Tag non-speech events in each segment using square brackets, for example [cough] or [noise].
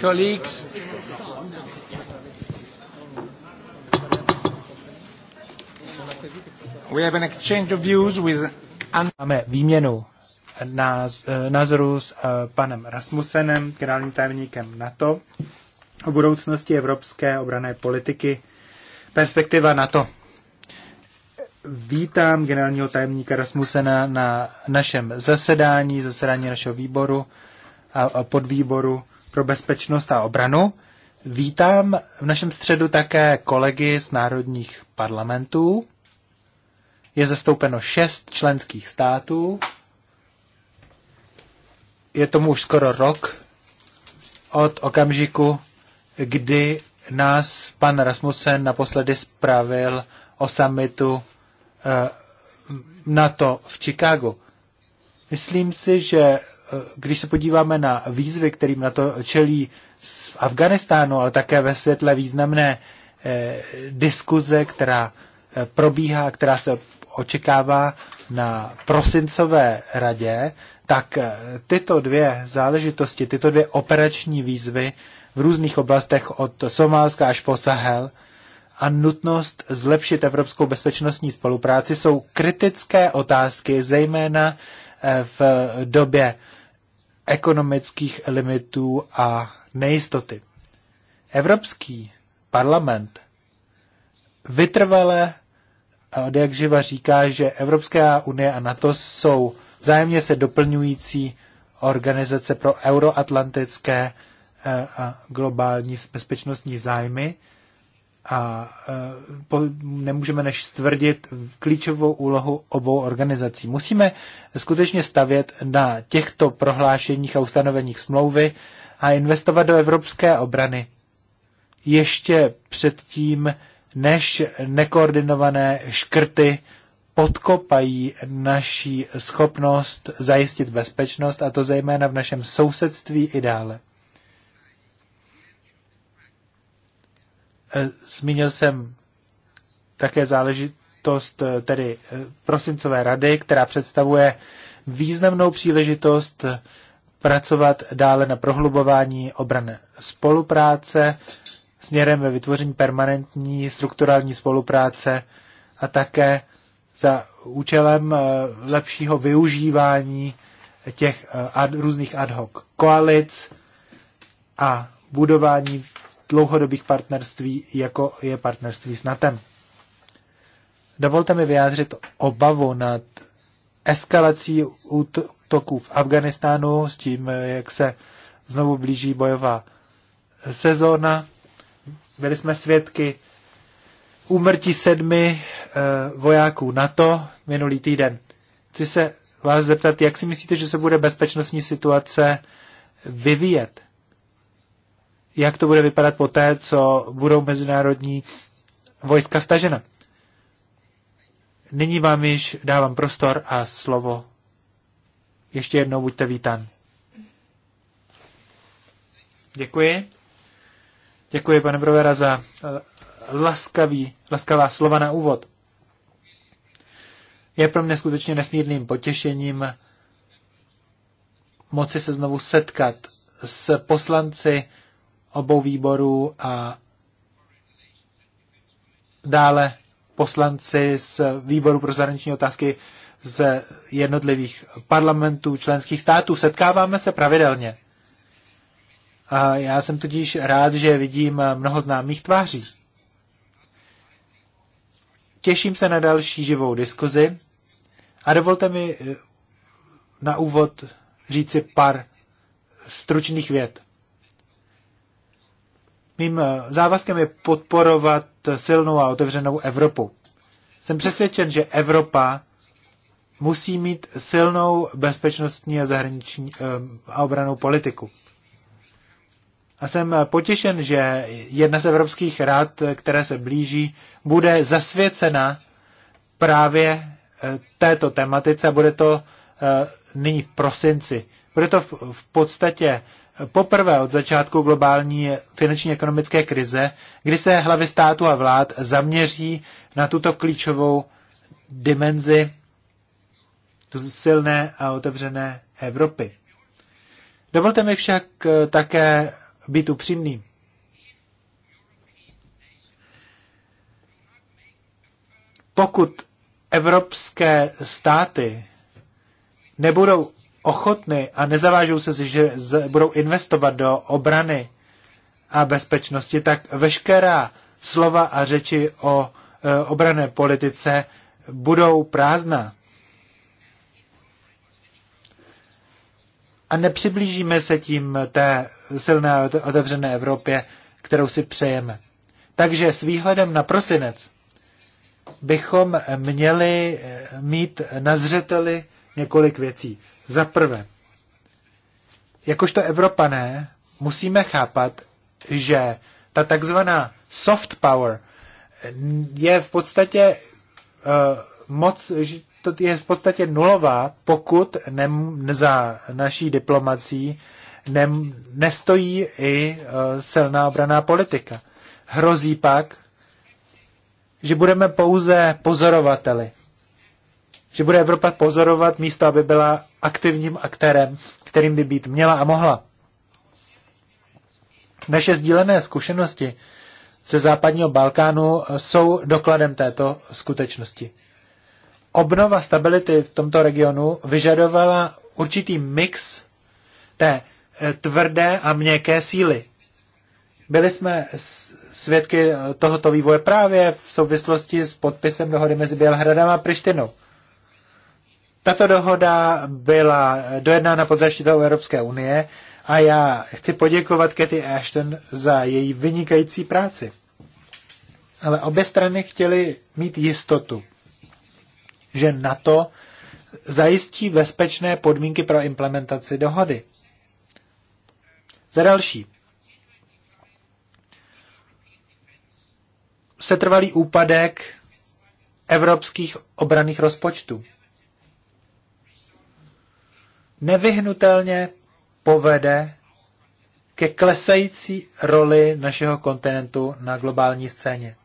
Colleagues. We have an exchange of views with... Máme výměnu eh, názorů s eh, panem Rasmusenem, generálním tajemníkem NATO, o budoucnosti evropské obrané politiky, perspektiva NATO. Vítám generálního tajemníka Rasmusena na našem zasedání, zasedání našeho výboru a podvýboru pro bezpečnost a obranu. Vítám v našem středu také kolegy z národních parlamentů. Je zastoupeno šest členských států. Je tomu už skoro rok od okamžiku, kdy nás pan Rasmussen naposledy spravil o summitu eh, NATO v Chicagu. Myslím si, že když se podíváme na výzvy, kterým na to čelí v Afganistánu, ale také ve světle významné eh, diskuze, která eh, probíhá, která se očekává na prosincové radě, tak eh, tyto dvě záležitosti, tyto dvě operační výzvy v různých oblastech od Somálska až po Sahel a nutnost zlepšit evropskou bezpečnostní spolupráci jsou kritické otázky, zejména v době ekonomických limitů a nejistoty. Evropský parlament vytrvale od jak živa říká, že Evropská unie a NATO jsou vzájemně se doplňující organizace pro euroatlantické eh, a globální bezpečnostní zájmy a eh, nemůžeme než stvrdit klíčovou úlohu obou organizací. Musíme skutečně stavět na těchto prohlášeních a ustanoveních smlouvy a investovat do evropské obrany ještě předtím, než nekoordinované škrty podkopají naší schopnost zajistit bezpečnost, a to zejména v našem sousedství i dále. Eh, zmínil jsem také záležitost eh, tedy eh, prosincové rady, která představuje významnou příležitost pracovat dále na prohlubování obrany spolupráce směrem ve vytvoření permanentní strukturální spolupráce a také za účelem lepšího využívání těch ad, různých ad hoc koalic a budování dlouhodobých partnerství, jako je partnerství s NATEM. Dovolte mi vyjádřit obavu nad eskalací útoků v Afganistánu s tím, jak se znovu blíží bojová sezóna. Byli jsme svědky úmrtí sedmi eh, vojáků NATO minulý týden. Chci se vás zeptat, jak si myslíte, že se bude bezpečnostní situace vyvíjet? jak to bude vypadat poté, co budou mezinárodní vojska stažena. Nyní vám již dávám prostor a slovo. Ještě jednou buďte vítán. Děkuji. Děkuji, pane Brovera, za eh, laskavý, laskavá slova na úvod. Je pro mě skutečně nesmírným potěšením moci se znovu setkat s poslanci obou výborů a dále poslanci z výboru pro zahraniční otázky z jednotlivých parlamentů členských států. Setkáváme se pravidelně. A já jsem tudíž rád, že vidím mnoho známých tváří. Těším se na další živou diskuzi a dovolte mi eh, na úvod říci pár stručných věd. Mým eh, závazkem je podporovat silnou a otevřenou Evropu. Jsem přesvědčen, že Evropa musí mít silnou bezpečnostní a zahraniční eh, a obranou politiku. A jsem eh, potěšen, že jedna z evropských rád, které se blíží, bude zasvěcena právě této tematice. Bude to nyní v prosinci. Bude to v podstatě poprvé od začátku globální finanční ekonomické krize, kdy se hlavy státu a vlád zaměří na tuto klíčovou dimenzi silné a otevřené Evropy. Dovolte mi však eh, také být upřímný. Pokud evropské státy nebudou ochotny a nezavážou se, že budou investovat do obrany a bezpečnosti, tak veškerá slova a řeči o e, obrané politice budou prázdná. A nepřiblížíme se tím té silné otevřené Evropě, kterou si přejeme. Takže s výhledem na prosinec bychom měli e, mít na zřeteli několik věcí. Za prvé, jakožto Evropané musíme chápat, že ta takzvaná soft power je v podstatě uh, moc, to je v podstatě nulová, pokud ne, za naší diplomací ne, nestojí i uh, silná obraná politika. Hrozí pak, že budeme pouze pozorovateli že bude Evropa pozorovat místo, aby byla aktivním aktérem, kterým by být měla a mohla. Naše sdílené zkušenosti ze západního Balkánu jsou dokladem této skutečnosti. Obnova stability v tomto regionu vyžadovala určitý mix té eh, tvrdé a měkké síly. Byli jsme svědky eh, tohoto vývoje právě v souvislosti s podpisem dohody mezi Bělhradem a Prištinou. Tato dohoda byla dojednána pod zaštitou Evropské unie a já chci poděkovat Cathy Ashton za její vynikající práci. Ale obě strany chtěly mít jistotu, že NATO zajistí bezpečné podmínky pro implementaci dohody. Za další. Setrvalý úpadek evropských obraných rozpočtů nevyhnutelně povede ke klesající roli našeho kontinentu na globální scéně.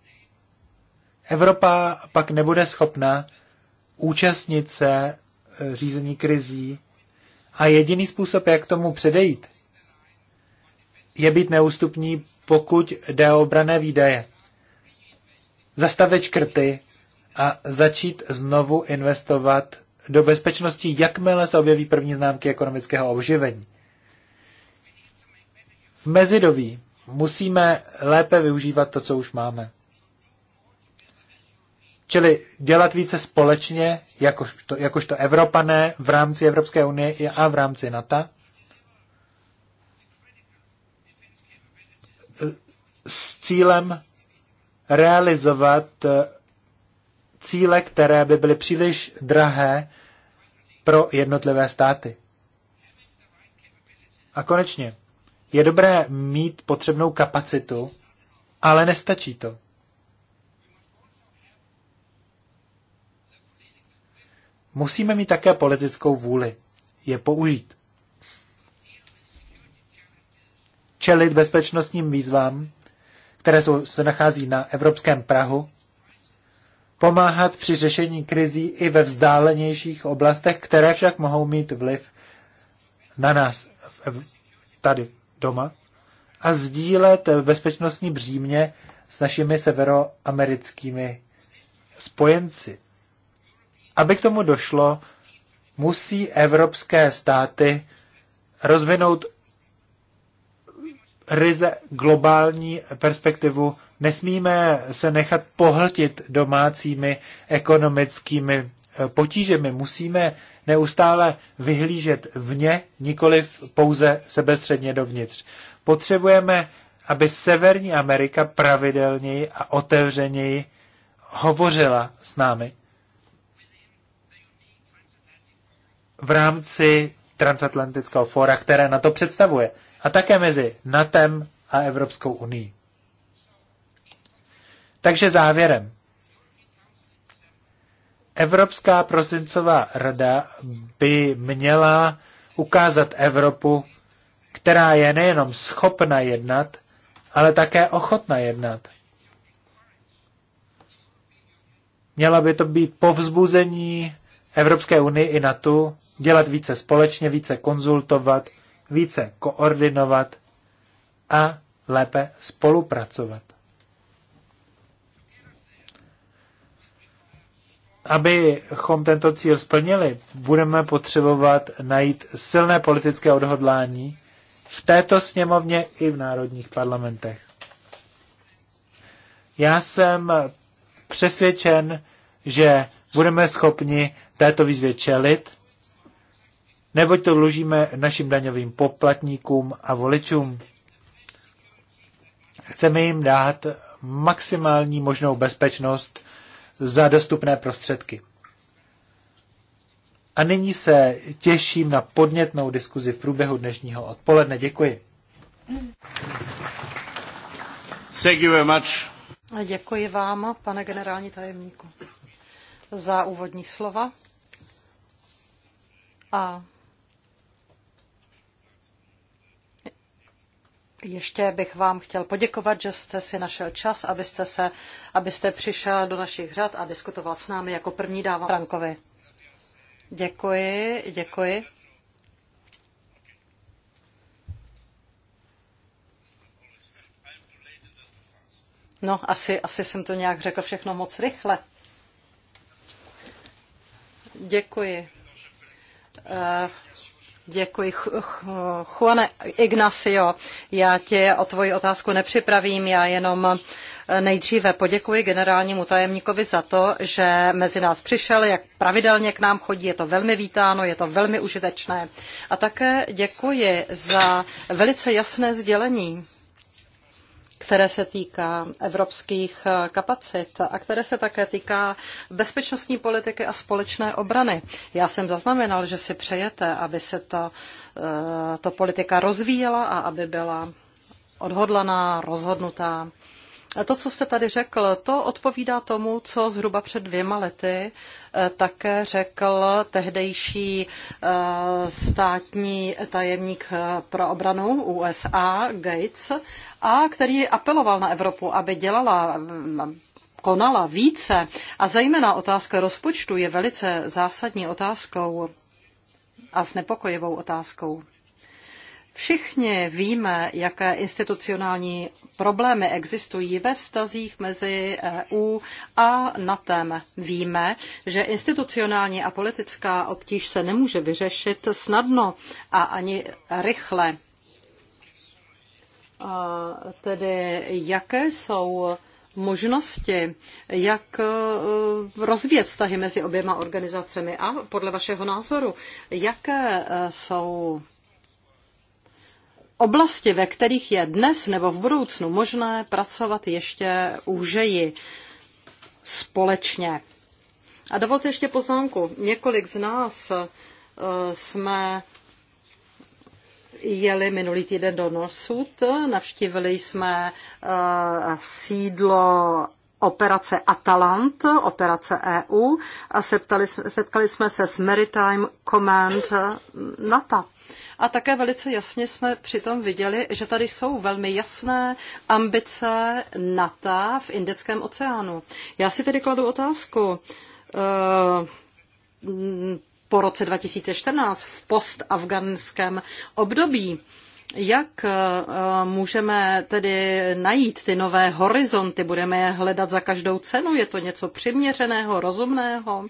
Evropa pak nebude schopna účastnit se e, řízení krizí a jediný způsob, jak tomu předejít, je být neústupní, pokud jde o obrané výdaje. Zastavit škrty a začít znovu investovat do bezpečnosti, jakmile se objeví první známky ekonomického obživení. V mezidoví musíme lépe využívat to, co už máme. Čili dělat více společně, jakožto, to Evropané v rámci Evropské unie a v rámci NATO. S cílem realizovat eh, cíle, které by byly příliš drahé pro jednotlivé státy. A konečně, je dobré mít potřebnou kapacitu, ale nestačí to. Musíme mít také politickou vůli je použít. Čelit bezpečnostním výzvám, které jsou, se nachází na evropském Prahu, pomáhat při řešení krizí i ve vzdálenějších oblastech, které však mohou mít vliv na nás tady doma a sdílet bezpečnostní břímě s našimi severoamerickými spojenci. Aby k tomu došlo, musí evropské státy rozvinout ryze globální perspektivu Nesmíme se nechat pohltit domácími ekonomickými eh, potížemi. Musíme neustále vyhlížet vně, nikoliv pouze sebestředně dovnitř. Potřebujeme, aby Severní Amerika pravidelněji a otevřeněji hovořila s námi v rámci transatlantického fóra, které na to představuje, a také mezi NATO a Evropskou unii. Takže závěrem. Evropská prosincová rada by měla ukázat Evropu, která je nejenom schopna jednat, ale také ochotna jednat. Měla by to být povzbuzení Evropské unii i NATO dělat více společně, více konzultovat, více koordinovat a lépe spolupracovat. abychom tento cíl splnili, budeme potřebovat najít silné politické odhodlání v této sněmovně i v národních parlamentech. Já jsem přesvědčen, že budeme schopni této výzvě čelit, neboť to dlužíme našim daňovým poplatníkům a voličům. Chceme jim dát maximální možnou bezpečnost za dostupné prostředky. A nyní se těším na podnětnou diskuzi v průběhu dnešního odpoledne. Děkuji. Thank you very much. Děkuji vám, pane generální tajemníku, za úvodní slova. A Ještě bych vám chtěl poděkovat, že jste si našel čas, abyste, se, abyste přišel do našich řad a diskutoval s námi. Jako první dávám Frankovi. Děkuji, děkuji. No, asi, asi jsem to nějak řekl všechno moc rychle. Děkuji. Eh, Děkuji, Juane Ignacio. Já tě o tvoji otázku nepřipravím, já jenom eh, nejdříve poděkuji generálnímu tajemníkovi za to, že mezi nás přišel, jak pravidelně k nám chodí, je to velmi vítáno, je to velmi užitečné. A také děkuji za velice jasné sdělení které se týká evropských eh, kapacit a které se také týká bezpečnostní politiky a společné obrany. Já jsem zaznamenal, že si přejete, aby se ta, eh, to politika rozvíjela a aby byla odhodlaná, rozhodnutá. To, co jste tady řekl, to odpovídá tomu, co zhruba před dvěma lety eh, také řekl tehdejší eh, státní tajemník eh, pro obranu USA Gates, a který apeloval na Evropu, aby dělala mm, konala více a zejména otázka rozpočtu je velice zásadní otázkou a znepokojivou otázkou. Všichni víme, jaké institucionální problémy existují ve vztazích mezi EU a NATEM. Víme, že institucionální a politická obtíž se nemůže vyřešit snadno a ani rychle. A tedy jaké jsou možnosti, jak e, rozvíjet vztahy mezi oběma organizacemi a podle vašeho názoru, jaké e, jsou oblasti, ve kterých je dnes nebo v budoucnu možné pracovat ještě úžeji společně. A dovolte ještě poznámku. Několik z nás eh, jsme jeli minulý týden do Nosud, navštívili jsme eh, sídlo operace Atalant, operace EU a setkali jsme se s Maritime Command eh, NATO. A také velice jasně jsme přitom viděli, že tady jsou velmi jasné ambice NATO v Indickém oceánu. Já si tedy kladu otázku. Eh, po roce 2014 v postafganském období jak eh, můžeme tedy najít ty nové horizonty? Budeme je hledat za každou cenu? Je to něco přiměřeného, rozumného?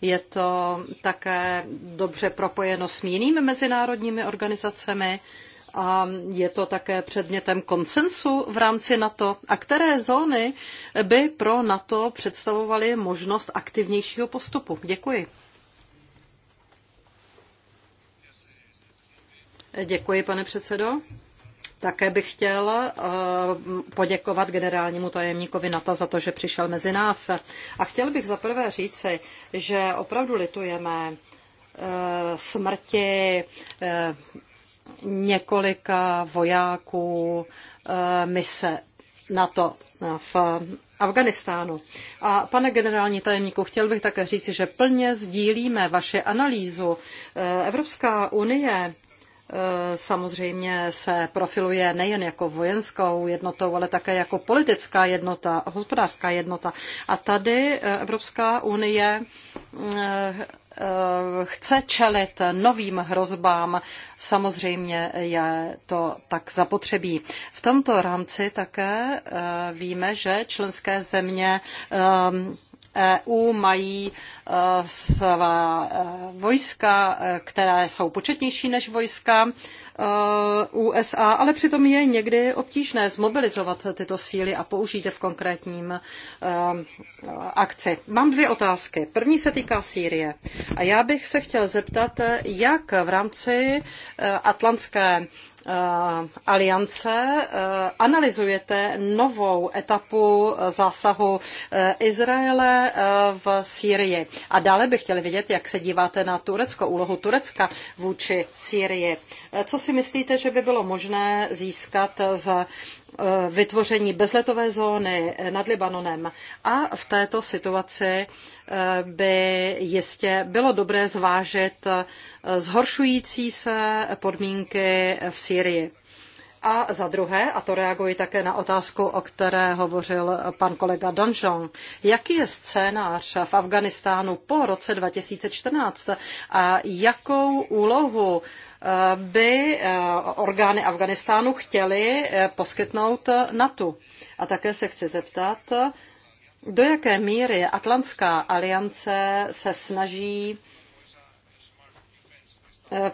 Je to také dobře propojeno s jinými mezinárodními organizacemi a je to také předmětem konsensu v rámci NATO. A které zóny by pro NATO představovaly možnost aktivnějšího postupu? Děkuji. Děkuji, pane předsedo. Také bych chtěl eh, poděkovat generálnímu tajemníkovi NATO za to, že přišel mezi nás. A chtěl bych zaprvé říci, že opravdu litujeme eh, smrti eh, několika vojáků mise NATO v Afganistánu. A pane generální tajemníku, chtěl bych také říci, že plně sdílíme vaše analýzu. Evropská unie Eh, samozřejmě se profiluje nejen jako vojenskou jednotou, ale také jako politická jednota, hospodářská jednota. A tady eh, Evropská unie eh, chce čelit novým hrozbám, samozřejmě je to tak zapotřebí. V tomto rámci také víme, že členské země EU mají e, svá e, vojska, e, která jsou početnější než vojska USA, ale přitom je někdy obtížné zmobilizovat tyto síly a použít je v konkrétním akci. Mám dvě otázky. První se týká Sýrie. A já bych se chtěl zeptat, jak v rámci atlantské Eh, aliance eh, analyzujete novou etapu zásahu eh, Izraele v Sýrii. A dále bych chtěla vědět, jak se díváte na Turecko, úlohu Turecka vůči Sýrii. Co si myslíte, že by bylo možné získat za eh, vytvoření bezletové zóny nad Libanonem? A v této situaci eh, by jistě bylo dobré zvážit eh, zhoršující se podmínky v Sýrii. A za druhé, a to reaguji také na otázku, o které hovořil pan kolega Danjon, jaký je scénář v Afganistánu po roce 2014 a jakou úlohu by eh, orgány Afganistánu chtěly eh, poskytnout eh, NATO. A také se chci zeptat, do jaké míry Atlantská aliance se snaží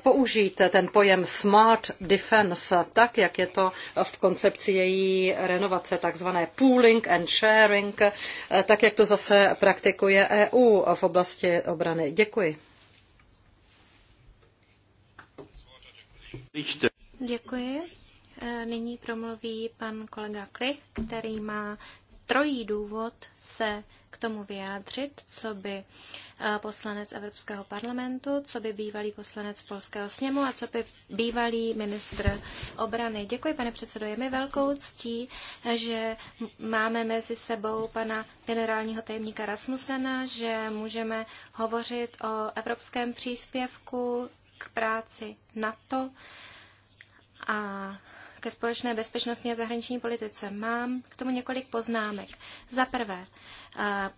použít ten pojem smart defense, tak jak je to v koncepci její renovace, takzvané pooling and sharing, tak jak to zase praktikuje EU v oblasti obrany. Děkuji. Děkuji. E, nyní promluví pan kolega Klich, který má trojí důvod se k tomu vyjádřit, co by e, poslanec Evropského parlamentu, co by bývalý poslanec Polského sněmu a co by bývalý ministr obrany. Děkuji, pane předsedo. Je mi velkou ctí, že máme mezi sebou pana generálního tajemníka Rasmusena, že můžeme hovořit o evropském příspěvku k práci NATO a ke společné bezpečnostní a zahraniční politice. Mám k tomu několik poznámek. Za prvé, eh,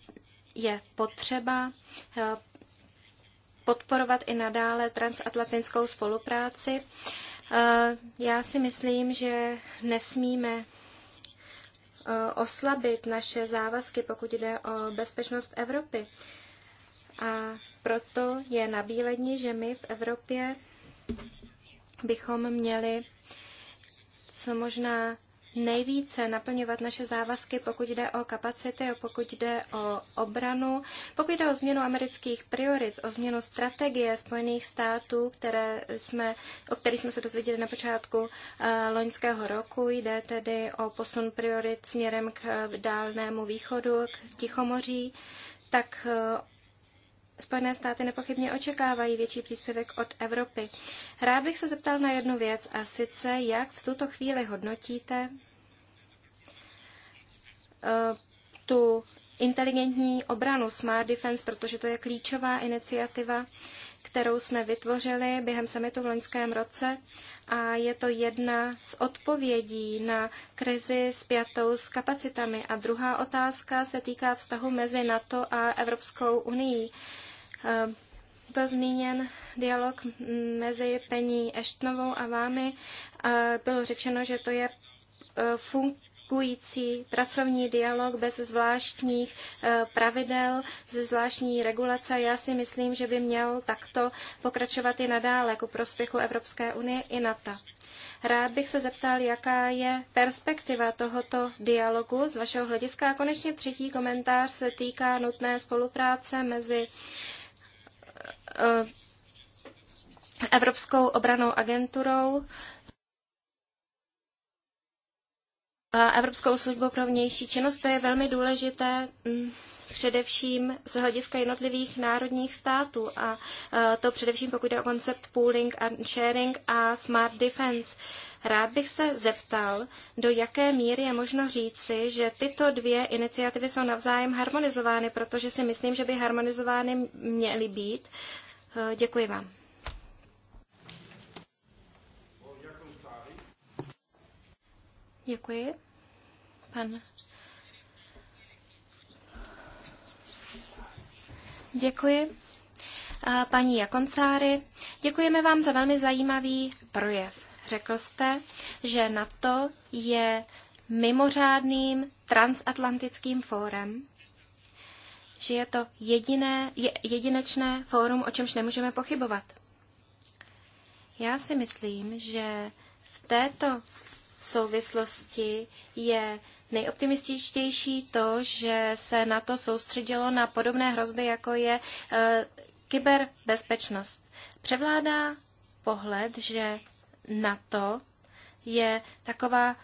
je potřeba eh, podporovat i nadále transatlantickou spolupráci. Eh, já si myslím, že nesmíme oslabit naše závazky, pokud jde o bezpečnost Evropy. A proto je nabílední, že my v Evropě bychom měli co možná nejvíce naplňovat naše závazky, pokud jde o kapacity, pokud jde o obranu, pokud jde o změnu amerických priorit, o změnu strategie Spojených států, které jsme, o kterých jsme se dozvěděli na počátku uh, loňského roku. Jde tedy o posun priorit směrem k dálnému východu, k Tichomoří, tak uh, Spojené státy nepochybně očekávají větší příspěvek od Evropy. Rád bych se zeptal na jednu věc, a sice jak v tuto chvíli hodnotíte eh, tu inteligentní obranu Smart Defense, protože to je klíčová iniciativa, kterou jsme vytvořili během summitu v loňském roce a je to jedna z odpovědí na krizi spjatou s kapacitami. A druhá otázka se týká vztahu mezi NATO a Evropskou unii. Eh, byl zmíněn dialog mezi paní Eštnovou a vámi. Eh, bylo řečeno, že to je eh, fungující pracovní dialog bez zvláštních pravidel, ze zvláštní regulace. Já si myslím, že by měl takto pokračovat i nadále ku prospěchu Evropské unie i NATO. Rád bych se zeptal, jaká je perspektiva tohoto dialogu z vašeho hlediska. A konečně třetí komentář se týká nutné spolupráce mezi Eh, Evropskou obranou agenturou, Evropskou službou pro vnější činnost. To je velmi důležité mm, především z hlediska jednotlivých národních států a eh, to především pokud jde o koncept pooling and sharing a smart defense. Rád bych se zeptal, do jaké míry je možno říci, že tyto dvě iniciativy jsou navzájem harmonizovány, protože si myslím, že by harmonizovány měly být. Eh, děkuji vám. Děkuji. Pan. Děkuji. Paní Jakoncáry, děkujeme vám za velmi zajímavý projev. Řekl jste, že NATO je mimořádným transatlantickým fórem, že je to jediné, je, jedinečné fórum, o čemž nemůžeme pochybovat. Já si myslím, že v této souvislosti je nejoptimističtější to, že se na to soustředilo na podobné hrozby, jako je e, kyberbezpečnost. Převládá pohled, že NATO je taková uh,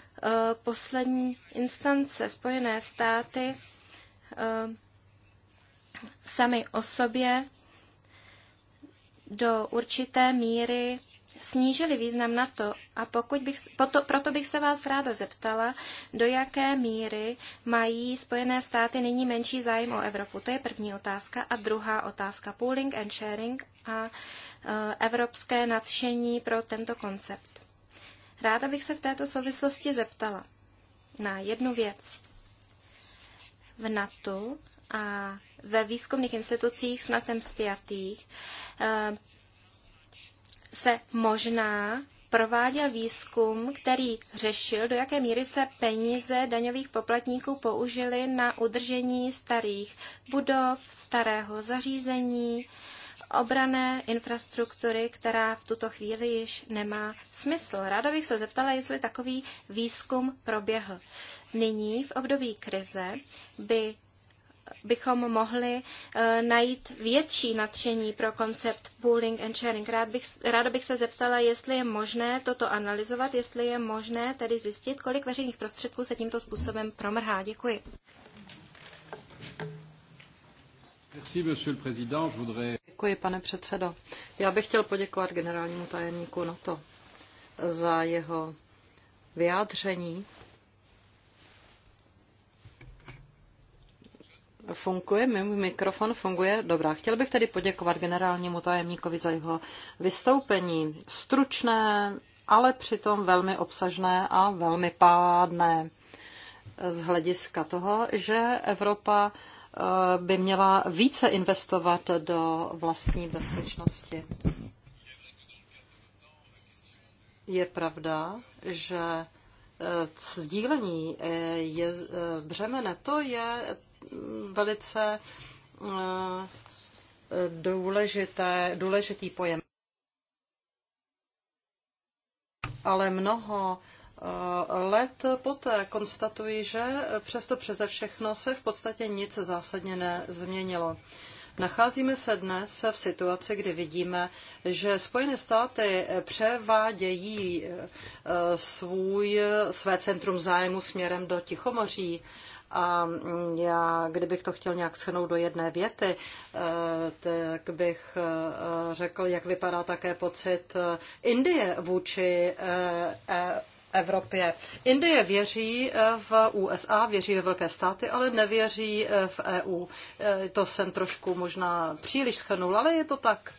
poslední instance. Spojené státy uh, sami o sobě do určité míry snížili význam na to a pokud bych, proto, proto bych se vás ráda zeptala, do jaké míry mají Spojené státy nyní menší zájem o Evropu. To je první otázka. A druhá otázka, pooling and sharing a Eh, evropské nadšení pro tento koncept. Ráda bych se v této souvislosti zeptala na jednu věc. V NATO a ve výzkumných institucích s NATO spjatých eh, se možná prováděl výzkum, který řešil, do jaké míry se peníze daňových poplatníků použily na udržení starých budov, starého zařízení, obrané infrastruktury, která v tuto chvíli již nemá smysl. Ráda bych se zeptala, jestli takový výzkum proběhl. Nyní, v období krize, by bychom mohli uh, najít větší nadšení pro koncept pooling and sharing. Rád bych, ráda bych se zeptala, jestli je možné toto analyzovat, jestli je možné tedy zjistit, kolik veřejných prostředků se tímto způsobem promrhá. Děkuji. Děkuji, pane předsedo. Já bych chtěl poděkovat generálnímu tajemníku NATO za jeho vyjádření. Funguje, mikrofon funguje. Dobrá, chtěl bych tedy poděkovat generálnímu tajemníkovi za jeho vystoupení. Stručné, ale přitom velmi obsažné a velmi pádné z hlediska toho, že Evropa Eh, by měla více investovat do vlastní bezpečnosti. Je pravda, že eh, sdílení eh, je břemene, to je mm, velice důležité, důležitý pojem. Ale mnoho Eh, let poté konstatuji, že přesto přeze všechno se v podstatě nic zásadně nezměnilo. Nacházíme se dnes v situaci, kdy vidíme, že Spojené státy převádějí eh, svůj, své centrum zájmu směrem do Tichomoří. A já, kdybych to chtěl nějak shrnout do jedné věty, eh, tak bych řekl, jak vypadá také pocit Indie vůči Evropě. Indie věří eh, v USA, věří ve velké státy, ale nevěří eh, v EU. Eh, to jsem trošku možná příliš schrnul, ale je to tak.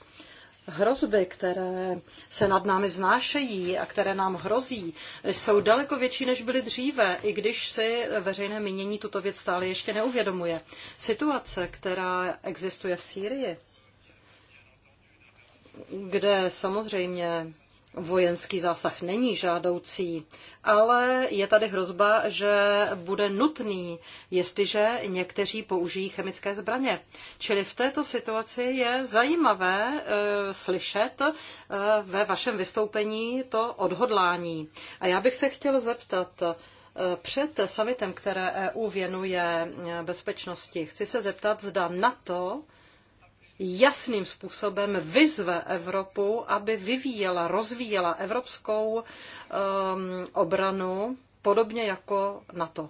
Hrozby, které se nad námi vznášejí a které nám hrozí, jsou daleko větší, než byly dříve, i když si veřejné mínění tuto věc stále ještě neuvědomuje. Situace, která existuje v Sýrii, kde samozřejmě vojenský zásah není žádoucí, ale je tady hrozba, že bude nutný, jestliže někteří použijí chemické zbraně. Čili v této situaci je zajímavé e, slyšet e, ve vašem vystoupení to odhodlání. A já bych se chtěl zeptat, e, před summitem, které EU věnuje bezpečnosti, chci se zeptat, zda NATO jasným způsobem vyzve Evropu, aby vyvíjela, rozvíjela evropskou um, obranu podobně jako NATO.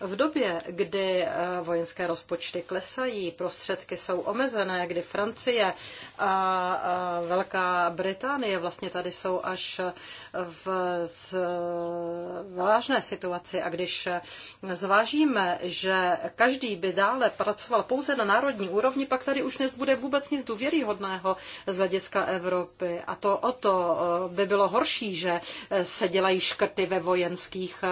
V době, kdy eh, vojenské rozpočty klesají, prostředky jsou omezené, kdy Francie a Velká Británie vlastně tady jsou až v vážné situaci a když zvážíme, že každý by dále pracoval pouze na národní úrovni, pak tady už nezbude vůbec nic důvěryhodného z hlediska Evropy. A to o to eh, by bylo horší, že eh, se dělají škrty ve vojenských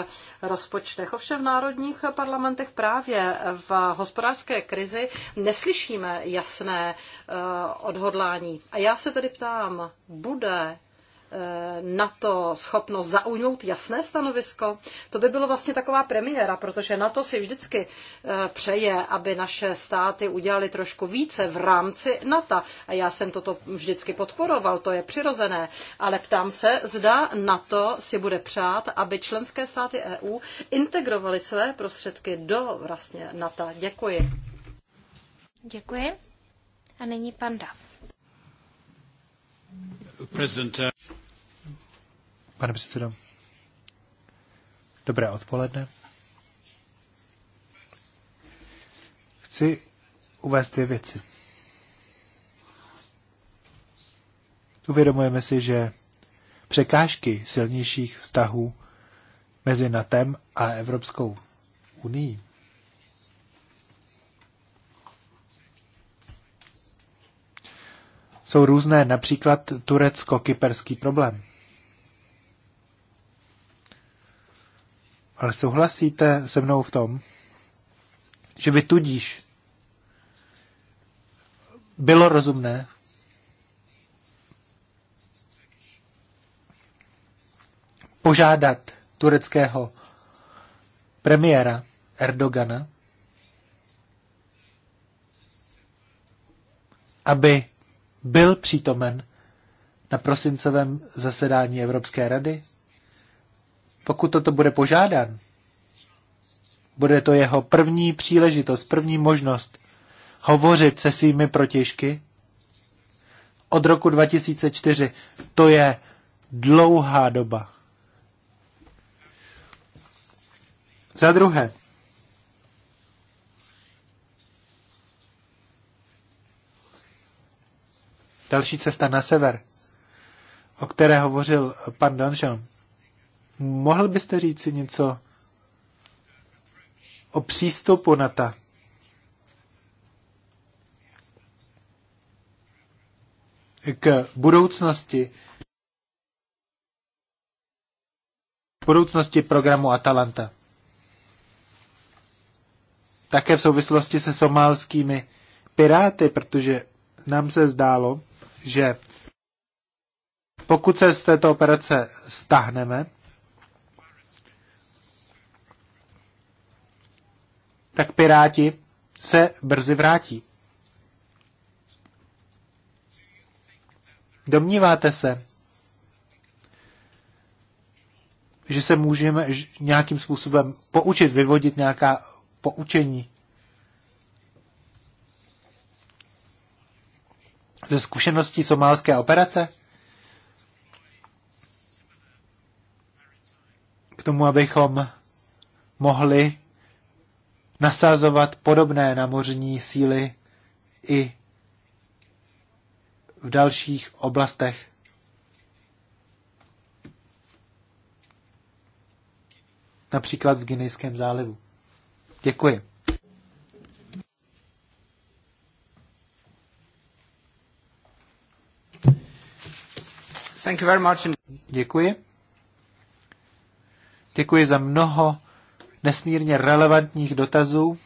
rozpočtech. Ovšem v národních národních parlamentech právě v hospodářské krizi neslyšíme jasné eh, odhodlání. A já se tedy ptám, bude Eh, na to schopnost zaujmout jasné stanovisko. To by bylo vlastně taková premiéra, protože na to si vždycky eh, přeje, aby naše státy udělali trošku více v rámci NATO. A já jsem toto vždycky podporoval, to je přirozené. Ale ptám se, zda NATO si bude přát, aby členské státy EU integrovaly své prostředky do vlastně NATO. Děkuji. Děkuji. A nyní pan Dav. Pane předsedo, dobré odpoledne. Chci uvést dvě věci. Uvědomujeme si, že překážky silnějších vztahů mezi NATO a Evropskou unii jsou různé, například turecko-kyperský problém. Ale souhlasíte se mnou v tom, že by tudíž bylo rozumné požádat tureckého premiéra Erdogana, aby byl přítomen na prosincovém zasedání Evropské rady? Pokud toto bude požádán, bude to jeho první příležitost, první možnost hovořit se svými protěžky. Od roku 2004 to je dlouhá doba. Za druhé, další cesta na sever, o které hovořil pan Donžel. Mohl byste říci něco o přístupu na ta? K budoucnosti budoucnosti programu Atalanta. Také v souvislosti se somálskými piráty, protože nám se zdálo, že pokud se z této operace stáhneme, tak piráti se brzy vrátí. Domníváte se, že se můžeme nějakým způsobem poučit, vyvodit nějaká poučení ze zkušeností somálské operace? K tomu, abychom mohli nasazovat podobné namořní síly i v dalších oblastech. Například v Guinejském zálivu. Děkuji. Thank you very much. Děkuji. Děkuji za mnoho nesmírně relevantních dotazů.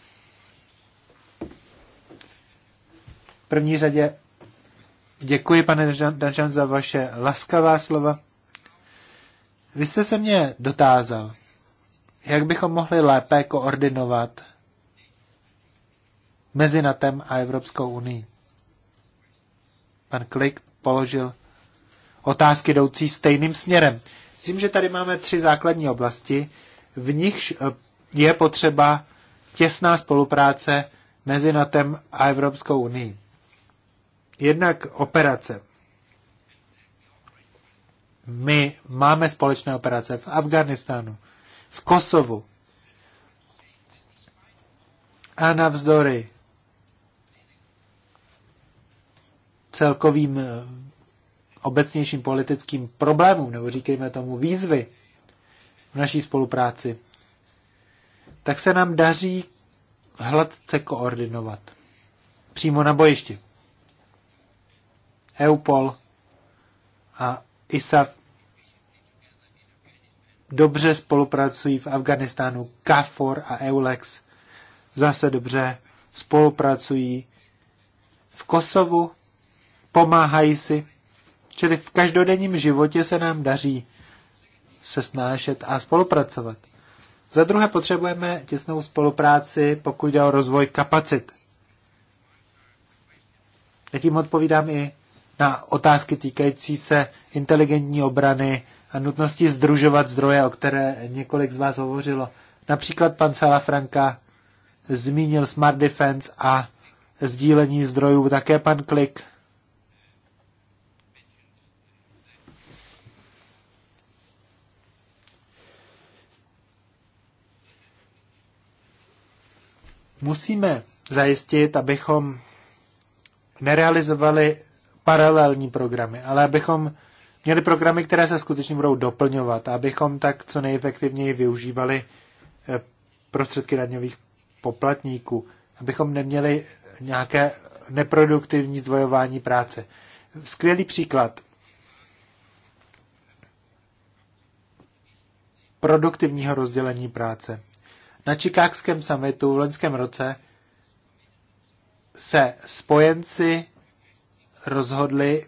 V první řadě děkuji, pane Danžan, za vaše laskavá slova. Vy jste se mě dotázal, jak bychom mohli lépe koordinovat mezi NATO a Evropskou unii. Pan Klik položil otázky jdoucí stejným směrem. Myslím, že tady máme tři základní oblasti, v nichž eh, je potřeba těsná spolupráce mezi NATEM a Evropskou unii. Jednak operace. My máme společné operace v Afganistánu, v Kosovu a navzdory celkovým eh, obecnějším politickým problémům, nebo říkejme tomu výzvy v naší spolupráci, tak se nám daří hladce koordinovat. Přímo na bojišti. EUPOL a ISAF dobře spolupracují v Afganistánu. KAFOR a EULEX zase dobře spolupracují v Kosovu, pomáhají si Čili v každodenním životě se nám daří se snášet a spolupracovat. Za druhé potřebujeme těsnou spolupráci, pokud jde o rozvoj kapacit. A tím odpovídám i na otázky týkající se inteligentní obrany a nutnosti združovat zdroje, o které několik z vás hovořilo. Například pan Salafranka zmínil Smart Defense a sdílení zdrojů, také pan Klik musíme zajistit, abychom nerealizovali paralelní programy, ale abychom měli programy, které se skutečně budou doplňovat, abychom tak co nejefektivněji využívali eh, prostředky daňových poplatníků, abychom neměli nějaké neproduktivní zdvojování práce. Skvělý příklad. Produktivního rozdělení práce. Na Čikákském summitu v loňském roce se spojenci rozhodli,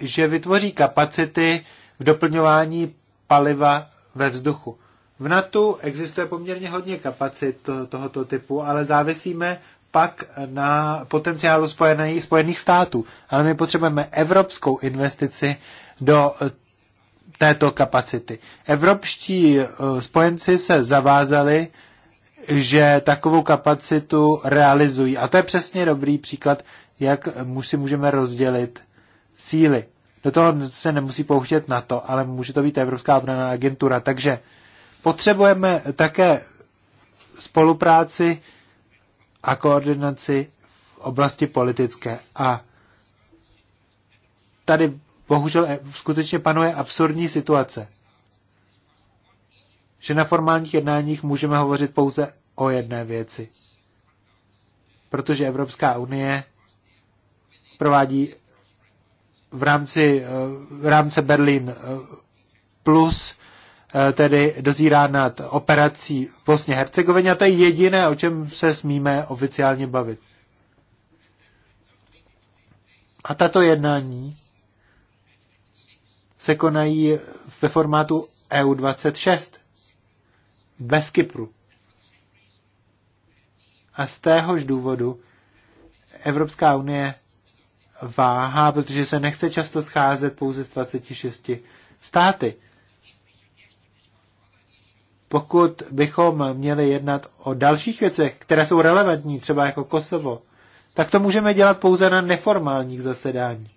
že vytvoří kapacity v doplňování paliva ve vzduchu. V NATO existuje poměrně hodně kapacit tohoto typu, ale závisíme pak na potenciálu Spojených Spojených států. Ale my potřebujeme evropskou investici do této kapacity. Evropští eh, spojenci se zavázali, že takovou kapacitu realizují. A to je přesně dobrý příklad, jak si můžeme rozdělit síly. Do toho se nemusí pouštět na to, ale může to být Evropská obranná agentura. Takže potřebujeme také spolupráci a koordinaci v oblasti politické. A tady bohužel e- skutečně panuje absurdní situace že na formálních jednáních můžeme hovořit pouze o jedné věci. Protože Evropská unie provádí v rámci eh, v rámci Berlin eh, plus eh, tedy dozírá nad operací v Bosně Hercegovině a to je jediné, o čem se smíme oficiálně bavit. A tato jednání se konají ve formátu EU26 bez Kypru. A z téhož důvodu Evropská unie váhá, protože se nechce často scházet pouze z 26 státy. Pokud bychom měli jednat o dalších věcech, které jsou relevantní, třeba jako Kosovo, tak to můžeme dělat pouze na neformálních zasedáních.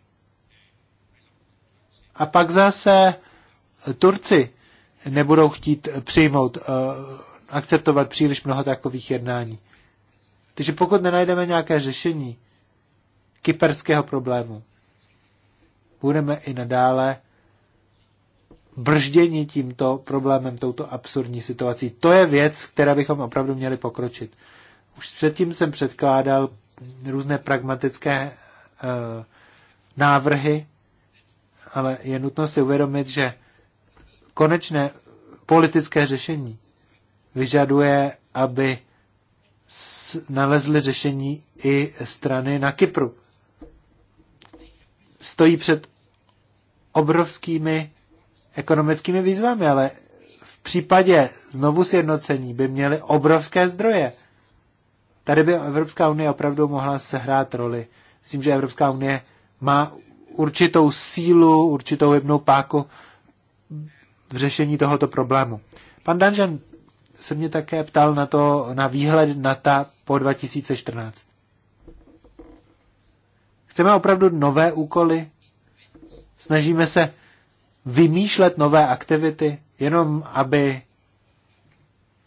A pak zase Turci nebudou chtít přijmout, eh, akceptovat příliš mnoho takových jednání. Takže pokud nenajdeme nějaké řešení kyperského problému, budeme i nadále brždění tímto problémem, touto absurdní situací. To je věc, které bychom opravdu měli pokročit. Už předtím jsem předkládal různé pragmatické e, návrhy, ale je nutno si uvědomit, že konečné politické řešení vyžaduje, aby nalezly řešení i strany na Kypru. Stojí před obrovskými ekonomickými výzvami, ale v případě znovu sjednocení by měly obrovské zdroje. Tady by Evropská unie opravdu mohla sehrát roli. Myslím, že Evropská unie má určitou sílu, určitou hybnou páku v řešení tohoto problému. Pan Danžan se mě také ptal na to, na výhled na ta po 2014. Chceme opravdu nové úkoly? Snažíme se vymýšlet nové aktivity, jenom aby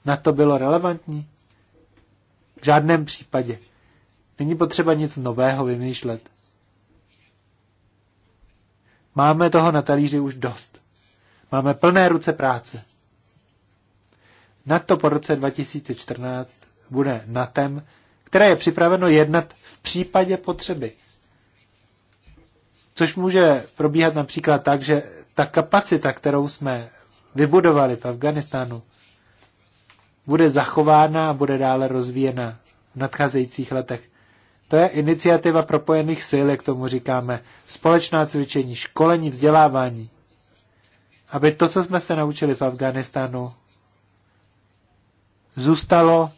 na to bylo relevantní? V žádném případě. Není potřeba nic nového vymýšlet. Máme toho na talíři už dost. Máme plné ruce práce. Na to po roce 2014 bude NATEM, které je připraveno jednat v případě potřeby. Což může probíhat například tak, že ta kapacita, kterou jsme vybudovali v Afganistánu, bude zachována a bude dále rozvíjena v nadcházejících letech. To je iniciativa propojených sil, jak tomu říkáme, společná cvičení, školení, vzdělávání aby to, co jsme se naučili v Afganistánu, zůstalo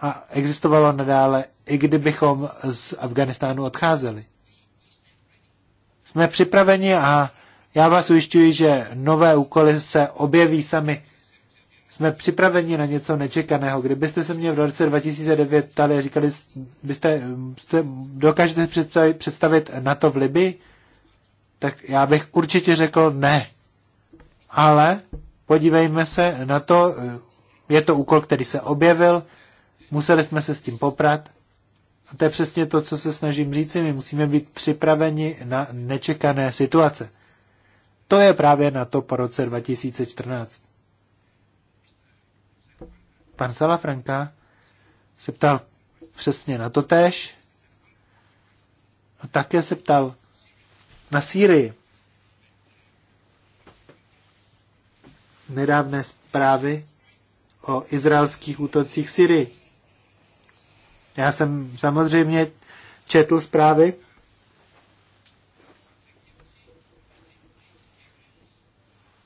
a existovalo nadále, i kdybychom z Afganistánu odcházeli. Jsme připraveni a já vás ujišťuji, že nové úkoly se objeví sami. Jsme připraveni na něco nečekaného. Kdybyste se mě v roce 2009 ptali a říkali, byste, jste, dokážete představit, představit to v Libii, tak já bych určitě řekl ne ale podívejme se na to, eh, je to úkol, který se objevil, museli jsme se s tím poprat. A to je přesně to, co se snažím říct, my musíme být připraveni na nečekané situace. To je právě na to po roce 2014. Pan Salafranka se ptal přesně na to tež. A také se ptal na Sýrii. nedávné zprávy o izraelských útocích v Syrii. Já jsem samozřejmě četl zprávy.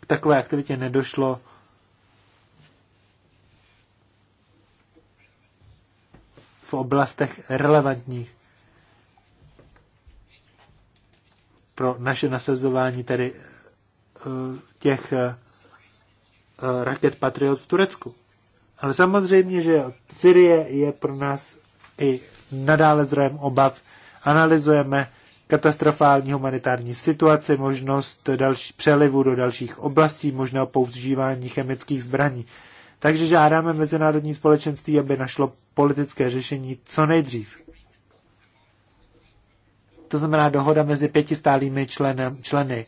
K takové aktivitě nedošlo. v oblastech relevantních pro naše nasazování tedy eh, těch eh, Eh, raket Patriot v Turecku. Ale samozřejmě, že Syrie je pro nás i nadále zdrojem obav. Analyzujeme katastrofální humanitární situaci, možnost další přelivu do dalších oblastí, možná používání chemických zbraní. Takže žádáme mezinárodní společenství, aby našlo politické řešení co nejdřív. To znamená dohoda mezi pěti stálými členem, členy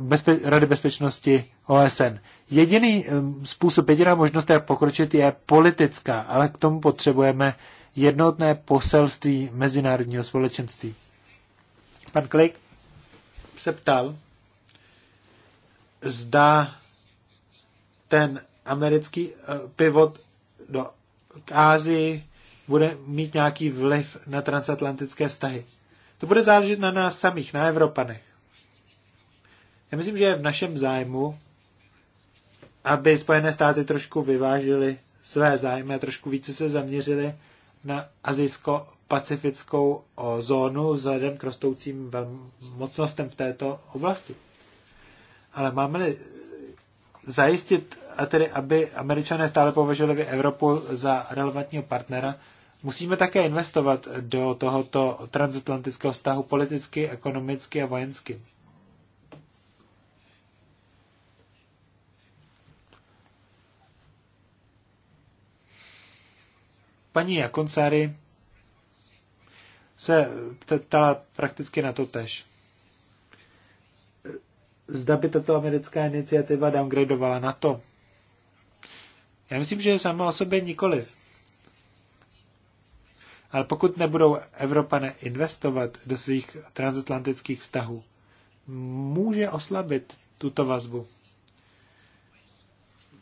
bezpe- Rady bezpečnosti OSN. Jediný způsob, jediná možnost, jak pokročit, je politická, ale k tomu potřebujeme jednotné poselství mezinárodního společenství. Pan Klik se ptal, zda ten americký eh, pivot do, k Ázii bude mít nějaký vliv na transatlantické vztahy. To bude záležet na nás samých, na Evropanech. Já myslím, že je v našem zájmu, aby Spojené státy trošku vyvážily své zájmy a trošku více se zaměřili na azijsko-pacifickou zónu vzhledem k rostoucím mocnostem v této oblasti. Ale máme-li zajistit, a tedy aby američané stále považovali Evropu za relevantního partnera, musíme také investovat do tohoto transatlantického vztahu politicky, ekonomicky a vojensky. Paní Jakoncáry se ptala prakticky na to tež. Zda by tato americká iniciativa downgradovala na to? Já myslím, že sama o sobě nikoliv. Ale pokud nebudou Evropané investovat do svých transatlantických vztahů, může oslabit tuto vazbu.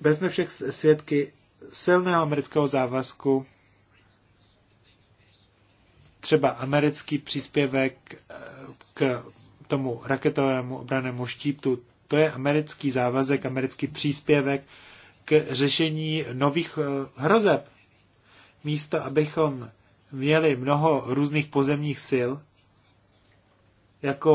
Bezme všech svědky silného amerického závazku třeba americký příspěvek eh, k tomu raketovému obranému štítu. To je americký závazek, americký příspěvek k řešení nových eh, hrozeb. Místo, abychom měli mnoho různých pozemních sil, jako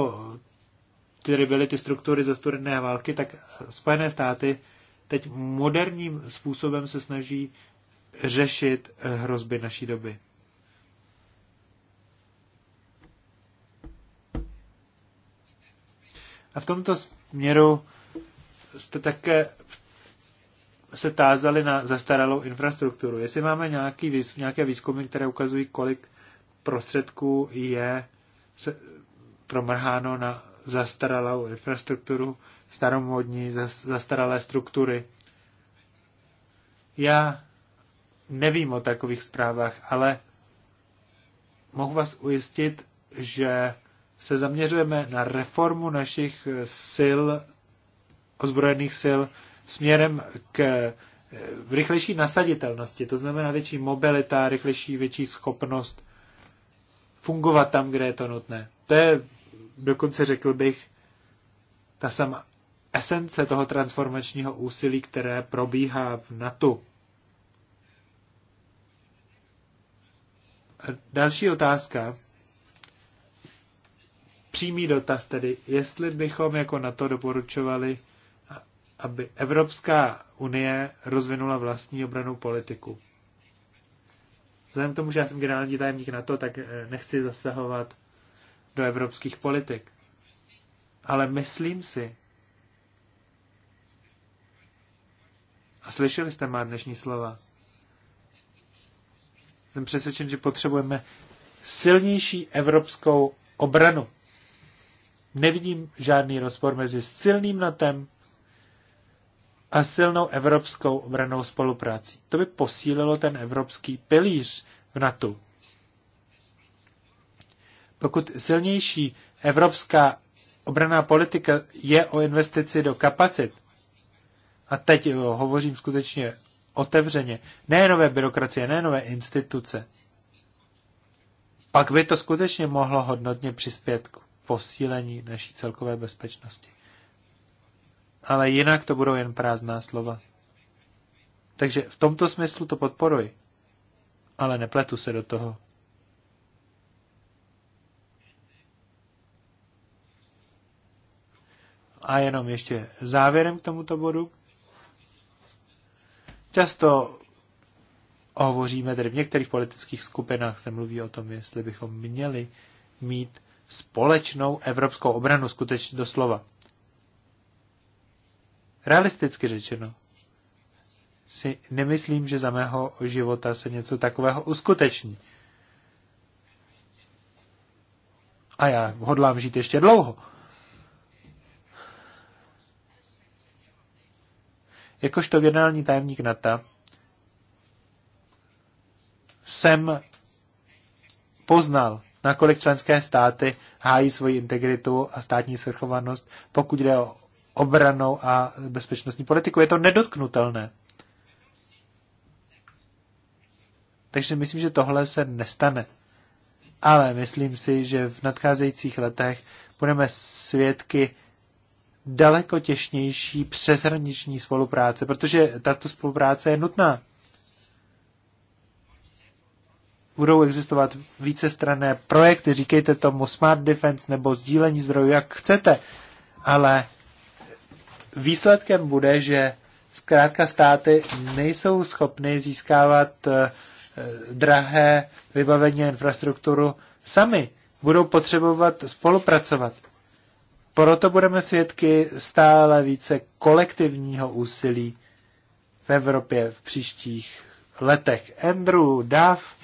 které byly ty struktury ze studené války, tak Spojené státy teď moderním způsobem se snaží řešit hrozby naší doby. A v tomto směru jste také se tázali na zastaralou infrastrukturu. Jestli máme nějaký, nějaké výzkumy, které ukazují, kolik prostředků je se, promrháno na zastaralou infrastrukturu, staromodní, zastaralé struktury. Já nevím o takových zprávách, ale mohu vás ujistit, že se zaměřujeme na reformu našich eh, sil, ozbrojených sil, směrem k eh, rychlejší nasaditelnosti, to znamená větší mobilita, rychlejší, větší schopnost fungovat tam, kde je to nutné. To je, dokonce řekl bych, ta sama esence toho transformačního úsilí, které probíhá v NATO. Další otázka, přímý dotaz tedy, jestli bychom jako na to doporučovali, aby Evropská unie rozvinula vlastní obranou politiku. Vzhledem k tomu, že já jsem generální tajemník na to, tak eh, nechci zasahovat do evropských politik. Ale myslím si, a slyšeli jste má dnešní slova, jsem přesvědčen, že potřebujeme silnější evropskou obranu nevidím žádný rozpor mezi silným NATEM a silnou evropskou obranou spoluprácí. To by posílilo ten evropský pilíř v NATO. Pokud silnější evropská obraná politika je o investici do kapacit, a teď hovořím skutečně otevřeně, ne nové byrokracie, ne nové instituce, pak by to skutečně mohlo hodnotně přispět k posílení naší celkové bezpečnosti. Ale jinak to budou jen prázdná slova. Takže v tomto smyslu to podporuji, ale nepletu se do toho. A jenom ještě závěrem k tomuto bodu. Často hovoříme, tedy v některých politických skupinách se mluví o tom, jestli bychom měli mít společnou evropskou obranu, skutečně doslova. Realisticky řečeno, si nemyslím, že za mého života se něco takového uskuteční. A já hodlám žít ještě dlouho. Jakožto generální tajemník NATO jsem poznal nakolik členské státy hájí svoji integritu a státní svrchovanost, pokud jde o obranou a bezpečnostní politiku. Je to nedotknutelné. Takže myslím, že tohle se nestane. Ale myslím si, že v nadcházejících letech budeme svědky daleko těžnější přeshraniční spolupráce, protože tato spolupráce je nutná. budou existovat vícestranné projekty, říkejte tomu smart defense nebo sdílení zdrojů, jak chcete, ale výsledkem bude, že zkrátka státy nejsou schopny získávat eh, eh, drahé vybavení a infrastrukturu sami. Budou potřebovat spolupracovat. Proto budeme svědky stále více kolektivního úsilí v Evropě v příštích letech. Andrew Duff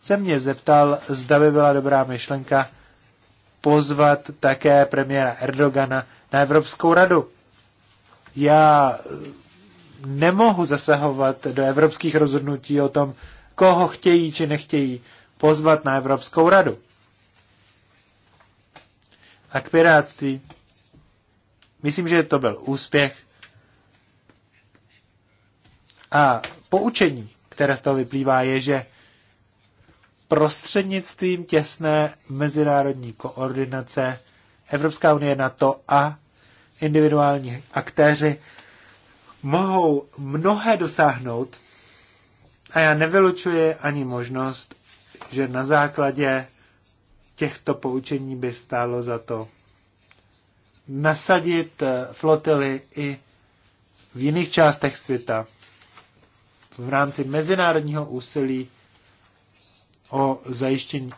se mě zeptal, zda by byla dobrá myšlenka pozvat také premiéra Erdogana na Evropskou radu. Já eh, nemohu zasahovat do evropských rozhodnutí o tom, koho chtějí či nechtějí pozvat na Evropskou radu. A k piráctví. Myslím, že to byl úspěch. A poučení, které z toho vyplývá, je, že prostřednictvím těsné mezinárodní koordinace Evropská unie, na to a individuální aktéři mohou mnohé dosáhnout a já nevylučuji ani možnost, že na základě těchto poučení by stálo za to nasadit eh, flotily i v jiných částech světa v rámci mezinárodního úsilí o zajištění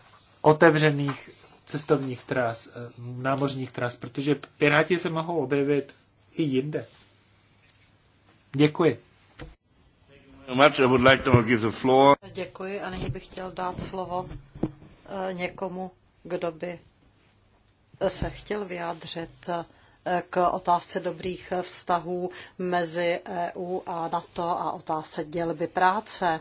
otevřených cestovních tras, eh, námořních tras, protože piráti se mohou objevit i jinde. Děkuji. Děkuji a nyní bych chtěl dát slovo eh, někomu, kdo by eh, se chtěl vyjádřit k otázce dobrých vztahů mezi EU a NATO a otázce dělby práce.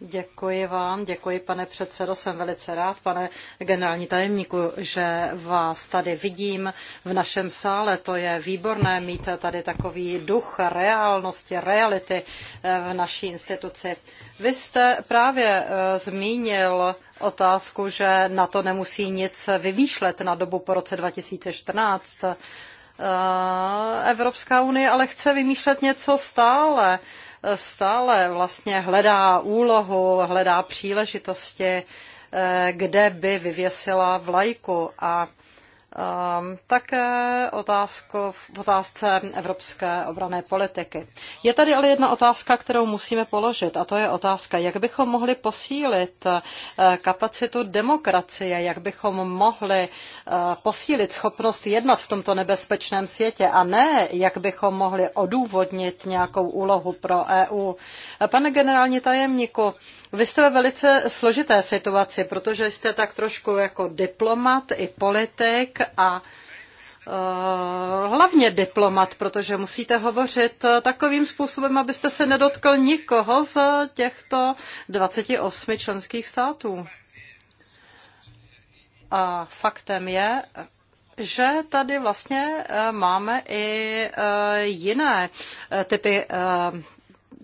Děkuji vám, děkuji pane předsedo, jsem velice rád, pane generální tajemníku, že vás tady vidím v našem sále. To je výborné mít tady takový duch reálnosti, reality eh, v naší instituci. Vy jste právě eh, zmínil otázku, že na to nemusí nic vymýšlet na dobu po roce 2014. Eh, Evropská unie ale chce vymýšlet něco stále stále vlastně hledá úlohu, hledá příležitosti, eh, kde by vyvěsila vlajku a Ehm, také otázku v otázce evropské obrané politiky. Je tady ale jedna otázka, kterou musíme položit, a to je otázka, jak bychom mohli posílit eh, kapacitu demokracie, jak bychom mohli eh, posílit schopnost jednat v tomto nebezpečném světě a ne, jak bychom mohli odůvodnit nějakou úlohu pro EU. Eh, pane generální tajemníku, vy jste ve velice složité situaci, protože jste tak trošku jako diplomat i politik a e, hlavně diplomat, protože musíte hovořit e, takovým způsobem, abyste se nedotkl nikoho z těchto 28 členských států. A faktem je, že tady vlastně e, máme i jiné typy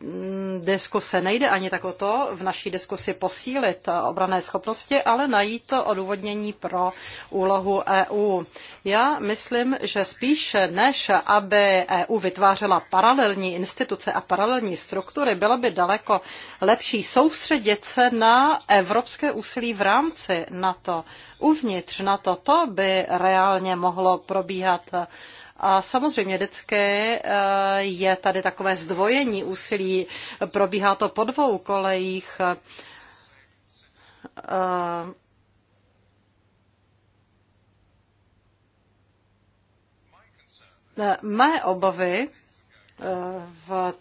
Mm, diskuse nejde ani tak o to v naší diskusi posílit obrané schopnosti, ale najít odůvodnění pro úlohu EU. Já myslím, že spíše než aby EU vytvářela paralelní instituce a paralelní struktury, bylo by daleko lepší soustředit se na evropské úsilí v rámci NATO, uvnitř NATO. To by reálně mohlo probíhat a samozřejmě vždycky eh, je tady takové zdvojení úsilí, probíhá to po dvou kolejích. Eh, eh, mé obavy v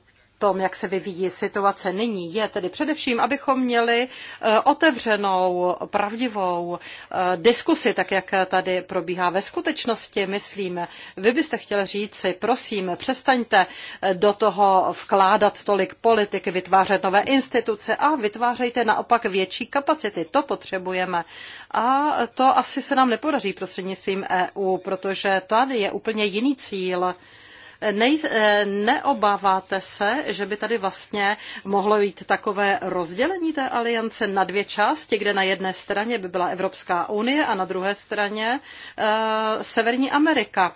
tom, jak se vyvíjí situace nyní, je tedy především, abychom měli e, otevřenou, pravdivou e, diskusi, tak jak tady probíhá ve skutečnosti, myslím. Vy byste říct, si, prosím, přestaňte e, do toho vkládat tolik politiky, vytvářet nové instituce a vytvářejte naopak větší kapacity. To potřebujeme. A to asi se nám nepodaří prostřednictvím EU, protože tady je úplně jiný cíl. Nej, eh, neobáváte se, že by tady vlastně mohlo jít takové rozdělení té aliance na dvě části, kde na jedné straně by byla Evropská unie a na druhé straně eh, Severní Amerika?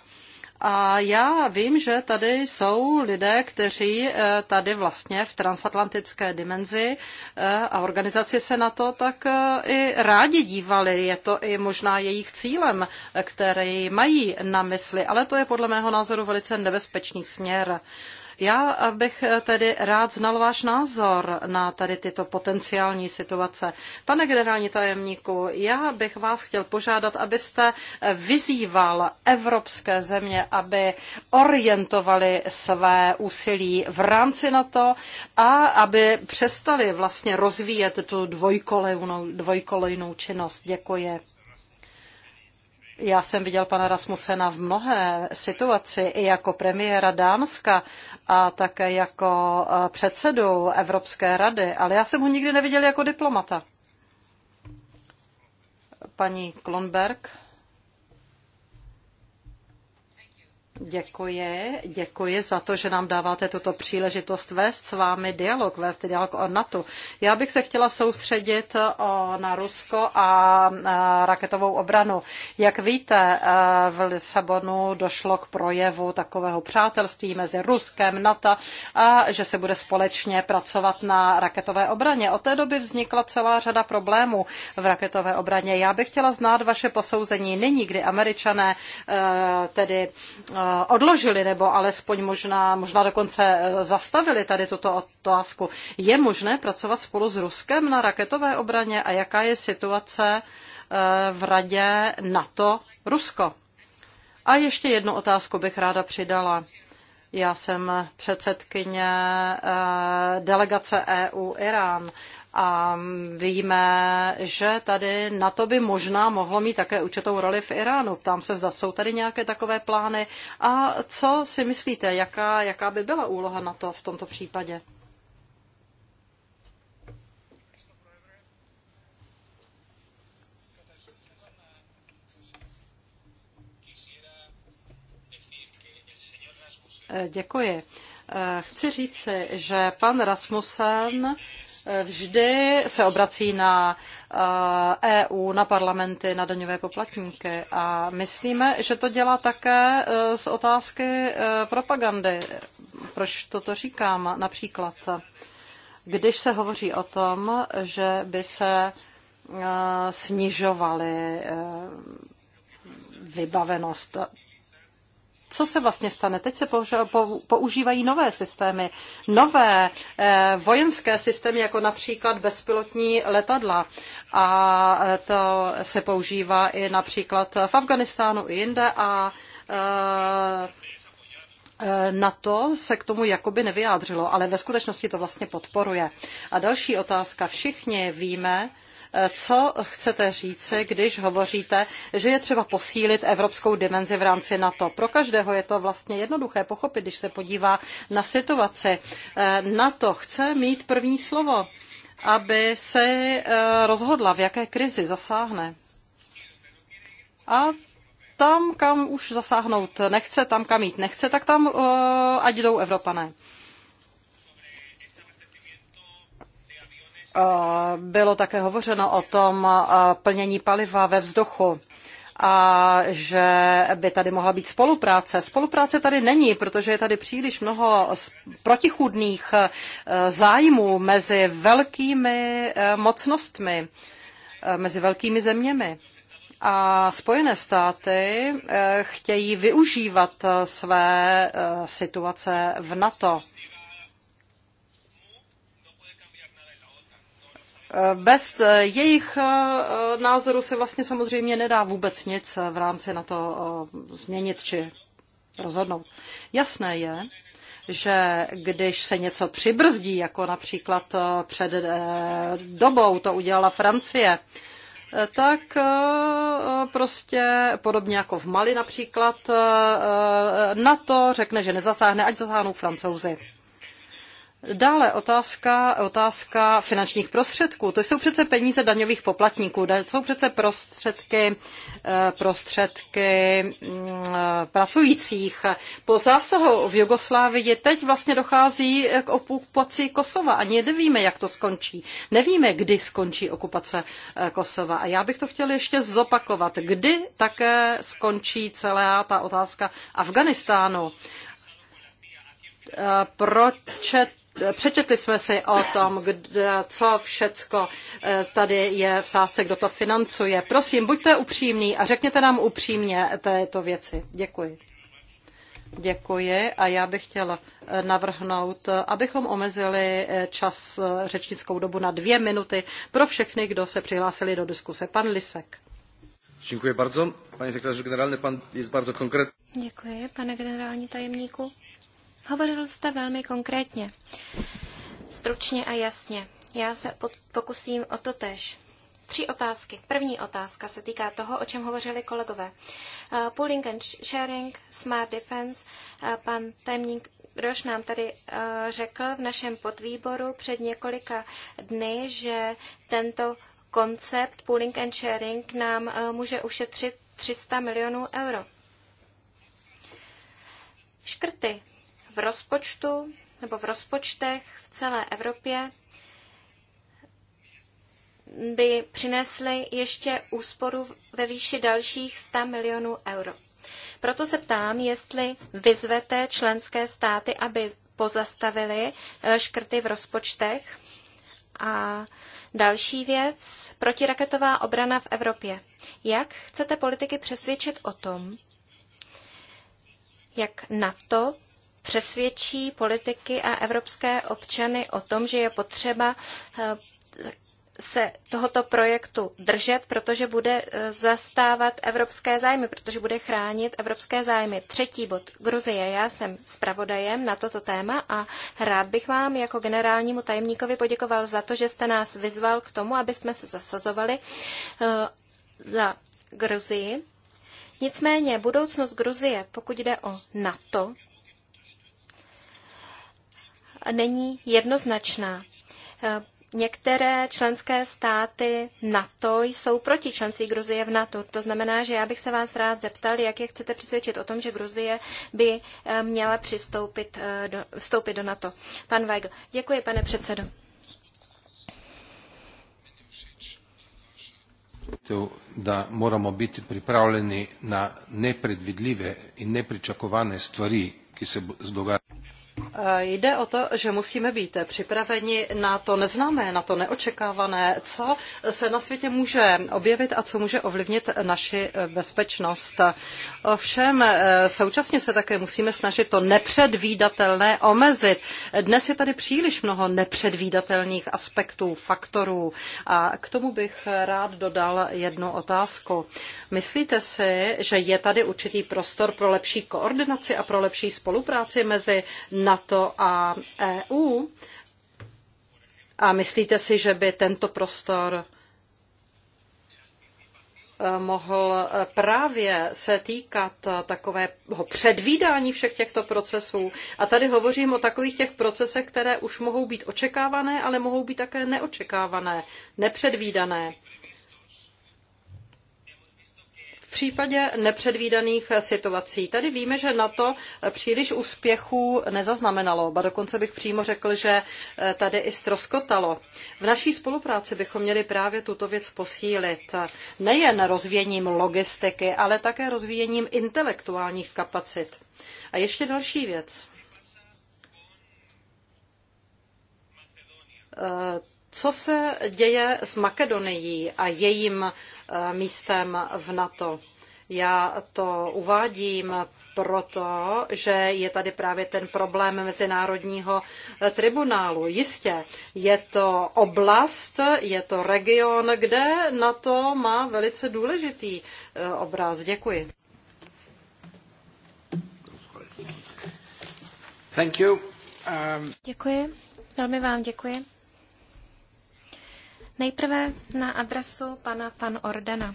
A já vím, že tady jsou lidé, kteří eh, tady vlastně v transatlantické dimenzi eh, a organizaci se na to tak eh, i rádi dívali. Je to i možná jejich cílem, který mají na mysli, ale to je podle mého názoru velice nebezpečný směr. Já bych tedy rád znal váš názor na tady tyto potenciální situace. Pane generální tajemníku, já bych vás chtěl požádat, abyste vyzýval evropské země, aby orientovali své úsilí v rámci NATO a aby přestali vlastně rozvíjet tu dvojkolejnou, dvojkolejnou činnost. Děkuji. Já jsem viděl pana Rasmusena v mnohé situaci, i jako premiéra Dánska a také jako e, předsedu Evropské rady, ale já jsem ho nikdy neviděl jako diplomata. Paní Klonberg. Děkuji, děkuji za to, že nám dáváte tuto příležitost vést s vámi dialog, vést dialog o NATO. Já bych se chtěla soustředit na Rusko a raketovou obranu. Jak víte, e, v Lisabonu došlo k projevu takového přátelství mezi Ruskem, NATO a že se bude společně pracovat na raketové obraně. Od té doby vznikla celá řada problémů v raketové obraně. Já bych chtěla znát vaše posouzení nyní, kdy američané e, tedy e, Eh, odložili nebo alespoň možná, možná dokonce eh, zastavili tady tuto otázku. Je možné pracovat spolu s Ruskem na raketové obraně a jaká je situace eh, v radě NATO-Rusko? A ještě jednu otázku bych ráda přidala. Já jsem předsedkyně delegace EU Irán a víme, že tady na to by možná mohlo mít také určitou roli v Iránu. Ptám se, zda jsou tady nějaké takové plány. A co si myslíte, jaká, jaká by byla úloha na to v tomto případě? Děkuji. Chci říci, že pan Rasmussen vždy se obrací na EU, eh, e na parlamenty, na daňové poplatníky. A myslíme, že to dělá také eh, z otázky eh, propagandy. Proč toto říkám? Například, když se hovoří o tom, že by se snižovaly vybavenost co se vlastně stane? Teď se používají nové systémy, nové eh, vojenské systémy, jako například bezpilotní letadla. A eh, to se používá i například v Afganistánu i jinde a eh, na to se k tomu jakoby nevyjádřilo, ale ve skutečnosti to vlastně podporuje. A další otázka. Všichni víme, co chcete říci, když hovoříte, že je třeba posílit evropskou dimenzi v rámci NATO? Pro každého je to vlastně jednoduché pochopit, když se podívá na situaci. Eh, NATO chce mít první slovo, aby se eh, rozhodla, v jaké krizi zasáhne. A tam, kam už zasáhnout nechce, tam, kam jít nechce, tak tam eh, ať jdou Evropané. Eh, bylo také hovořeno o tom eh, plnění paliva ve vzduchu a že by tady mohla být spolupráce. Spolupráce tady není, protože je tady příliš mnoho protichůdných eh, zájmů mezi velkými mocnostmi, mezi velkými zeměmi. A Spojené státy chtějí využívat své situace v NATO. Bez eh, jejich eh, názoru se vlastně samozřejmě nedá vůbec nic eh, v rámci na to změnit či rozhodnout. Jasné je, že když se něco přibrzdí, jako například před dobou to udělala Francie, tak prostě podobně jako v Mali například na to řekne, že nezasáhne, ať zasáhnou francouzi. Dále otázka, otázka finančních prostředků. To jsou přece peníze daňových poplatníků, to jsou přece prostředky, eh, prostředky mm, pracujících. Po zásahu v Jugoslávii teď vlastně dochází eh, k okupaci Kosova a nevíme, jak to skončí. Nevíme, kdy skončí okupace eh, Kosova. A já bych to chtěl ještě zopakovat. Kdy také skončí celá ta otázka Afganistánu? Proč? přečetli jsme si o tom, kde, co všecko eh, tady je v sázce, kdo to financuje. Prosím, buďte upřímní a řekněte nám upřímně této věci. Děkuji. Děkuji a já bych chtěla eh, navrhnout, eh, abychom omezili čas řečnickou dobu na dvě minuty pro všechny, kdo se přihlásili do diskuse. Pan Lisek. Děkuji bardzo. pane sekretář generální, pan je bardzo konkrétní. Děkuji, pane generální tajemníku. Hovořil jste velmi konkrétně, stručně a jasně. Já se pokusím o to tež. Tři otázky. První otázka se týká toho, o čem hovořili kolegové. Uh, pooling and sharing, smart defense, uh, pan tajemník Roš nám tady uh, řekl v našem podvýboru před několika dny, že tento koncept pooling and sharing nám může ušetřit 300 milionů euro. Škrty v rozpočtu nebo v rozpočtech v celé Evropě by přinesly ještě úsporu ve výši dalších 100 milionů euro. Proto se ptám, jestli vyzvete členské státy, aby pozastavili eh, škrty v rozpočtech. A další věc, protiraketová obrana v Evropě. Jak chcete politiky přesvědčit o tom, jak NATO přesvědčí politiky a evropské občany o tom, že je potřeba eh, se tohoto projektu držet, protože bude eh, zastávat evropské zájmy, protože bude chránit evropské zájmy. Třetí bod. Gruzie. Já jsem zpravodajem na toto téma a rád bych vám jako generálnímu tajemníkovi poděkoval za to, že jste nás vyzval k tomu, aby jsme se zasazovali eh, za Gruzii. Nicméně budoucnost Gruzie, pokud jde o NATO, není jednoznačná. Eh, některé členské státy NATO jsou proti členství Gruzie v NATO. To znamená, že já bych se vás rád zeptal, jak je chcete přesvědčit o tom, že Gruzie by eh, měla přistoupit eh, do, vstoupit do NATO. Pan Weigl. Děkuji, pane předsedo. da moramo biti pripravljeni na nepredvidljive in nepričakovane stvari, ki se dogajajo. Eh, jde o to, že musíme být připraveni na to neznámé, na to neočekávané, co se na světě může objevit a co může ovlivnit naši eh, bezpečnost. Ovšem eh, současně se také musíme snažit to nepředvídatelné omezit. Dnes je tady příliš mnoho nepředvídatelných aspektů, faktorů a k tomu bych rád dodal jednu otázku. Myslíte si, že je tady určitý prostor pro lepší koordinaci a pro lepší spolupráci mezi NATO NATO a EU? A myslíte si, že by tento prostor e, mohl e, právě se týkat e, takového předvídání všech těchto procesů. A tady hovořím o takových těch procesech, které už mohou být očekávané, ale mohou být také neočekávané, nepředvídané případě nepředvídaných situací. Tady víme, že na to příliš úspěchů nezaznamenalo, ba dokonce bych přímo řekl, že eh, tady i stroskotalo. V naší spolupráci bychom měli právě tuto věc posílit nejen rozvíjením logistiky, ale také rozvíjením intelektuálních kapacit. A ještě další věc. Eh, co se děje s Makedonií a jejím Eh, místem v NATO. Já to uvádím proto, že je tady právě ten problém Mezinárodního eh, tribunálu. Jistě, je to oblast, je to region, kde na to má velice důležitý eh, obraz. Děkuji. Thank you. Um... Děkuji. Velmi vám děkuji. Nejprve na adresu pana pan Ordena.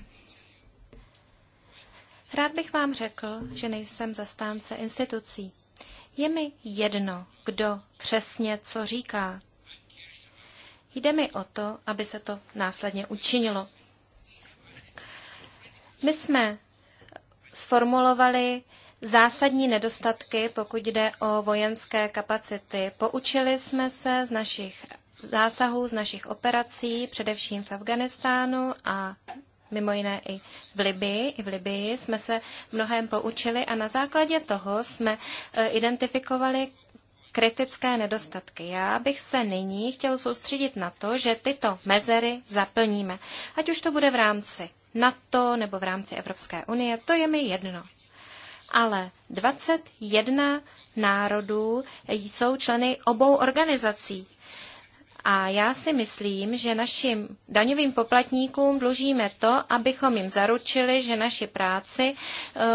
Rád bych vám řekl, že nejsem zastánce institucí. Je mi jedno, kdo přesně co říká. Jde mi o to, aby se to následně učinilo. My jsme sformulovali zásadní nedostatky, pokud jde o vojenské kapacity. Poučili jsme se z našich zásahů z našich operací, především v Afganistánu a mimo jiné i v Libii. I v Libii jsme se mnohem poučili a na základě toho jsme eh, identifikovali kritické nedostatky. Já bych se nyní chtěl soustředit na to, že tyto mezery zaplníme. Ať už to bude v rámci NATO nebo v rámci Evropské unie, to je mi jedno. Ale 21 národů jsou členy obou organizací. A já si myslím, že našim daňovým poplatníkům dlužíme to, abychom jim zaručili, že naši práci eh,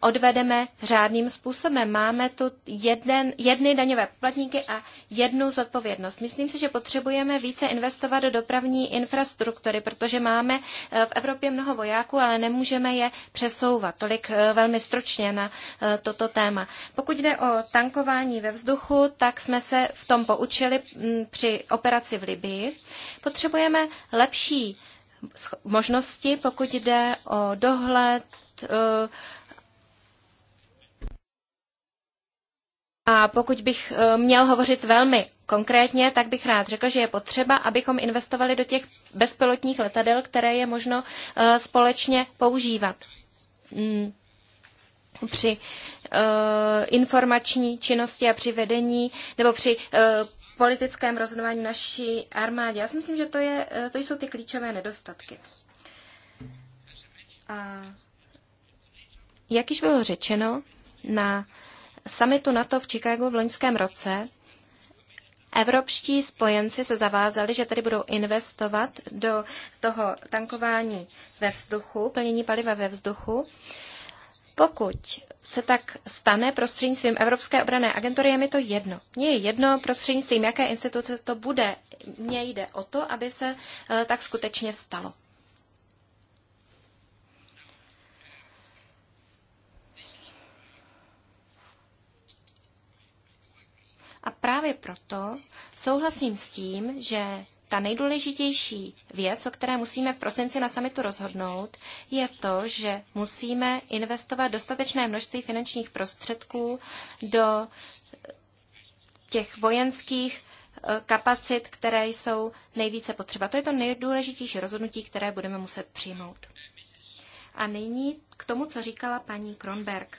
odvedeme řádným způsobem. Máme tu jeden, jedny daňové poplatníky a jednu zodpovědnost. Myslím si, že potřebujeme více investovat do dopravní infrastruktury, protože máme eh, v Evropě mnoho vojáků, ale nemůžeme je přesouvat. Tolik eh, velmi stručně na eh, toto téma. Pokud jde o tankování ve vzduchu, tak jsme se v tom poučili mm, při operaci v Libii. Potřebujeme lepší možnosti, pokud jde o dohled, A pokud bych eh, měl hovořit velmi konkrétně, tak bych rád řekl, že je potřeba, abychom investovali do těch bezpilotních letadel, které je možno eh, společně používat hmm. při eh, informační činnosti a při vedení nebo při politickém rozhodování naší armádě. Já si myslím, že to, je, to jsou ty klíčové nedostatky. A jak již bylo řečeno, na samitu NATO v Chicagu v loňském roce evropští spojenci se zavázali, že tady budou investovat do toho tankování ve vzduchu, plnění paliva ve vzduchu. Pokud se tak stane prostřednictvím Evropské obrané agentury, je mi to jedno. Mně je jedno prostřednictvím jaké instituce to bude. Mně jde o to, aby se eh, tak skutečně stalo. A právě proto souhlasím s tím, že ta nejdůležitější věc, o které musíme v prosinci na samitu rozhodnout, je to, že musíme investovat dostatečné množství finančních prostředků do eh, těch vojenských eh, kapacit, které jsou nejvíce potřeba. To je to nejdůležitější rozhodnutí, které budeme muset přijmout. A nyní k tomu, co říkala paní Kronberg.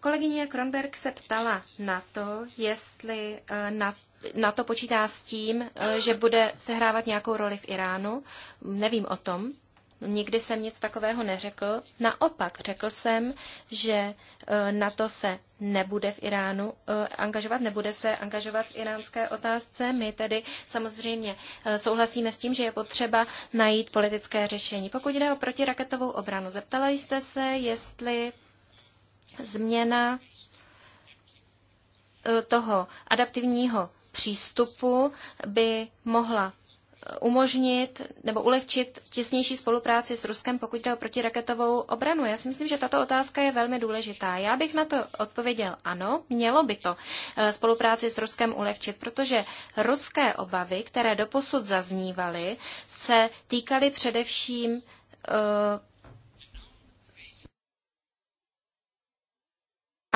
Kolegyně Kronberg se ptala na to, jestli eh, na na to počítá s tím, eh, že bude sehrávat nějakou roli v Iránu. Nevím o tom. Nikdy jsem nic takového neřekl. Naopak řekl jsem, že eh, na to se nebude v Iránu angažovat, nebude se angažovat v iránské otázce. My tedy samozřejmě souhlasíme s tím, že je potřeba najít politické řešení. Pokud jde o protiraketovou obranu, zeptala jste se, jestli změna e, toho adaptivního přístupu by mohla e, umožnit nebo ulehčit těsnější spolupráci s Ruskem, pokud jde o protiraketovou obranu? Já si myslím, že tato otázka je velmi důležitá. Já bych na to odpověděl ano, mělo by to e, spolupráci s Ruskem ulehčit, protože ruské obavy, které doposud zaznívaly, se týkaly především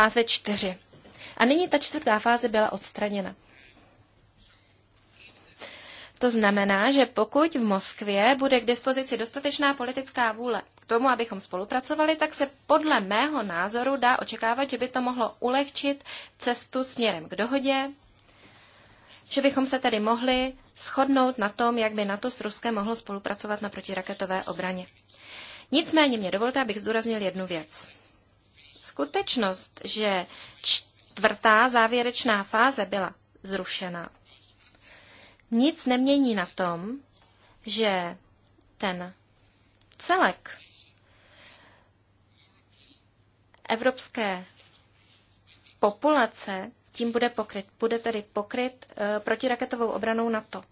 fáze 4. A nyní ta čtvrtá fáze byla odstraněna. To znamená, že pokud v Moskvě bude k dispozici dostatečná politická vůle k tomu, abychom spolupracovali, tak se podle mého názoru dá očekávat, že by to mohlo ulehčit cestu směrem k dohodě, že bychom se tedy mohli shodnout na tom, jak by NATO s Ruskem mohlo spolupracovat na protiraketové obraně. Nicméně mě dovolte, abych zdůraznil jednu věc skutečnost, že čtvrtá závěrečná fáze byla zrušena, nic nemění na tom, že ten celek evropské populace tím bude pokryt. Bude tedy pokryt e, protiraketovou obranou NATO.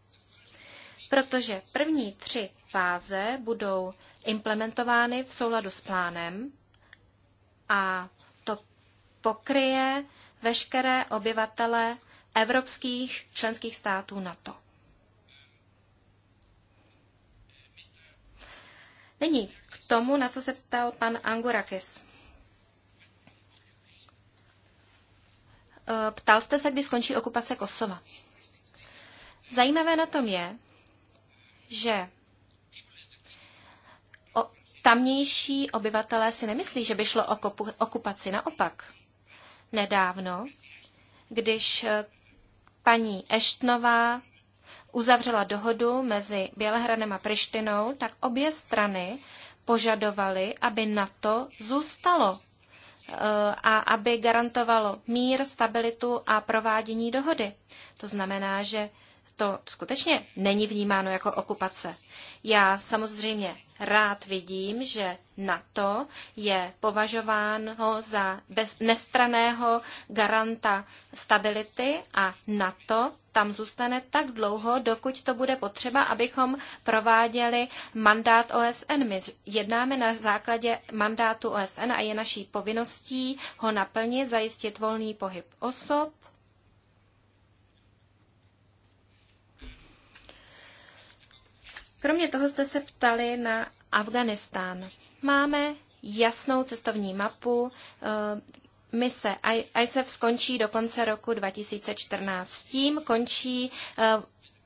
Protože první tři fáze budou implementovány v souladu s plánem a to pokryje veškeré obyvatele evropských členských států NATO. Nyní k tomu, na co se ptal pan Angurakis. E, ptal jste se, kdy skončí okupace Kosova. Zajímavé na tom je, že Tamnější obyvatelé si nemyslí, že by šlo o okupaci. Naopak, nedávno, když eh, paní Eštnová uzavřela dohodu mezi Bělehradem a Prištinou, tak obě strany požadovaly, aby NATO zůstalo eh, a aby garantovalo mír, stabilitu a provádění dohody. To znamená, že to skutečně není vnímáno jako okupace. Já samozřejmě rád vidím, že NATO je považováno za bez, nestraného garanta stability a NATO tam zůstane tak dlouho, dokud to bude potřeba, abychom prováděli mandát OSN. My jednáme na základě mandátu OSN a je naší povinností ho naplnit, zajistit volný pohyb osob, Kromě toho jste se ptali na Afganistán. Máme jasnou cestovní mapu. Eh, mise ISAF skončí do konce roku 2014. S tím končí eh,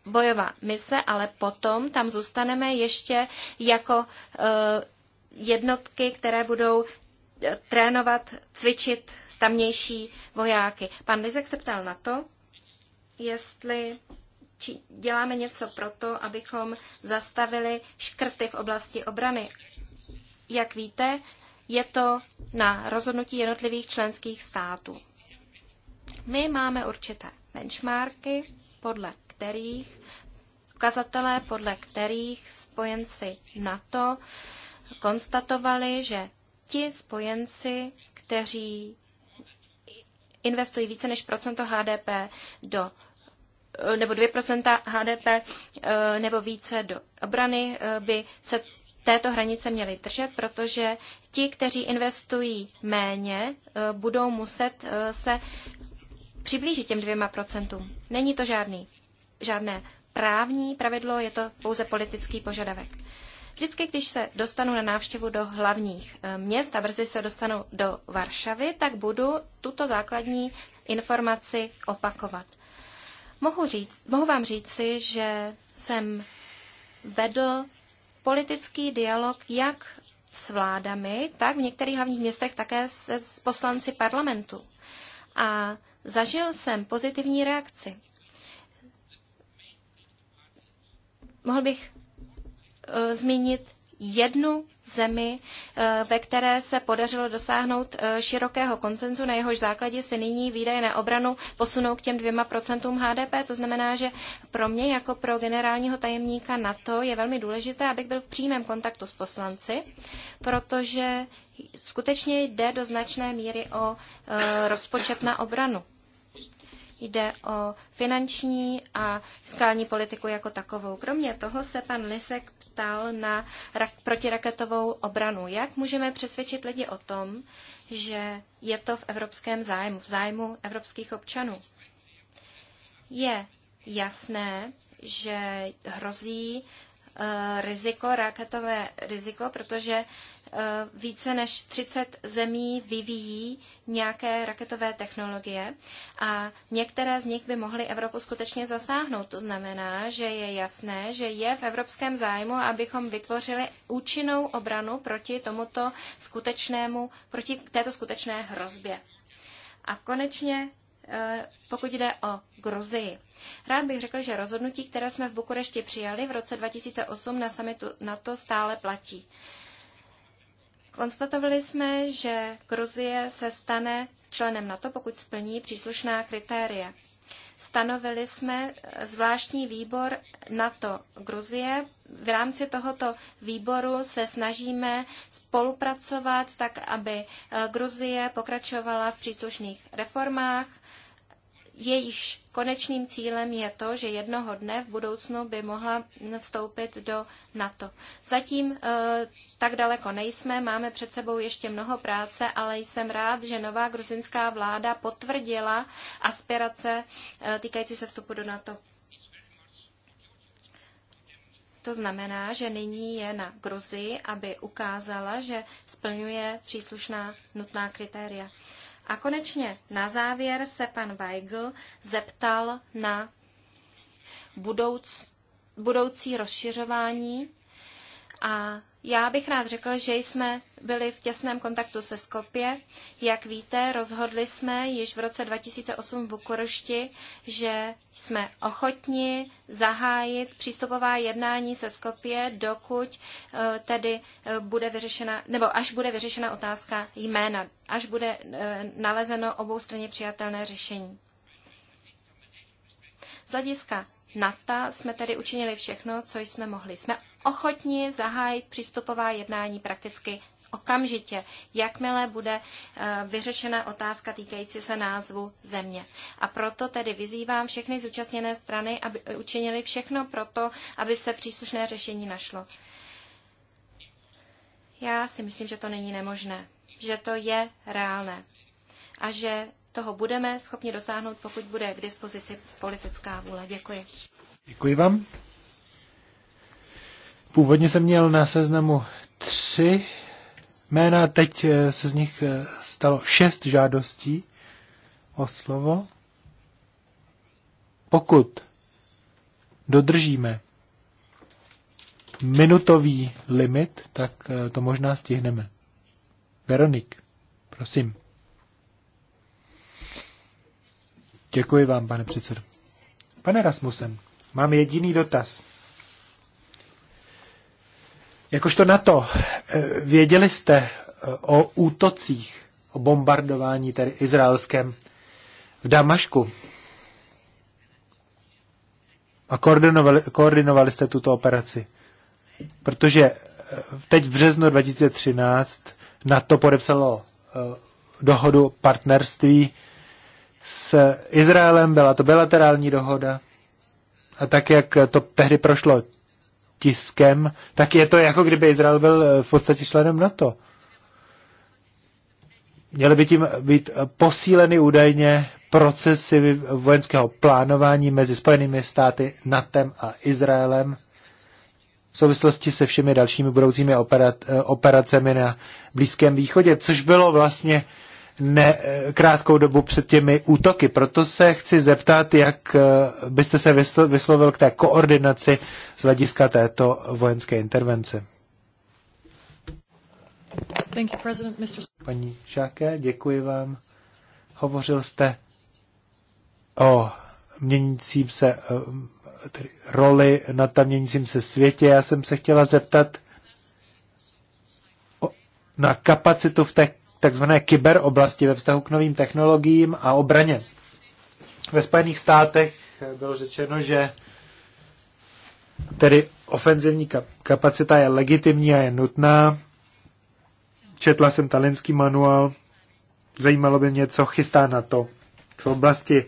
bojová mise, ale potom tam zůstaneme ještě jako eh, jednotky, které budou trénovat, cvičit tamnější vojáky. Pan Lizek se ptal na to, jestli či děláme něco pro to, abychom zastavili škrty v oblasti obrany. Jak víte, je to na rozhodnutí jednotlivých členských států. My máme určité benchmarky, podle kterých ukazatelé podle kterých spojenci NATO konstatovali, že ti spojenci, kteří investují více než procento HDP do Eh, nebo 2% HDP eh, nebo více do obrany eh, by se této hranice měly držet, protože ti, kteří investují méně, budou muset se přiblížit těm dvěma procentům. Není to žádný, žádné právní pravidlo, je to pouze politický požadavek. Vždycky, když se dostanu na návštěvu do hlavních měst a brzy se dostanu do Varšavy, tak budu tuto základní informaci opakovat. Mohu, říct, mohu vám říci, že jsem vedl politický dialog jak s vládami, tak v některých hlavních městech také se, s poslanci parlamentu. A zažil jsem pozitivní reakci. Mohl bych uh, zmínit jednu zemi, eh, ve které se podařilo dosáhnout eh, širokého koncenzu, na jehož základě se nyní výdaje na obranu posunou k těm dvěma procentům HDP. To znamená, že pro mě jako pro generálního tajemníka NATO je velmi důležité, abych byl v přímém kontaktu s poslanci, protože skutečně jde do značné míry o eh, rozpočet na obranu. Jde o finanční a fiskální politiku jako takovou. Kromě toho se pan Lisek ptal na rak- protiraketovou obranu. Jak můžeme přesvědčit lidi o tom, že je to v evropském zájmu, v zájmu evropských občanů? Je jasné, že hrozí Eh, riziko, raketové riziko, protože eh, více než 30 zemí vyvíjí nějaké raketové technologie a některé z nich by mohly Evropu skutečně zasáhnout. To znamená, že je jasné, že je v evropském zájmu, abychom vytvořili účinnou obranu proti tomuto skutečnému, proti této skutečné hrozbě. A konečně Eh, pokud jde o Gruzii. Rád bych řekl, že rozhodnutí, které jsme v Bukurešti přijali v roce 2008 na samitu NATO, stále platí. Konstatovali jsme, že Gruzie se stane členem NATO, pokud splní příslušná kritéria. Stanovili jsme eh, zvláštní výbor NATO Gruzie. V rámci tohoto výboru se snažíme spolupracovat tak, aby eh, Gruzie pokračovala v příslušných reformách, jejíž konečným cílem je to, že jednoho dne v budoucnu by mohla vstoupit do NATO. Zatím eh, tak daleko nejsme, máme před sebou ještě mnoho práce, ale jsem rád, že nová gruzinská vláda potvrdila aspirace eh, týkající se vstupu do NATO. To znamená, že nyní je na Gruzii, aby ukázala, že splňuje příslušná nutná kritéria. A konečně na závěr se pan Weigl zeptal na budouc, budoucí rozšiřování a já bych rád řekl, že jsme byli v těsném kontaktu se Skopje. Jak víte, rozhodli jsme již v roce 2008 v Bukurošti, že jsme ochotni zahájit přístupová jednání se Skopje, dokud eh, tedy eh, bude vyřešena, nebo až bude vyřešena otázka jména, až bude eh, nalezeno oboustranně přijatelné řešení. Z hlediska NATO jsme tedy učinili všechno, co jsme mohli. Jsme ochotni zahájit přístupová jednání prakticky okamžitě, jakmile bude eh, vyřešena otázka týkající se názvu země. A proto tedy vyzývám všechny zúčastněné strany, aby učinili všechno proto, aby se příslušné řešení našlo. Já si myslím, že to není nemožné, že to je reálné a že toho budeme schopni dosáhnout, pokud bude k dispozici politická vůle. Děkuji. Děkuji vám. Původně jsem měl na seznamu tři jména, teď eh, se z nich eh, stalo šest žádostí o slovo. Pokud dodržíme minutový limit, tak eh, to možná stihneme. Veronik, prosím. Děkuji vám, pane předsedo. Pane Rasmusen, mám jediný dotaz. Jakožto na to, eh, věděli jste eh, o útocích, o bombardování tedy izraelském v Damašku a koordinovali, koordinovali jste tuto operaci. Protože eh, teď v březnu 2013 NATO podepsalo dohodu partnerství s Izraelem, byla to bilaterální dohoda. A tak, jak to tehdy prošlo tiskem, tak je to jako kdyby Izrael byl eh, v podstatě členem NATO. Měly by tím být eh, posíleny údajně procesy vojenského plánování mezi Spojenými státy, NATEM a Izraelem v souvislosti se všemi dalšími budoucími operat, eh, operacemi na Blízkém východě, což bylo vlastně ne, eh, krátkou dobu před těmi útoky. Proto se chci zeptat, jak eh, byste se vyslovil k té koordinaci z hlediska této vojenské intervence. Thank you, President. Mr. Paní Šáke, děkuji vám. Hovořil jste o měnícím se eh, tedy roli na tam měnícím se světě. Já jsem se chtěla zeptat o, na kapacitu v té takzvané kyberoblasti ve vztahu k novým technologiím a obraně. Ve Spojených státech bylo řečeno, že tedy ofenzivní kapacita je legitimní a je nutná. Četla jsem talinský manuál, zajímalo by mě, co chystá na to v oblasti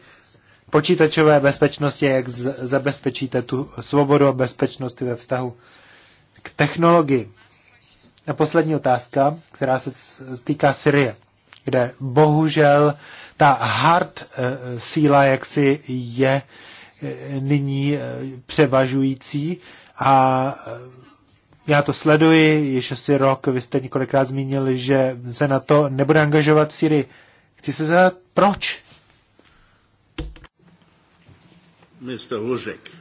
počítačové bezpečnosti, jak zabezpečíte tu svobodu a bezpečnost ve vztahu k technologii. A poslední otázka, která se týká Syrie, kde bohužel ta hard eh, síla jaksi je eh, nyní eh, převažující a já to sleduji, již asi rok, vy jste několikrát zmínil, že se na to nebude angažovat v Syrii. Chci se zeptat, proč? Mr. Lužek.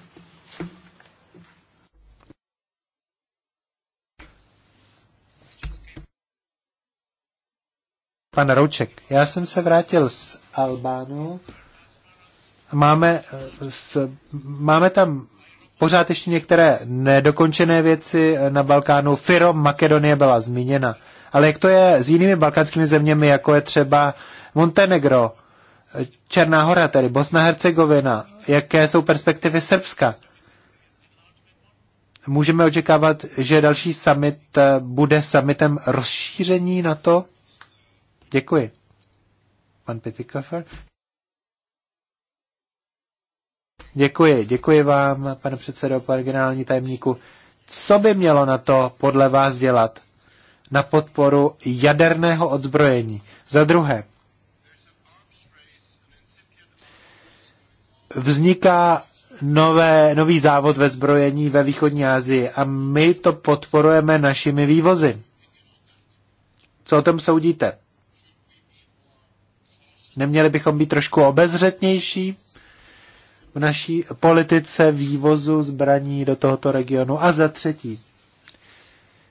Pan Rouček, já jsem se vrátil z Albánu. Máme, eh, s, máme tam pořád ještě některé nedokončené věci eh, na Balkánu. Firo Makedonie byla zmíněna. Ale jak to je s jinými balkánskými zeměmi, jako je třeba Montenegro, eh, Černá hora, tedy Bosna Hercegovina, jaké jsou perspektivy Srbska? Můžeme očekávat, že další summit bude summitem rozšíření na to? Děkuji. Pan Petikofer. Děkuji, děkuji vám, pane předsedo, pane generální tajemníku. Co by mělo na to podle vás dělat na podporu jaderného odzbrojení? Za druhé, vzniká nové, nový závod ve zbrojení ve východní Asii a my to podporujeme našimi vývozy. Co o tom soudíte? Neměli bychom být trošku obezřetnější v naší politice vývozu zbraní do tohoto regionu. A za třetí,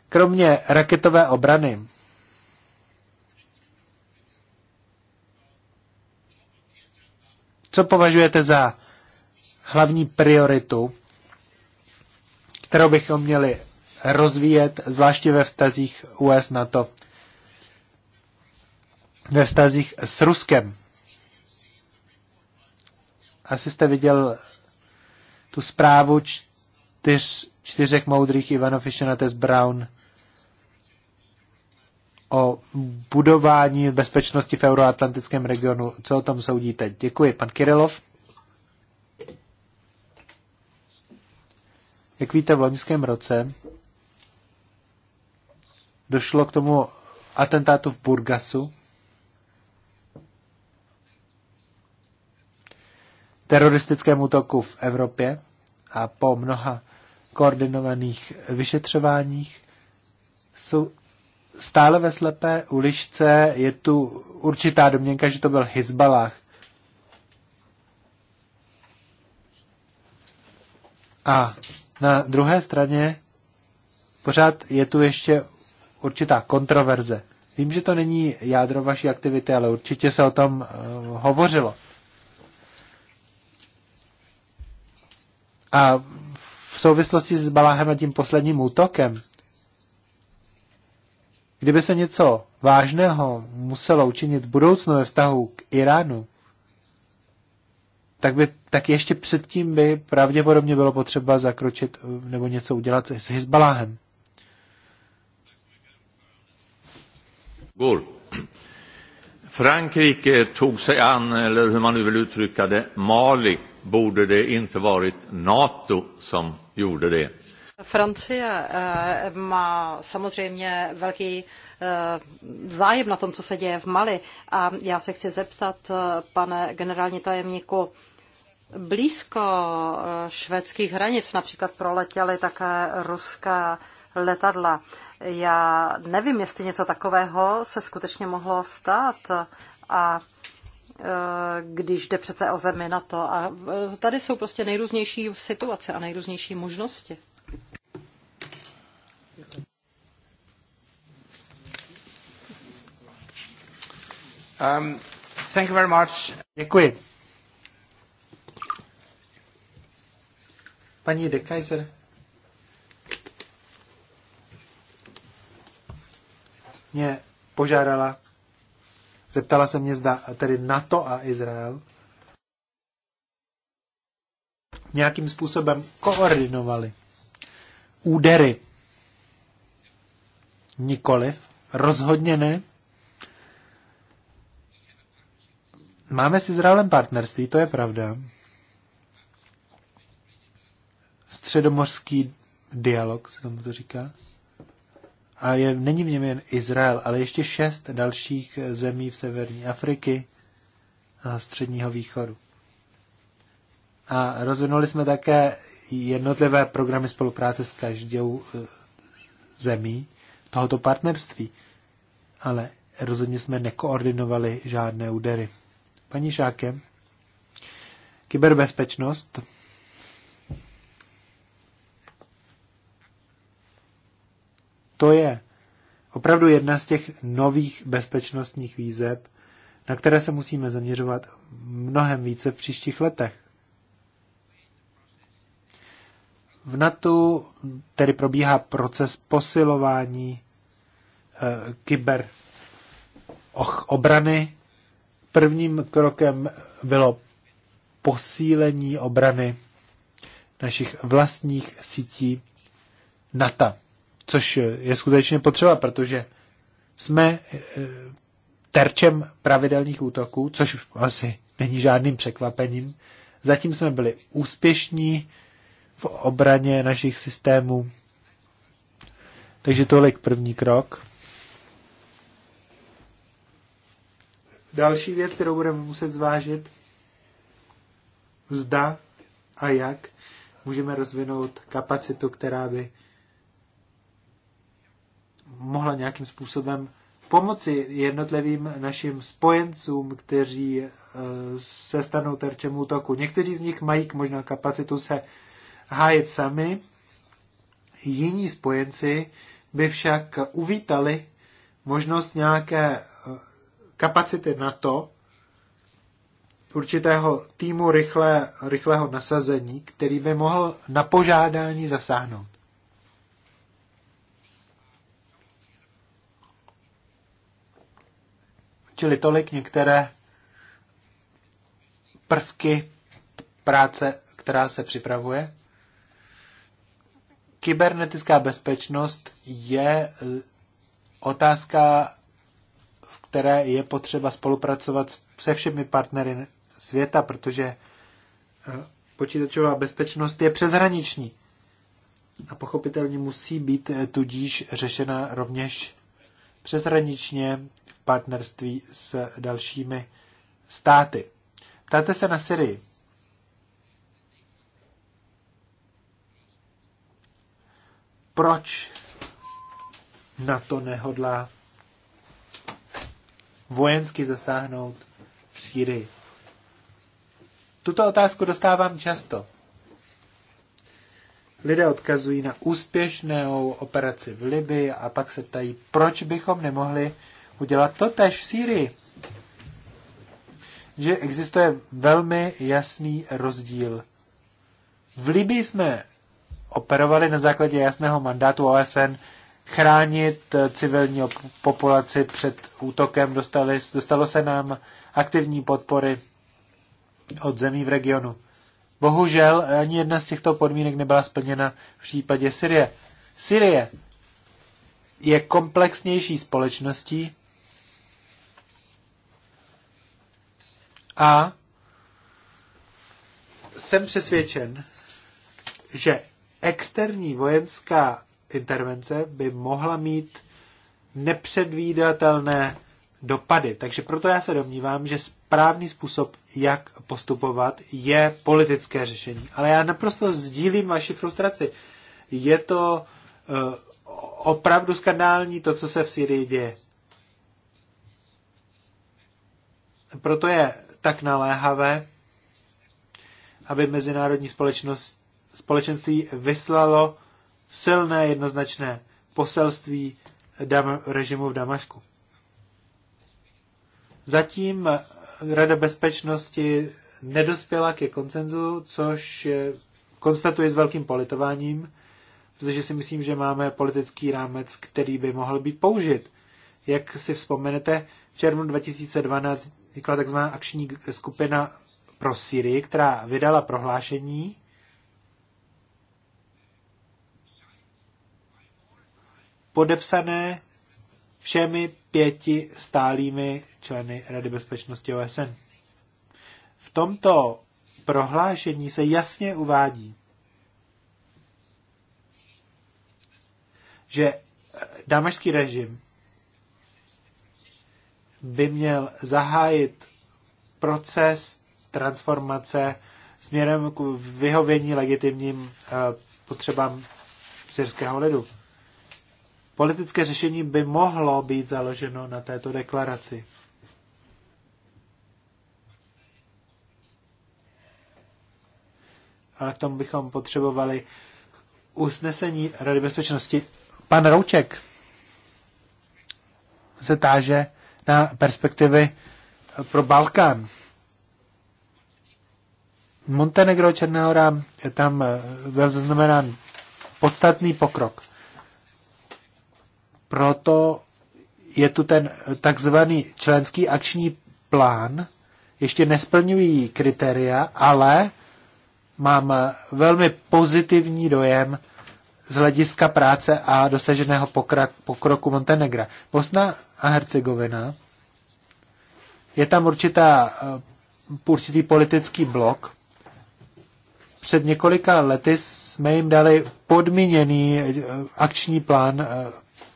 kromě raketové obrany, co považujete za hlavní prioritu, kterou bychom měli rozvíjet, zvláště ve vztazích US-NATO? ve vztazích s Ruskem. Asi jste viděl tu zprávu čtyř, čtyřech moudrých Ivano Tess Brown o budování bezpečnosti v euroatlantickém regionu. Co o tom soudíte? Děkuji. Pan Kirilov. Jak víte, v loňském roce došlo k tomu atentátu v Burgasu, teroristickém útoku v Evropě a po mnoha koordinovaných vyšetřováních jsou stále ve slepé uličce. Je tu určitá domněnka, že to byl Hezbalah. A na druhé straně pořád je tu ještě určitá kontroverze. Vím, že to není jádro vaší aktivity, ale určitě se o tom uh, hovořilo. A v souvislosti s Baláhem a tím posledním útokem, kdyby se něco vážného muselo učinit v budoucnu ve vztahu k Iránu, tak, by, tak ještě předtím by pravděpodobně bylo potřeba zakročit nebo něco udělat s Hezbaláhem. Gol. Frankrike tog sig an, eller hur man nu vill uttrycka det, Mali borde det inte varit NATO som gjorde det. Francie eh, má samozřejmě velký eh, zájem na tom, co se děje v Mali. A já se chci zeptat, eh, pane generální tajemníku, blízko švédských hranic například proletěly také ruská letadla. Já nevím, jestli něco takového se skutečně mohlo stát a Eh, když jde přece o zemi na to. A eh, tady jsou prostě nejrůznější situace a nejrůznější možnosti. Um, thank you very much. Děkuji. Paní de Kaiser. Mě požádala Zeptala se mě, zda tedy NATO a Izrael nějakým způsobem koordinovali údery. Nikoliv, rozhodně ne. Máme s Izraelem partnerství, to je pravda. Středomořský dialog se tomu to říká a je, není v něm jen Izrael, ale ještě šest dalších zemí v severní Afriky a středního východu. A rozvinuli jsme také jednotlivé programy spolupráce s každou eh, zemí tohoto partnerství, ale rozhodně jsme nekoordinovali žádné údery. Paní Šáke, kyberbezpečnost To je opravdu jedna z těch nových bezpečnostních výzeb, na které se musíme zaměřovat mnohem více v příštích letech. V NATO tedy probíhá proces posilování e, kyber och, obrany. Prvním krokem bylo posílení obrany našich vlastních sítí NATO což je skutečně potřeba, protože jsme eh, terčem pravidelných útoků, což asi není žádným překvapením. Zatím jsme byli úspěšní v obraně našich systémů. Takže tolik první krok. Další věc, kterou budeme muset zvážit, zda a jak můžeme rozvinout kapacitu, která by mohla nějakým způsobem pomoci jednotlivým našim spojencům, kteří eh, se stanou terčem útoku. Někteří z nich mají možná kapacitu se hájit sami, jiní spojenci by však uvítali možnost nějaké eh, kapacity na to, určitého týmu rychlé, rychlého nasazení, který by mohl na požádání zasáhnout. Čili tolik některé prvky práce, která se připravuje. Kybernetická bezpečnost je eh, otázka, v které je potřeba spolupracovat se všemi partnery světa, protože eh, počítačová bezpečnost je přeshraniční a pochopitelně musí být eh, tudíž řešena rovněž přeshraničně partnerství s dalšími státy. Ptáte se na Syrii. Proč na to nehodlá vojensky zasáhnout v Syrii? Tuto otázku dostávám často. Lidé odkazují na úspěšnou operaci v Libii a pak se ptají, proč bychom nemohli udělat to tež v Sýrii. Že existuje velmi jasný rozdíl. V Libii jsme operovali na základě jasného mandátu OSN chránit eh, civilní populaci před útokem. Dostali, dostalo se nám aktivní podpory od zemí v regionu. Bohužel eh, ani jedna z těchto podmínek nebyla splněna v případě Syrie. Syrie je komplexnější společností, A jsem přesvědčen, že externí vojenská intervence by mohla mít nepředvídatelné dopady. Takže proto já se domnívám, že správný způsob, jak postupovat, je politické řešení. Ale já naprosto sdílím vaši frustraci. Je to uh, opravdu skandální to, co se v Syrii děje. Proto je tak naléhavé, aby mezinárodní společnost, společenství vyslalo silné jednoznačné poselství dam, režimu v Damašku. Zatím Rada bezpečnosti nedospěla ke koncenzu, což konstatuji s velkým politováním, protože si myslím, že máme politický rámec, který by mohl být použit. Jak si vzpomenete, v červnu 2012 vznikla takzvaná akční skupina pro Syrii, která vydala prohlášení, podepsané všemi pěti stálými členy Rady bezpečnosti OSN. V tomto prohlášení se jasně uvádí, že damašský režim by měl zahájit proces transformace směrem k vyhovění legitimním eh, potřebám syrského lidu. Politické řešení by mohlo být založeno na této deklaraci. Ale k tomu bychom potřebovali usnesení Rady bezpečnosti. Pan Rouček se táže, na perspektivy pro Balkán. Montenegro, Černéhora je tam eh, byl zaznamenán podstatný pokrok. Proto je tu ten takzvaný členský akční plán. Ještě nesplňují kritéria, ale mám eh, velmi pozitivní dojem z hlediska práce a dosaženého pokroku Montenegra. Bosna a Hercegovina. Je tam určitá, eh, určitý politický blok. Před několika lety jsme jim dali podmíněný eh, akční plán eh,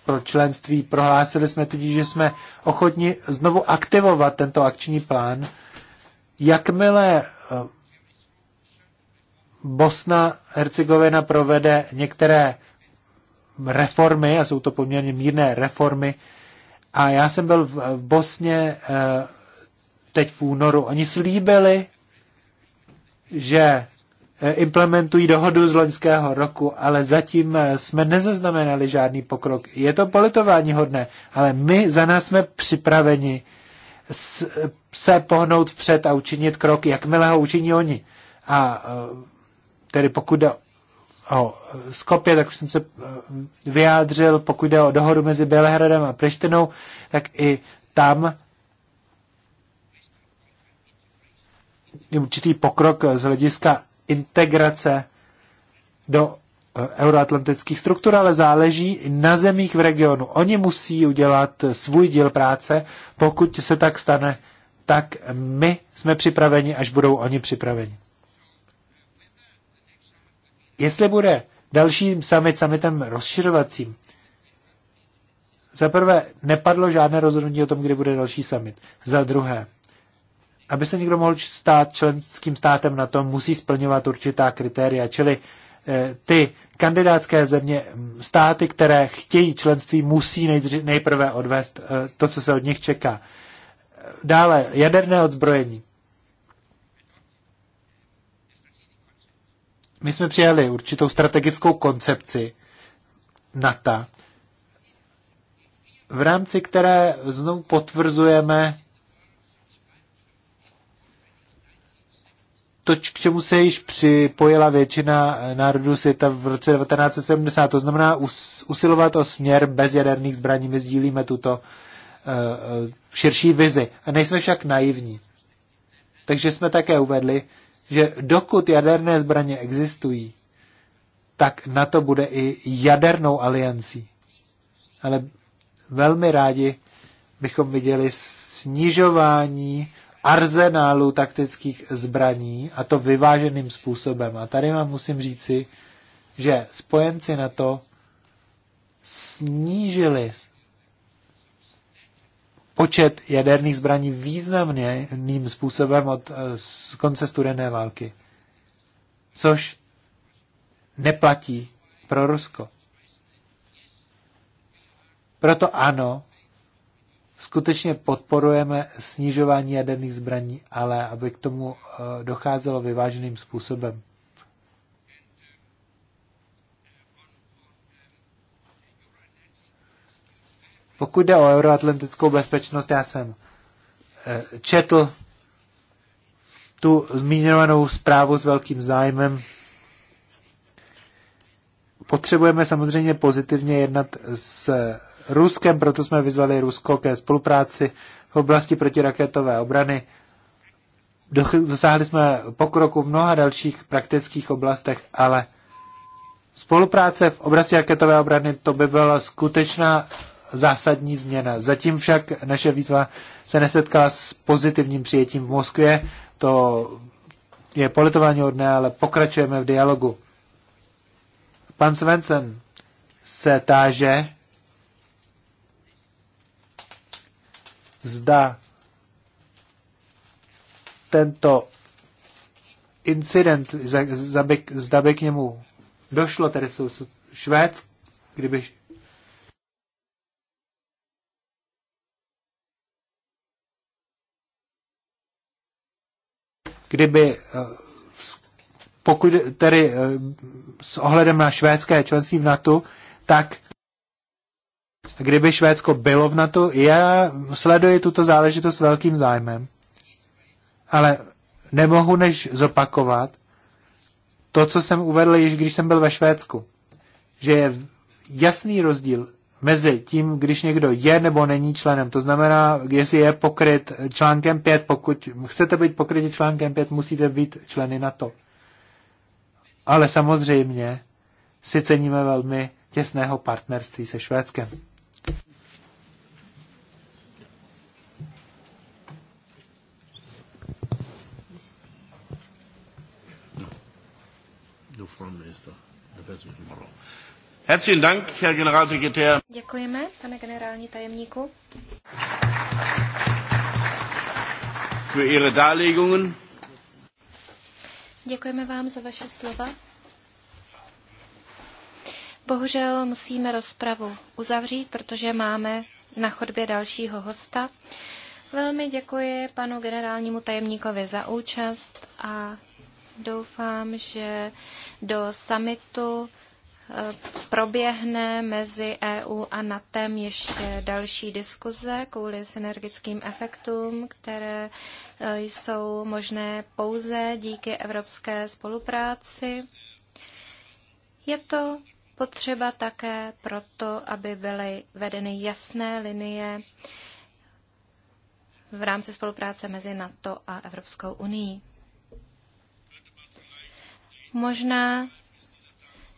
pro členství. Prohlásili jsme tudíž, že jsme ochotni znovu aktivovat tento akční plán, jakmile Bosna Hercegovina provede některé reformy, a jsou to poměrně mírné reformy, a já jsem byl v Bosně eh, teď v únoru. Oni slíbili, že eh, implementují dohodu z loňského roku, ale zatím eh, jsme nezaznamenali žádný pokrok. Je to politování hodné, ale my za nás jsme připraveni se pohnout vpřed a učinit krok, jakmile ho učiní oni. A tedy pokud jde o Skopě, tak už jsem se eh, vyjádřil, pokud jde o dohodu mezi Bělehradem a Prištinou, tak i tam je určitý pokrok z hlediska integrace do eh, euroatlantických struktur, ale záleží na zemích v regionu. Oni musí udělat eh, svůj díl práce, pokud se tak stane, tak my jsme připraveni, až budou oni připraveni. Jestli bude dalším summit summitem rozšiřovacím, za prvé nepadlo žádné rozhodnutí o tom, kdy bude další summit. Za druhé, aby se někdo mohl stát členským státem na tom, musí splňovat určitá kritéria, čili eh, ty kandidátské země, státy, které chtějí členství, musí nejprve odvést eh, to, co se od nich čeká. Dále, jaderné odzbrojení. My jsme přijali určitou strategickou koncepci NATO, v rámci které znovu potvrzujeme to, k čemu se již připojila většina eh, národů světa v roce 1970. To znamená usilovat o směr bez jaderných zbraní. My sdílíme tuto uh, širší vizi. A nejsme však naivní. Takže jsme také uvedli, že dokud jaderné zbraně existují, tak na to bude i jadernou aliancí. Ale velmi rádi bychom viděli snižování arzenálu taktických zbraní a to vyváženým způsobem. A tady vám musím říci, že spojenci na to snížili počet jaderných zbraní významným způsobem od eh, konce studené války. Což neplatí pro Rusko. Proto ano, skutečně podporujeme snižování jaderných zbraní, ale aby k tomu eh, docházelo vyváženým způsobem. Pokud jde o euroatlantickou bezpečnost, já jsem eh, četl tu zmíněnou zprávu s velkým zájmem. Potřebujeme samozřejmě pozitivně jednat s Ruskem, proto jsme vyzvali Rusko ke spolupráci v oblasti protiraketové obrany. Dosáhli jsme pokroku v mnoha dalších praktických oblastech, ale spolupráce v oblasti raketové obrany to by byla skutečná zásadní změna. Zatím však naše výzva se nesetká s pozitivním přijetím v Moskvě. To je politování odné, ale pokračujeme v dialogu. Pan Svensen se táže, zda tento incident, zda by k němu došlo, tedy v Švédsku, kdyby kdyby eh, pokud tedy eh, s ohledem na švédské členství v NATO, tak kdyby Švédsko bylo v NATO, já sleduji tuto záležitost velkým zájmem. Ale nemohu než zopakovat to, co jsem uvedl již, když jsem byl ve Švédsku. Že je jasný rozdíl mezi tím, když někdo je nebo není členem. To znamená, jestli je pokryt článkem 5, pokud chcete být pokryti článkem 5, musíte být členy na to. Ale samozřejmě si ceníme velmi těsného partnerství se Švédskem. Herzlichen Dank, Herr Generalsekretär. Děkujeme, pane generální tajemníku. Für Ihre Darlegungen. Děkujeme vám za vaše slova. Bohužel musíme rozpravu uzavřít, protože máme na chodbě dalšího hosta. Velmi děkuji panu generálnímu tajemníkovi za účast a doufám, že do samitu proběhne mezi EU a NATEM ještě další diskuze kvůli synergickým efektům, které e, jsou možné pouze díky evropské spolupráci. Je to potřeba také proto, aby byly vedeny jasné linie v rámci spolupráce mezi NATO a Evropskou unii. Možná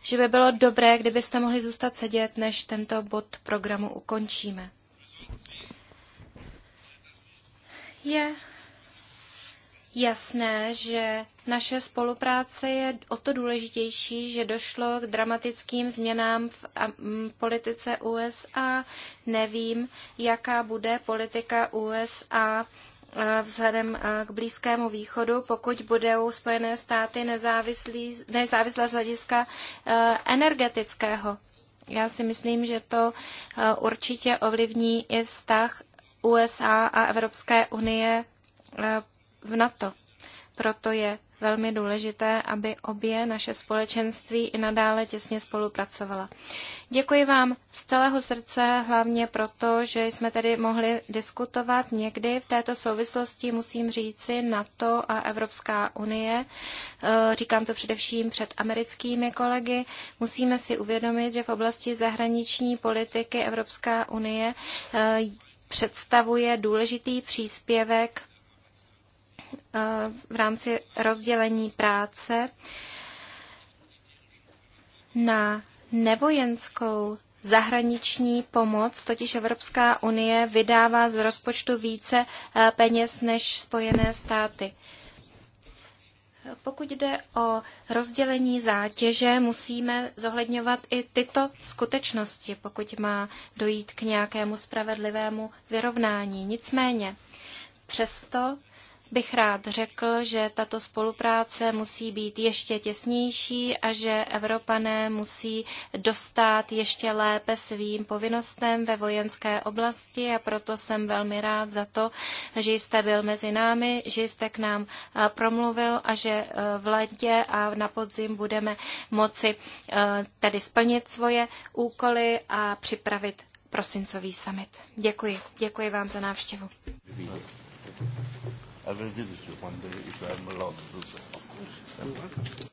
že by bylo dobré, kdybyste mohli zůstat sedět, než tento bod programu ukončíme. Je jasné, že naše spolupráce je o to důležitější, že došlo k dramatickým změnám v politice USA. Nevím, jaká bude politika USA Eh, vzhledem eh, k Blízkému východu, pokud budou Spojené státy nezávislé z hlediska eh, energetického. Já si myslím, že to určitě ovlivní i vztah USA a Evropské unie v NATO. Proto je velmi důležité, aby obě naše společenství i nadále těsně spolupracovala. Děkuji vám z celého srdce, hlavně proto, že jsme tedy mohli diskutovat někdy. V této souvislosti musím říci NATO a Evropská unie, eh, říkám to především před americkými kolegy, musíme si uvědomit, že v oblasti zahraniční politiky Evropská unie eh, představuje důležitý příspěvek v rámci rozdělení práce na nevojenskou zahraniční pomoc, totiž Evropská unie vydává z rozpočtu více eh, peněz než Spojené státy. Pokud jde o rozdělení zátěže, musíme zohledňovat i tyto skutečnosti, pokud má dojít k nějakému spravedlivému vyrovnání. Nicméně, přesto bych rád řekl, že tato spolupráce musí být ještě těsnější a že Evropané musí dostat ještě lépe svým povinnostem ve vojenské oblasti a proto jsem velmi rád za to, že jste byl mezi námi, že jste k nám eh, promluvil a že eh, v letě a na podzim budeme moci eh, tedy splnit svoje úkoly a připravit prosincový summit. Děkuji. Děkuji vám za návštěvu. I will visit you one day if I am allowed to do so. Of course. You're welcome.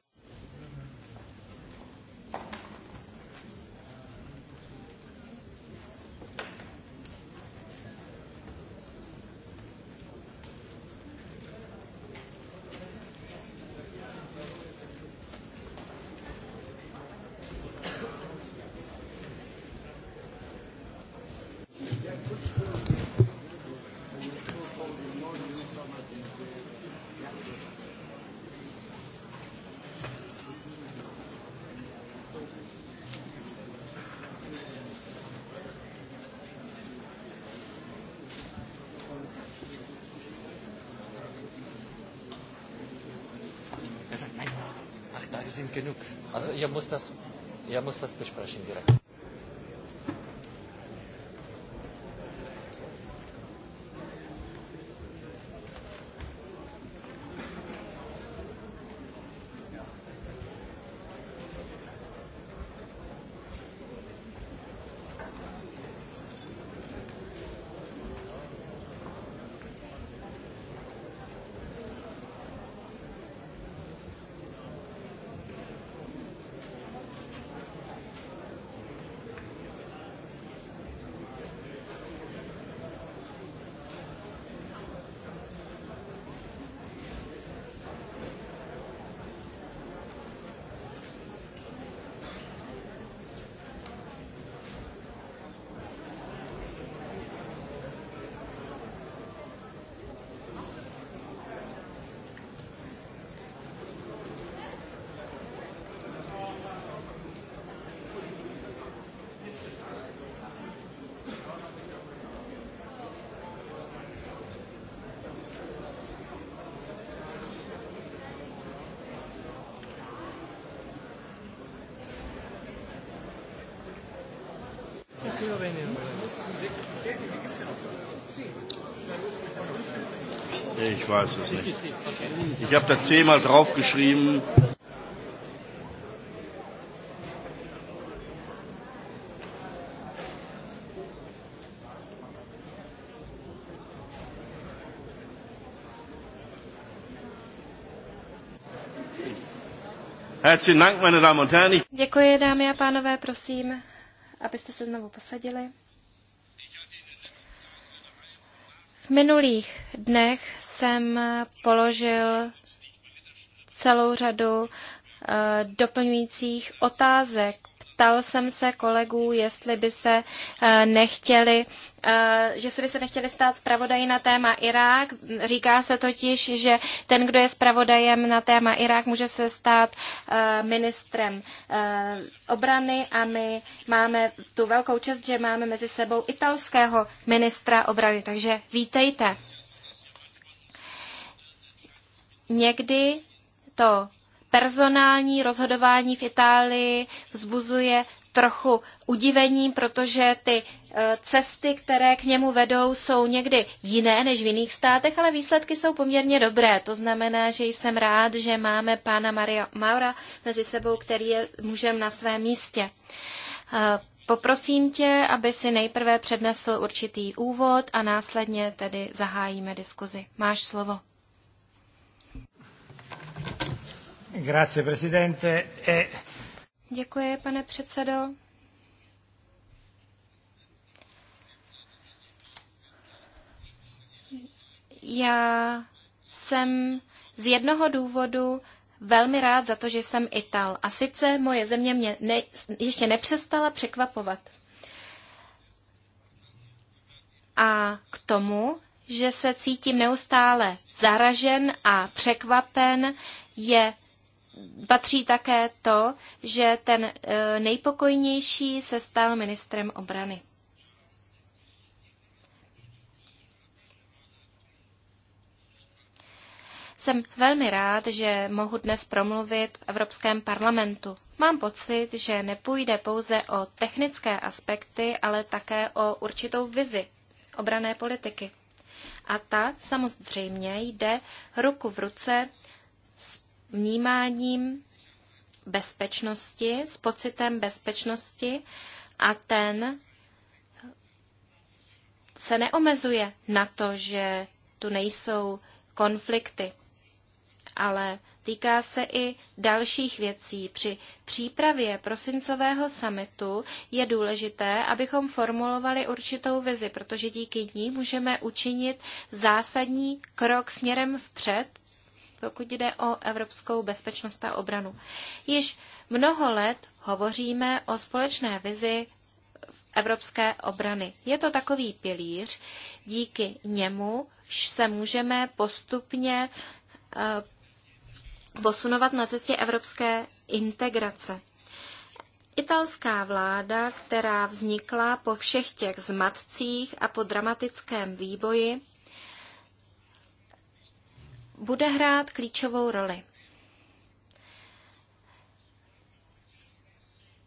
sind genug. Also ihr muss das, ihr muss das besprechen direkt. weiß es nicht. Ich habe da zehnmal draufgeschrieben. Děkuji, dámy a pánové, prosím, abyste se znovu posadili. V minulých dnech jsem položil celou řadu eh, doplňujících otázek. Ptal jsem se kolegů, jestli by se eh, nechtěli, eh, že se by se nechtěli stát zpravodají na téma Irák. Říká se totiž, že ten, kdo je zpravodajem na téma Irák, může se stát ministrem obrany a my máme tu velkou čest, že máme mezi sebou italského ministra obrany. Takže vítejte někdy to personální rozhodování v Itálii vzbuzuje trochu udivení, protože ty e, cesty, které k němu vedou, jsou někdy jiné než v jiných státech, ale výsledky jsou poměrně dobré. To znamená, že jsem rád, že máme pána Maria Maura mezi sebou, který je mužem na svém místě. E, poprosím tě, aby si nejprve přednesl určitý úvod a následně tedy zahájíme diskuzi. Máš slovo. Grazie, presidente. E... Děkuji, pane předsedo. Já jsem z jednoho důvodu velmi rád za to, že jsem Ital. A sice moje země mě ne, ještě nepřestala překvapovat. A k tomu, že se cítím neustále zaražen a překvapen, je patří také to, že ten e, nejpokojnější se stal ministrem obrany. Jsem velmi rád, že mohu dnes promluvit v Evropském parlamentu. Mám pocit, že nepůjde pouze o technické aspekty, ale také o určitou vizi obrané politiky. A ta samozřejmě jde ruku v ruce vnímáním bezpečnosti, s pocitem bezpečnosti a ten se neomezuje na to, že tu nejsou konflikty, ale týká se i dalších věcí. Při přípravě prosincového samitu je důležité, abychom formulovali určitou vizi, protože díky ní můžeme učinit zásadní krok směrem vpřed pokud jde o evropskou bezpečnost a obranu. Již mnoho let hovoříme o společné vizi evropské obrany. Je to takový pilíř, díky němu se můžeme postupně eh, posunovat na cestě evropské integrace. Italská vláda, která vznikla po všech těch zmatcích a po dramatickém výboji, bude hrát klíčovou roli.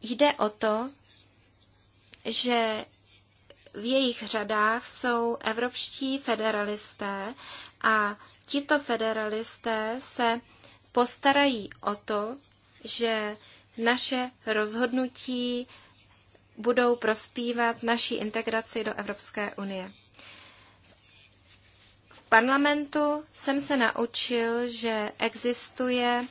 Jde o to, že v jejich řadách jsou evropští federalisté a tito federalisté se postarají o to, že naše rozhodnutí budou prospívat naší integraci do Evropské unie parlamentu jsem se naučil, že existuje e,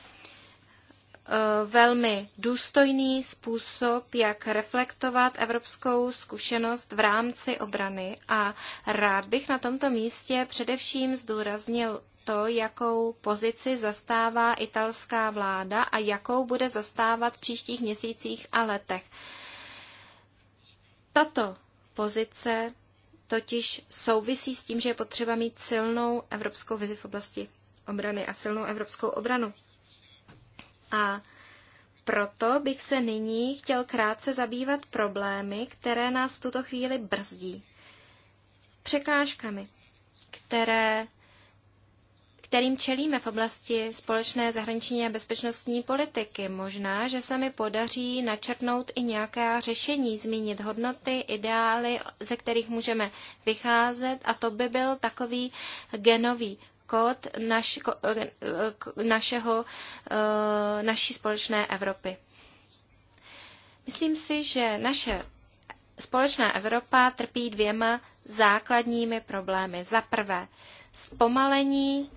velmi důstojný způsob, jak reflektovat evropskou zkušenost v rámci obrany a rád bych na tomto místě především zdůraznil to, jakou pozici zastává italská vláda a jakou bude zastávat v příštích měsících a letech. Tato pozice totiž souvisí s tím, že je potřeba mít silnou evropskou vizi v oblasti obrany a silnou evropskou obranu. A proto bych se nyní chtěl krátce zabývat problémy, které nás v tuto chvíli brzdí. Překážkami, které kterým čelíme v oblasti společné zahraniční a bezpečnostní politiky. Možná, že se mi podaří načrtnout i nějaká řešení, zmínit hodnoty, ideály, ze kterých můžeme vycházet a to by byl takový genový kód naš, našeho, eh, naší společné Evropy. Myslím si, že naše společná Evropa trpí dvěma základními problémy. Za prvé, zpomalení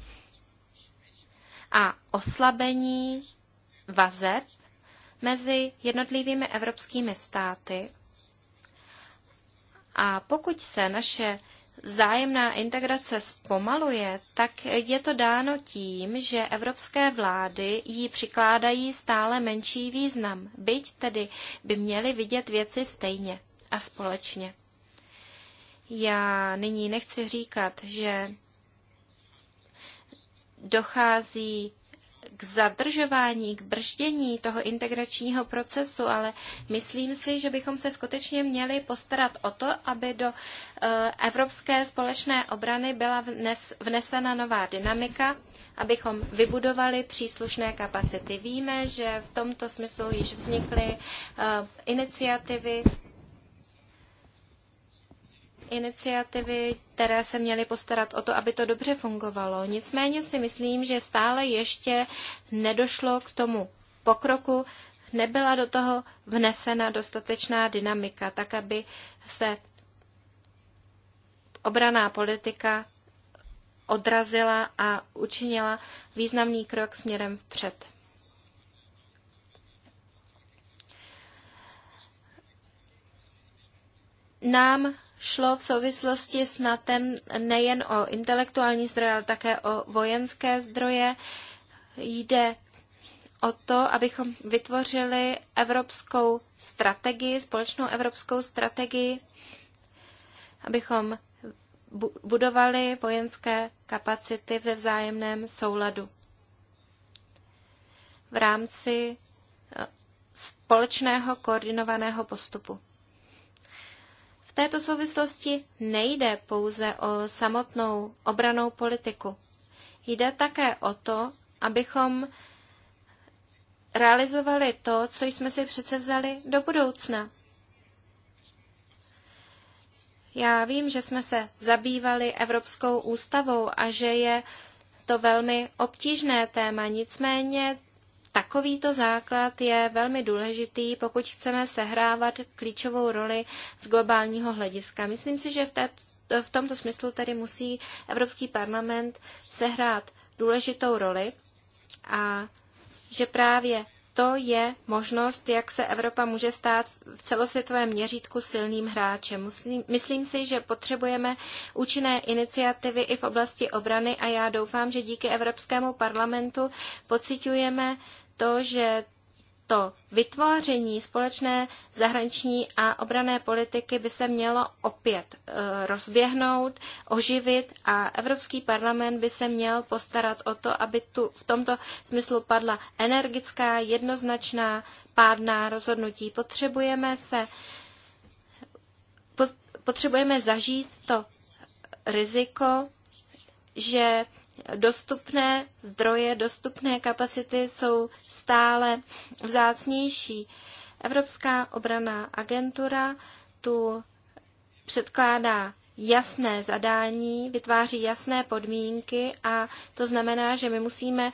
a oslabení vazeb mezi jednotlivými evropskými státy. A pokud se naše zájemná integrace zpomaluje, tak je to dáno tím, že evropské vlády jí přikládají stále menší význam, byť tedy by měly vidět věci stejně a společně. Já nyní nechci říkat, že dochází k zadržování, k brždění toho integračního procesu, ale myslím si, že bychom se skutečně měli postarat o to, aby do eh, evropské společné obrany byla vnesena nová dynamika, abychom vybudovali příslušné kapacity. Víme, že v tomto smyslu již vznikly eh, iniciativy iniciativy, které se měly postarat o to, aby to dobře fungovalo. Nicméně si myslím, že stále ještě nedošlo k tomu pokroku, nebyla do toho vnesena dostatečná dynamika, tak aby se obraná politika odrazila a učinila významný krok směrem vpřed. Nám šlo v souvislosti s NATEM nejen o intelektuální zdroje, ale také o vojenské zdroje. Jde o to, abychom vytvořili evropskou strategii, společnou evropskou strategii, abychom budovali vojenské kapacity ve vzájemném souladu v rámci eh, společného koordinovaného postupu této souvislosti nejde pouze o samotnou obranou politiku. Jde také o to, abychom realizovali to, co jsme si přece vzali do budoucna. Já vím, že jsme se zabývali Evropskou ústavou a že je to velmi obtížné téma, nicméně Takovýto základ je velmi důležitý, pokud chceme sehrávat klíčovou roli z globálního hlediska. Myslím si, že v, té, v tomto smyslu tedy musí Evropský parlament sehrát důležitou roli a že právě to je možnost, jak se Evropa může stát v celosvětovém měřítku silným hráčem. Myslím, myslím si, že potřebujeme účinné iniciativy i v oblasti obrany a já doufám, že díky Evropskému parlamentu pocitujeme to, že to vytváření společné zahraniční a obrané politiky by se mělo opět e, rozběhnout, oživit a Evropský parlament by se měl postarat o to, aby tu v tomto smyslu padla energická, jednoznačná, pádná rozhodnutí. Potřebujeme se potřebujeme zažít to riziko, že dostupné zdroje, dostupné kapacity jsou stále vzácnější. Evropská obraná agentura tu předkládá jasné zadání, vytváří jasné podmínky a to znamená, že my musíme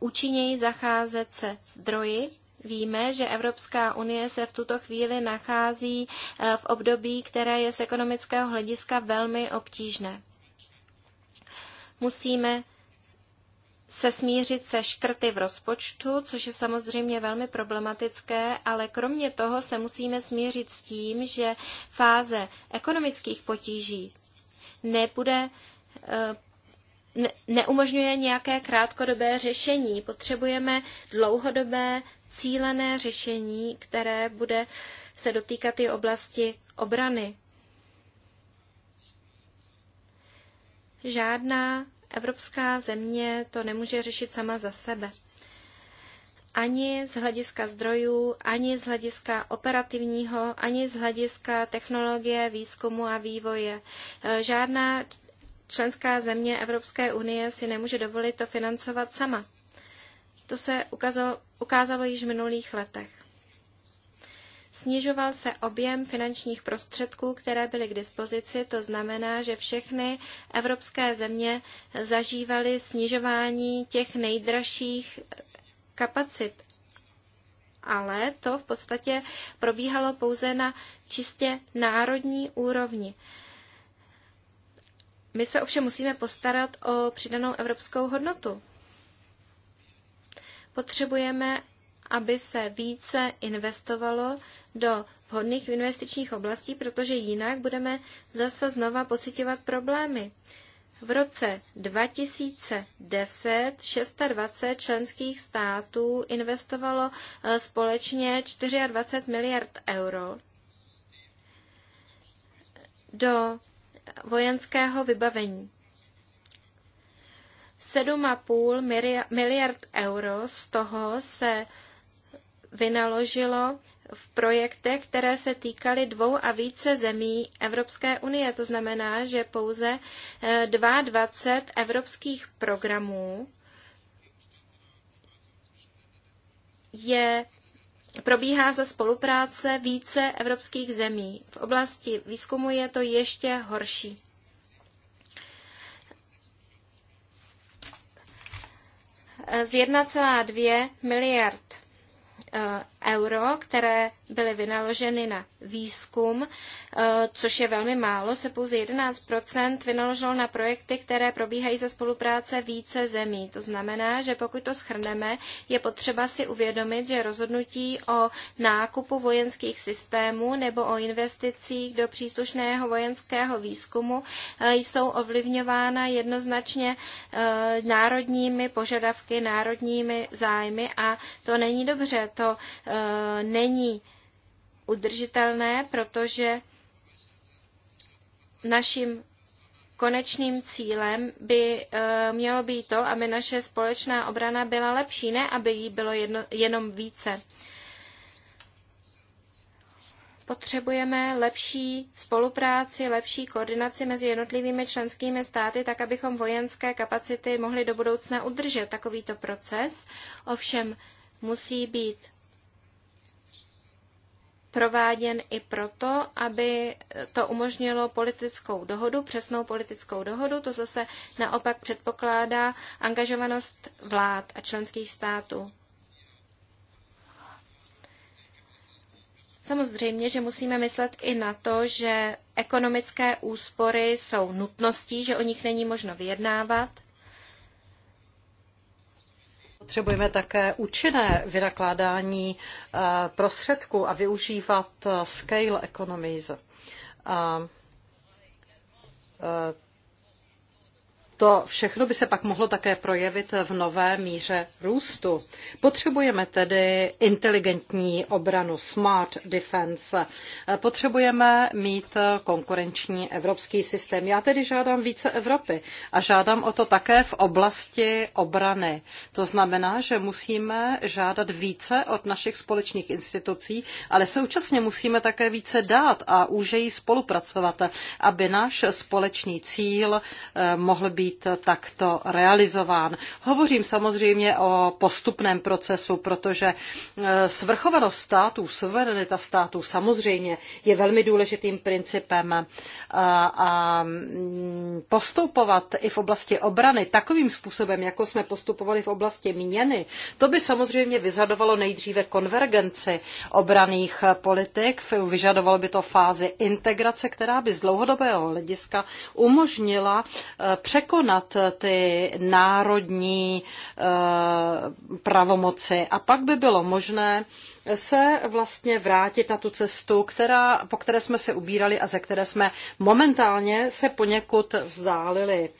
účinněji zacházet se zdroji. Víme, že Evropská unie se v tuto chvíli nachází eh, v období, které je z ekonomického hlediska velmi obtížné musíme se smířit se škrty v rozpočtu, což je samozřejmě velmi problematické, ale kromě toho se musíme smířit s tím, že fáze ekonomických potíží nebude eh, ne, neumožňuje nějaké krátkodobé řešení. Potřebujeme dlouhodobé cílené řešení, které bude se dotýkat i oblasti obrany. Žádná evropská země to nemůže řešit sama za sebe. Ani z hlediska zdrojů, ani z hlediska operativního, ani z hlediska technologie, výzkumu a vývoje. E, žádná členská země Evropské unie si nemůže dovolit to financovat sama. To se ukázalo, ukázalo již v minulých letech. Snižoval se objem finančních prostředků, které byly k dispozici, to znamená, že všechny evropské země zažívaly snižování těch nejdražších eh, kapacit. Ale to v podstatě probíhalo pouze na čistě národní úrovni. My se ovšem musíme postarat o přidanou evropskou hodnotu. Potřebujeme aby se více investovalo do vhodných investičních oblastí, protože jinak budeme zase znova pocitovat problémy. V roce 2010 26 členských států investovalo eh, společně 24 miliard euro do vojenského vybavení. 7,5 miliard euro z toho se vynaložilo v projektech, které se týkaly dvou a více zemí Evropské unie. To znamená, že pouze 22 eh, evropských programů je probíhá za spolupráce více evropských zemí. V oblasti výzkumu je to ještě horší. Eh, z 1,2 miliard Eh, euro, které byly vynaloženy na výzkum, eh, což je velmi málo, se pouze 11 vynaložilo na projekty, které probíhají za spolupráce více zemí. To znamená, že pokud to schrneme, je potřeba si uvědomit, že rozhodnutí o nákupu vojenských systémů nebo o investicích do příslušného vojenského výzkumu eh, jsou ovlivňována jednoznačně národními požadavky, národními zájmy a to není dobře. To to eh, není udržitelné, protože naším konečným cílem by eh, mělo být to, aby naše společná obrana byla lepší, ne aby jí bylo jedno, jenom více. Potřebujeme lepší spolupráci, lepší koordinaci mezi jednotlivými členskými státy, tak abychom vojenské kapacity mohli do budoucna udržet. Takovýto proces ovšem musí být prováděn i proto, aby to umožnilo politickou dohodu, přesnou politickou dohodu. To zase naopak předpokládá angažovanost vlád a členských států. Samozřejmě, že musíme myslet i na to, že ekonomické úspory jsou nutností, že o nich není možno vyjednávat. Potřebujeme také účinné vynakládání eh, prostředků a využívat eh, scale economies. Eh, to všechno by se pak mohlo také projevit v nové míře růstu. Potřebujeme tedy inteligentní obranu, smart defense. Potřebujeme mít konkurenční evropský systém. Já tedy žádám více Evropy a žádám o to také v oblasti obrany. To znamená, že musíme žádat více od našich společných institucí, ale současně musíme také více dát a úžeji spolupracovat, aby náš společný cíl eh, mohl být být takto realizován. Hovořím samozřejmě o postupném procesu, protože e, svrchovanost států, suverenita států samozřejmě je velmi důležitým principem e, a mm, postupovat i v oblasti obrany takovým způsobem, jako jsme postupovali v oblasti měny, to by samozřejmě vyžadovalo nejdříve konvergenci obraných politik, vyžadovalo by to fázi integrace, která by z dlouhodobého hlediska umožnila e, překonat překonat ty národní eh, pravomoci a pak by bylo možné se vlastně vrátit na tu cestu, která, po které jsme se ubírali a ze které jsme momentálně se poněkud vzdálili.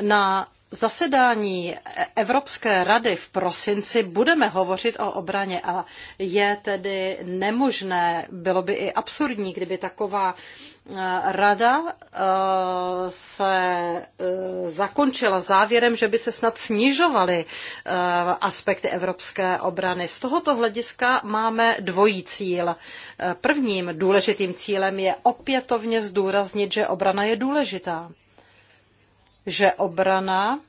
Na zasedání Evropské rady v prosinci budeme hovořit o obraně a je tedy nemožné, bylo by i absurdní, kdyby taková eh, rada eh, se eh, zakončila závěrem, že by se snad snižovaly aspekty evropské obrany. Z tohoto hlediska máme dvojí cíl. Prvním důležitým cílem je opětovně zdůraznit, že obrana je důležitá že obrana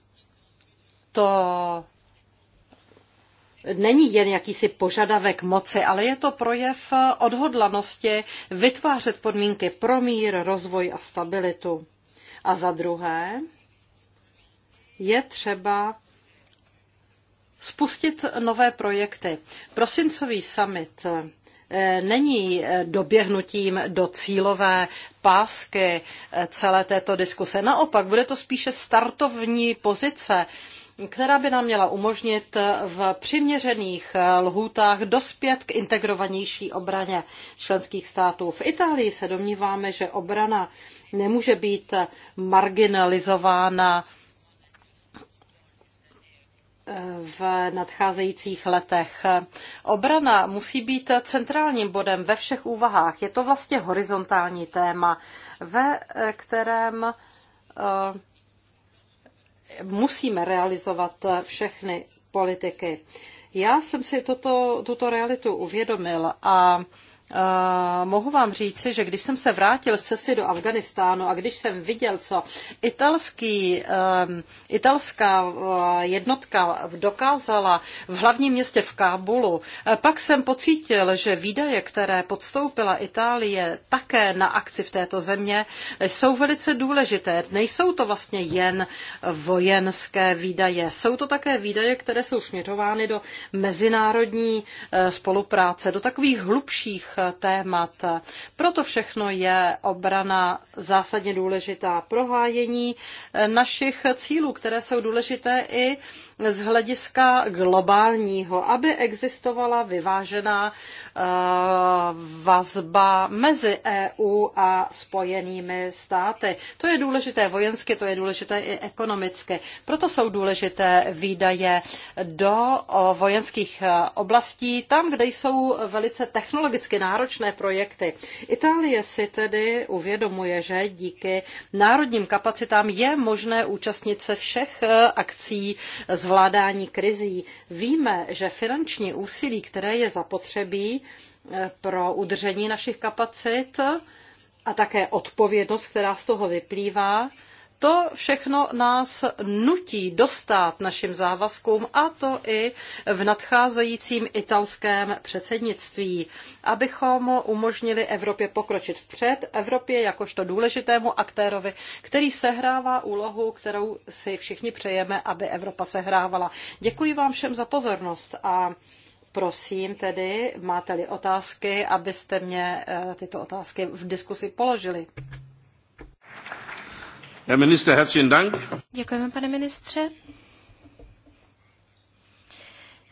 to není jen jakýsi požadavek moci, ale je to projev odhodlanosti vytvářet podmínky pro mír, rozvoj a stabilitu. A za druhé, je třeba spustit nové projekty. Prosincový summit není eh, doběhnutím do cílové pásky eh, celé této diskuse. Naopak, bude to spíše startovní pozice, která by nám měla umožnit eh, v přiměřených lhůtách dospět k integrovanější obraně členských států. V Itálii se domníváme, že obrana nemůže být marginalizována v nadcházejících letech. Obrana musí být centrálním bodem ve všech úvahách. Je to vlastně horizontální téma, ve kterém eh, musíme realizovat všechny politiky. Já jsem si toto, tuto realitu uvědomil a Eh, mohu vám říci, že když jsem se vrátil z cesty do Afganistánu a když jsem viděl, co italský, eh, italská eh, jednotka dokázala v hlavním městě v Kábulu, pak jsem pocítil, že výdaje, které podstoupila Itálie také na akci v této země, jsou velice důležité. Nejsou to vlastně jen vojenské výdaje, jsou to také výdaje, které jsou směřovány do mezinárodní spolupráce, do takových hlubších témat. Proto všechno je obrana zásadně důležitá. Prohájení našich cílů, které jsou důležité i z hlediska globálního, aby existovala vyvážená eh, vazba mezi EU a spojenými státy. To je důležité vojensky, to je důležité i ekonomicky. Proto jsou důležité výdaje do vojenských eh, oblastí, tam, kde jsou velice technologicky náročné projekty. Itálie si tedy uvědomuje, že díky národním kapacitám je možné účastnit se všech eh, akcí z zvládání krizí, víme, že finanční úsilí, které je zapotřebí eh, pro udržení našich kapacit a také odpovědnost, která z toho vyplývá, to všechno nás nutí dostat našim závazkům a to i v nadcházejícím italském předsednictví, abychom umožnili Evropě pokročit vpřed, Evropě jakožto důležitému aktérovi, který sehrává úlohu, kterou si všichni přejeme, aby Evropa sehrávala. Děkuji vám všem za pozornost a prosím tedy, máte-li otázky, abyste mě eh, tyto otázky v diskusi položili. Herr Minister, herzlichen Dank. Děkujeme, pane ministře.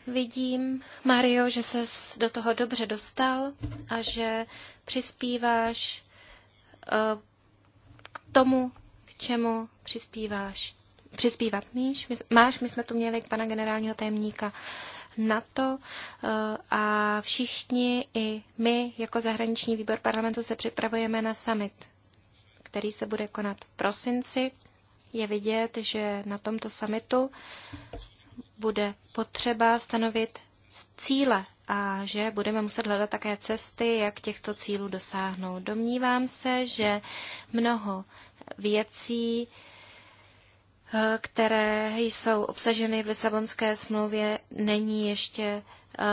Vidím, Mario, že se do toho dobře dostal a že přispíváš eh, k tomu, k čemu přispíváš. Přispívat míš, máš, my jsme tu měli pana generálního tajemníka NATO eh, a všichni i my jako zahraniční výbor parlamentu se připravujeme na summit který se bude konat v prosinci. Je vidět, že na tomto samitu bude potřeba stanovit cíle a že budeme muset hledat také cesty, jak těchto cílů dosáhnout. Domnívám se, že mnoho věcí, eh, které jsou obsaženy v Lisabonské smlouvě, není ještě eh,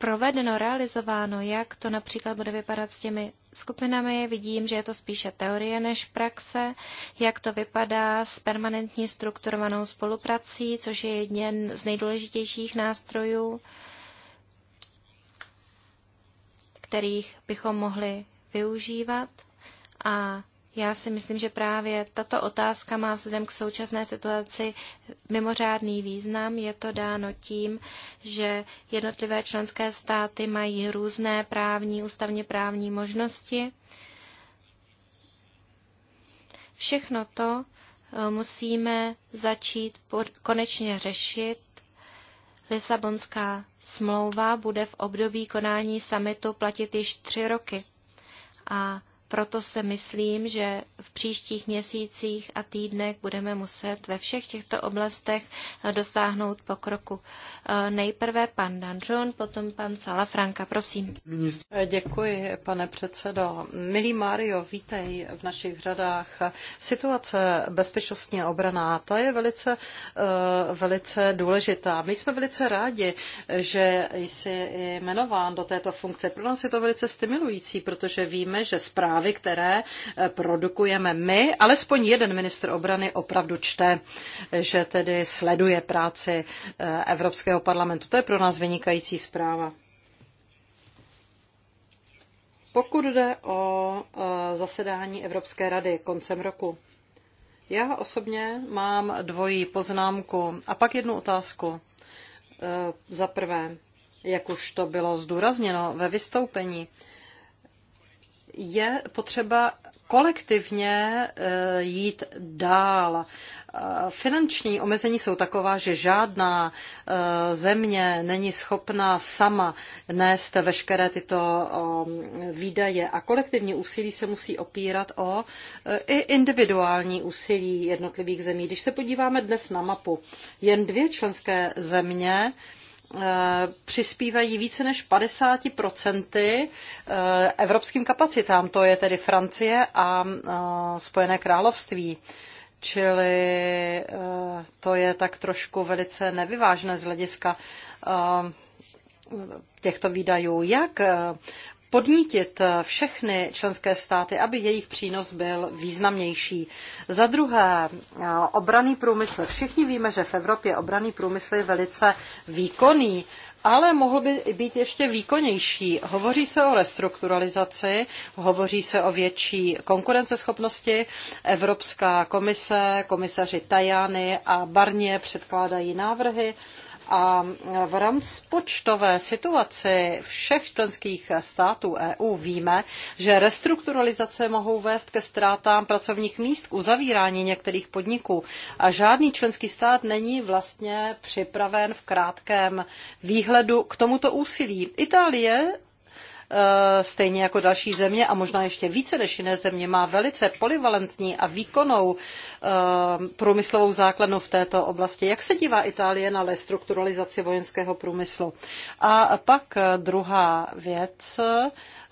provedeno, realizováno, jak to například bude vypadat s těmi skupinami. Vidím, že je to spíše teorie než praxe, jak to vypadá s permanentní strukturovanou spoluprací, což je jeden z nejdůležitějších nástrojů, kterých bychom mohli využívat. A já si myslím, že právě tato otázka má vzhledem k současné situaci mimořádný význam. Je to dáno tím, že jednotlivé členské státy mají různé právní, ústavně právní možnosti. Všechno to eh, musíme začít konečně řešit. Lisabonská smlouva bude v období konání samitu platit již tři roky. A proto se myslím, že v příštích měsících a týdnech budeme muset ve všech těchto oblastech eh, dosáhnout pokroku. Eh, nejprve pan Danžon, potom pan Salafranka, prosím. Eh, děkuji, pane předsedo. Milý Mário, vítej v našich řadách. Situace bezpečnostní a obraná, ta je velice, velice důležitá. My jsme velice rádi, že jsi jmenován do této funkce. Pro nás je to velice stimulující, protože víme, že zpráva zprávy, které eh, produkujeme my, alespoň jeden ministr obrany opravdu čte, že tedy sleduje práci eh, Evropského parlamentu. To je pro nás vynikající zpráva. Pokud jde o eh, zasedání Evropské rady koncem roku, já osobně mám dvojí poznámku a pak jednu otázku. Za prvé, jak už to bylo zdůrazněno ve vystoupení, je potřeba kolektivně eh, jít dál. Eh, finanční omezení jsou taková, že žádná eh, země není schopná sama nést veškeré tyto výdaje a kolektivní úsilí se musí opírat o i individuální úsilí jednotlivých zemí. Když se podíváme dnes na mapu, jen dvě členské země Eh, přispívají více než 50% eh, evropským kapacitám, to je tedy Francie a eh, Spojené království. Čili to je tak trošku velice nevyvážné z hlediska těchto výdajů. Jak podnítit eh, všechny členské státy, aby jejich přínos byl významnější. Za druhé, eh, obraný průmysl. Všichni víme, že v Evropě obraný průmysl je velice výkonný, ale mohl by být ještě výkonnější. Hovoří se o restrukturalizaci, hovoří se o větší konkurenceschopnosti. Evropská komise, komisaři Tajany a Barně předkládají návrhy a v rozpočtové situaci všech členských států EU víme, že restrukturalizace mohou vést ke ztrátám pracovních míst, k uzavírání některých podniků. A žádný členský stát není vlastně připraven v krátkém výhledu k tomuto úsilí. Itálie Eh, stejně jako další země a možná ještě více než jiné země, má velice polivalentní a výkonnou eh, průmyslovou základnu v této oblasti. Jak se dívá Itálie na restrukturalizaci vojenského průmyslu? A pak eh, druhá věc,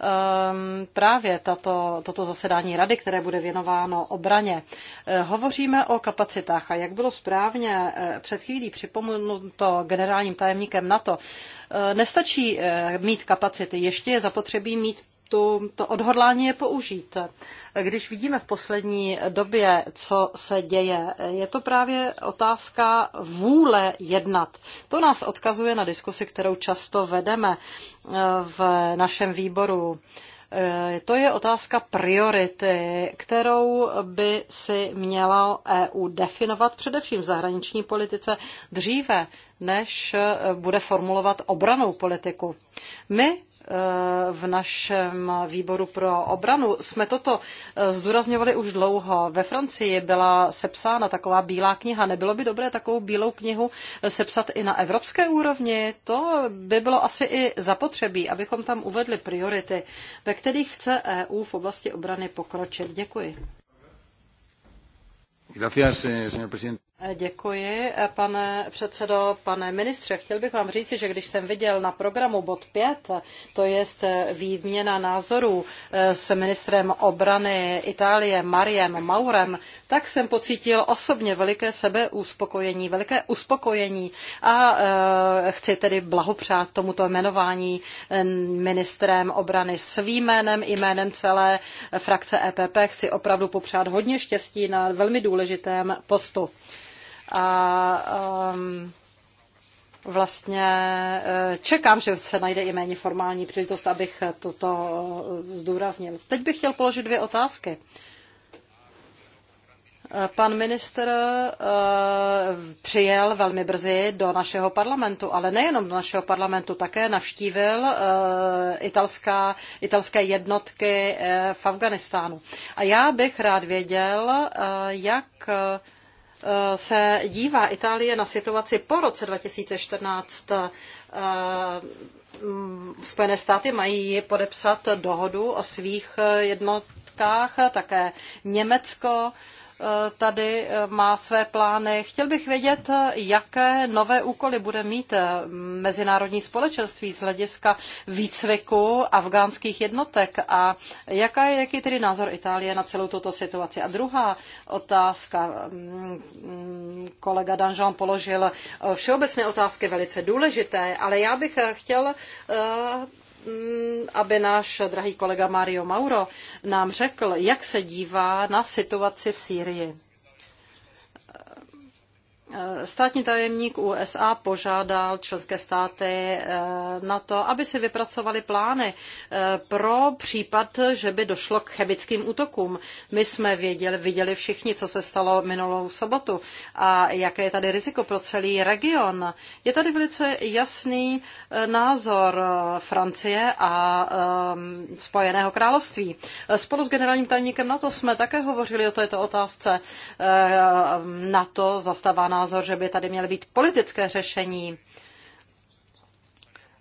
Ehm, právě tato, toto zasedání rady, které bude věnováno obraně. Eh, hovoříme o kapacitách a jak bylo správně eh, před chvílí připomenuto generálním tajemníkem NATO, eh, nestačí mít kapacity, ještě je zapotřebí mít tu, to odhodlání je použít. Když vidíme v poslední době, co se děje, je to právě otázka vůle jednat. To nás odkazuje na diskusi, kterou často vedeme eh, v našem výboru. Eh, to je otázka priority, kterou by si měla EU definovat především v zahraniční politice dříve, než eh, bude formulovat obranou politiku. My Eh, v našem výboru pro obranu jsme toto eh, zdůrazňovali už dlouho. Ve Francii byla sepsána taková bílá kniha. Nebylo by dobré takovou bílou knihu eh, sepsat i na evropské úrovni? To by bylo asi i zapotřebí, abychom tam uvedli priority, ve kterých chce EU v oblasti obrany pokročit. Děkuji. Gracias, señor presidente. Děkuji, pane předsedo, pane ministře. Chtěl bych vám říci, že když jsem viděl na programu bod 5, to je výměna názorů eh, s ministrem obrany Itálie Mariem Maurem, tak jsem pocítil osobně veliké sebeuspokojení, veliké uspokojení a eh, chci tedy blahopřát tomuto jmenování eh, ministrem obrany svým jménem i jménem celé frakce EPP. Chci opravdu popřát hodně štěstí na velmi důležitém postu a um, vlastně eh, čekám, že se najde i méně formální příležitost, abych toto eh, zdůraznil. Teď bych chtěl položit dvě otázky. Eh, pan minister přijel velmi brzy do našeho parlamentu, ale nejenom do našeho parlamentu, také navštívil italská, italské jednotky v Afganistánu. A já bych rád věděl, jak Eh, se dívá Itálie na situaci po roce 2014, eh, mm, Spojené státy mají podepsat dohodu o svých jednotkách, také Německo, Eh, tady eh, má své plány. Chtěl bych vědět, eh, jaké nové úkoly bude mít mezinárodní společenství z hlediska výcviku afgánských jednotek a jaká je, jaký je tedy názor Itálie na celou tuto situaci. A druhá otázka, mm, mm, kolega Danžan položil všeobecné otázky velice důležité, ale já bych chtěl Mm, aby náš drahý kolega Mario Mauro nám řekl, jak se dívá na situaci v Sýrii. Státní tajemník USA požádal členské státy eh, na to, aby si vypracovali plány eh, pro případ, že by došlo k chemickým útokům. My jsme věděli, viděli všichni, co se stalo minulou sobotu a jaké je tady riziko pro celý region. Je tady velice jasný eh, názor Francie a Spojeného království. Spolu s generálním tajemníkem NATO jsme také hovořili o této otázce. NATO zastavána názor, že by tady měly být politické řešení.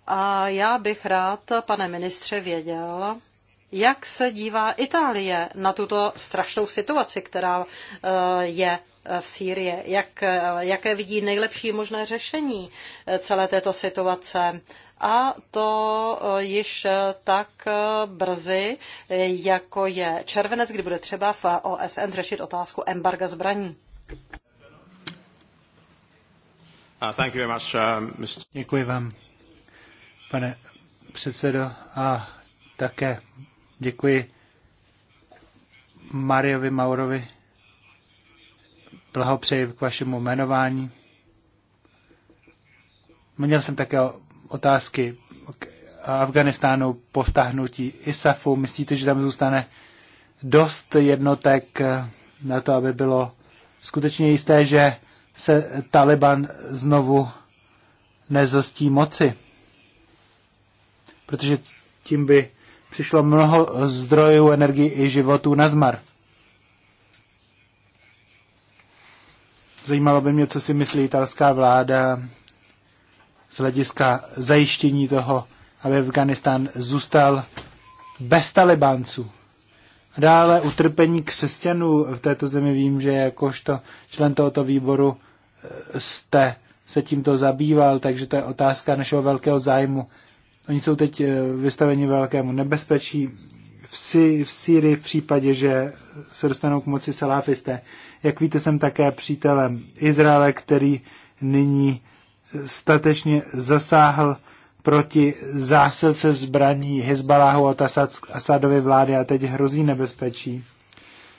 A já bych rád, pane ministře, věděl, jak se dívá Itálie na tuto strašnou situaci, která e, je v Sýrii? Jak, e, jaké vidí nejlepší možné řešení e, celé této situace? A to již tak brzy, jako je červenec, kdy bude třeba v OSN řešit otázku embarga zbraní. Uh, uh, děkuji vám, pane předsedo, a také děkuji Mariovi Maurovi. Blahopřeji k vašemu jmenování. Měl jsem také otázky k Afganistánu po stáhnutí ISAFu. Myslíte, že tam zůstane dost jednotek eh, na to, aby bylo skutečně jisté, že se Taliban znovu nezostí moci. Protože tím by přišlo mnoho zdrojů energii i životů na zmar. Zajímalo by mě, co si myslí italská vláda z hlediska zajištění toho, aby Afganistán zůstal bez talibánců. Dále utrpení křesťanů v této zemi vím, že jakožto člen tohoto výboru jste se tímto zabýval, takže to je otázka našeho velkého zájmu. Oni jsou teď eh, vystaveni velkému nebezpečí v, Sy- v Syrii v případě, že se dostanou k moci salafisté. Jak víte, jsem také přítelem Izraele, který nyní statečně zasáhl proti zásilce zbraní Hezbaláhu od Asad, Asadovi vlády a teď hrozí nebezpečí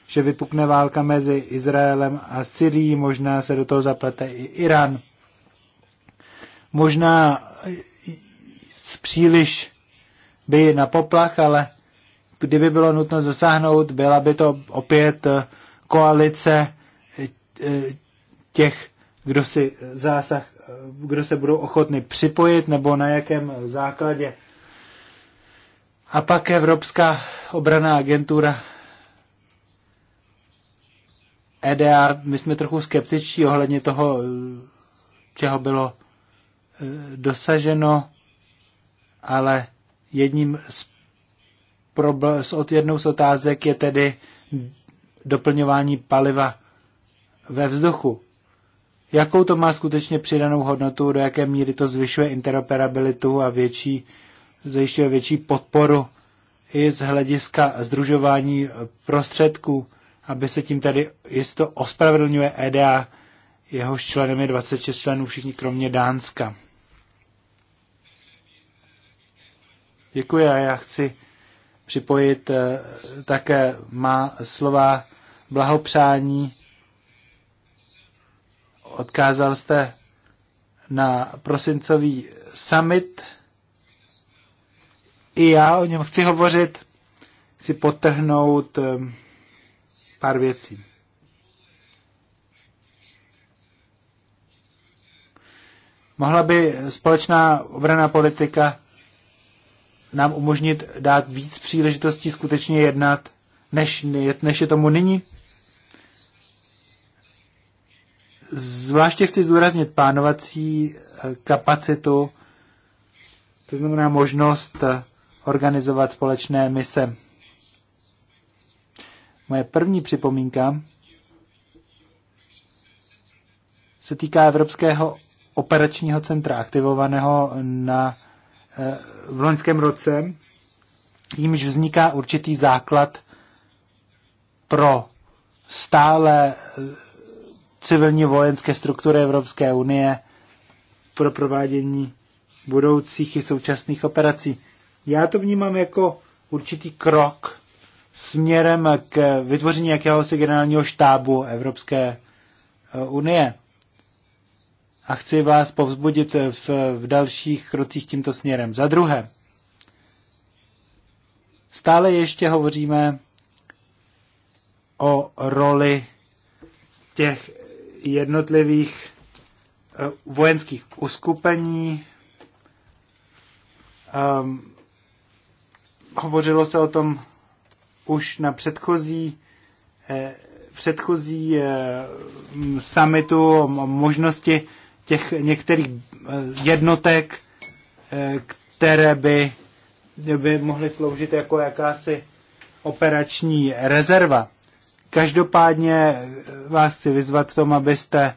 že vypukne válka mezi Izraelem a Syrií, možná se do toho zaplete i Irán. Možná příliš by na poplach, ale kdyby bylo nutno zasáhnout, byla by to opět eh, koalice eh, těch, kdo si zásah, eh, kdo se budou ochotni připojit nebo na jakém základě. A pak Evropská obraná agentura EDA, my jsme trochu skeptičtí ohledně toho, čeho bylo eh, dosaženo, ale jedním z, probl- z od jednou z otázek je tedy doplňování paliva ve vzduchu. Jakou to má skutečně přidanou hodnotu, do jaké míry to zvyšuje interoperabilitu a větší, zajišťuje větší podporu i z hlediska združování prostředků aby se tím tady jisto ospravedlňuje EDA, jehož členem je 26 členů, všichni kromě Dánska. Děkuji a já chci připojit eh, také má slova blahopřání. Odkázal jste na prosincový summit. I já o něm chci hovořit, chci potrhnout eh, pár věcí. Mohla by společná obraná politika nám umožnit dát víc příležitostí skutečně jednat, než, než je tomu nyní? Zvláště chci zdůraznit plánovací eh, kapacitu, to znamená možnost eh, organizovat společné mise Moje první připomínka se týká Evropského operačního centra, aktivovaného na, eh, v loňském roce, jimž vzniká určitý základ pro stále eh, civilní vojenské struktury Evropské unie pro provádění budoucích i současných operací. Já to vnímám jako určitý krok směrem k vytvoření jakéhosi generálního štábu Evropské eh, unie. A chci vás povzbudit v, v dalších krocích tímto směrem. Za druhé, stále ještě hovoříme o roli těch jednotlivých eh, vojenských uskupení. Um, hovořilo se o tom už na předchozí eh, předchozí eh, summitu o možnosti těch některých eh, jednotek, které by, by mohly sloužit jako jakási operační rezerva. Každopádně vás chci vyzvat k tomu, abyste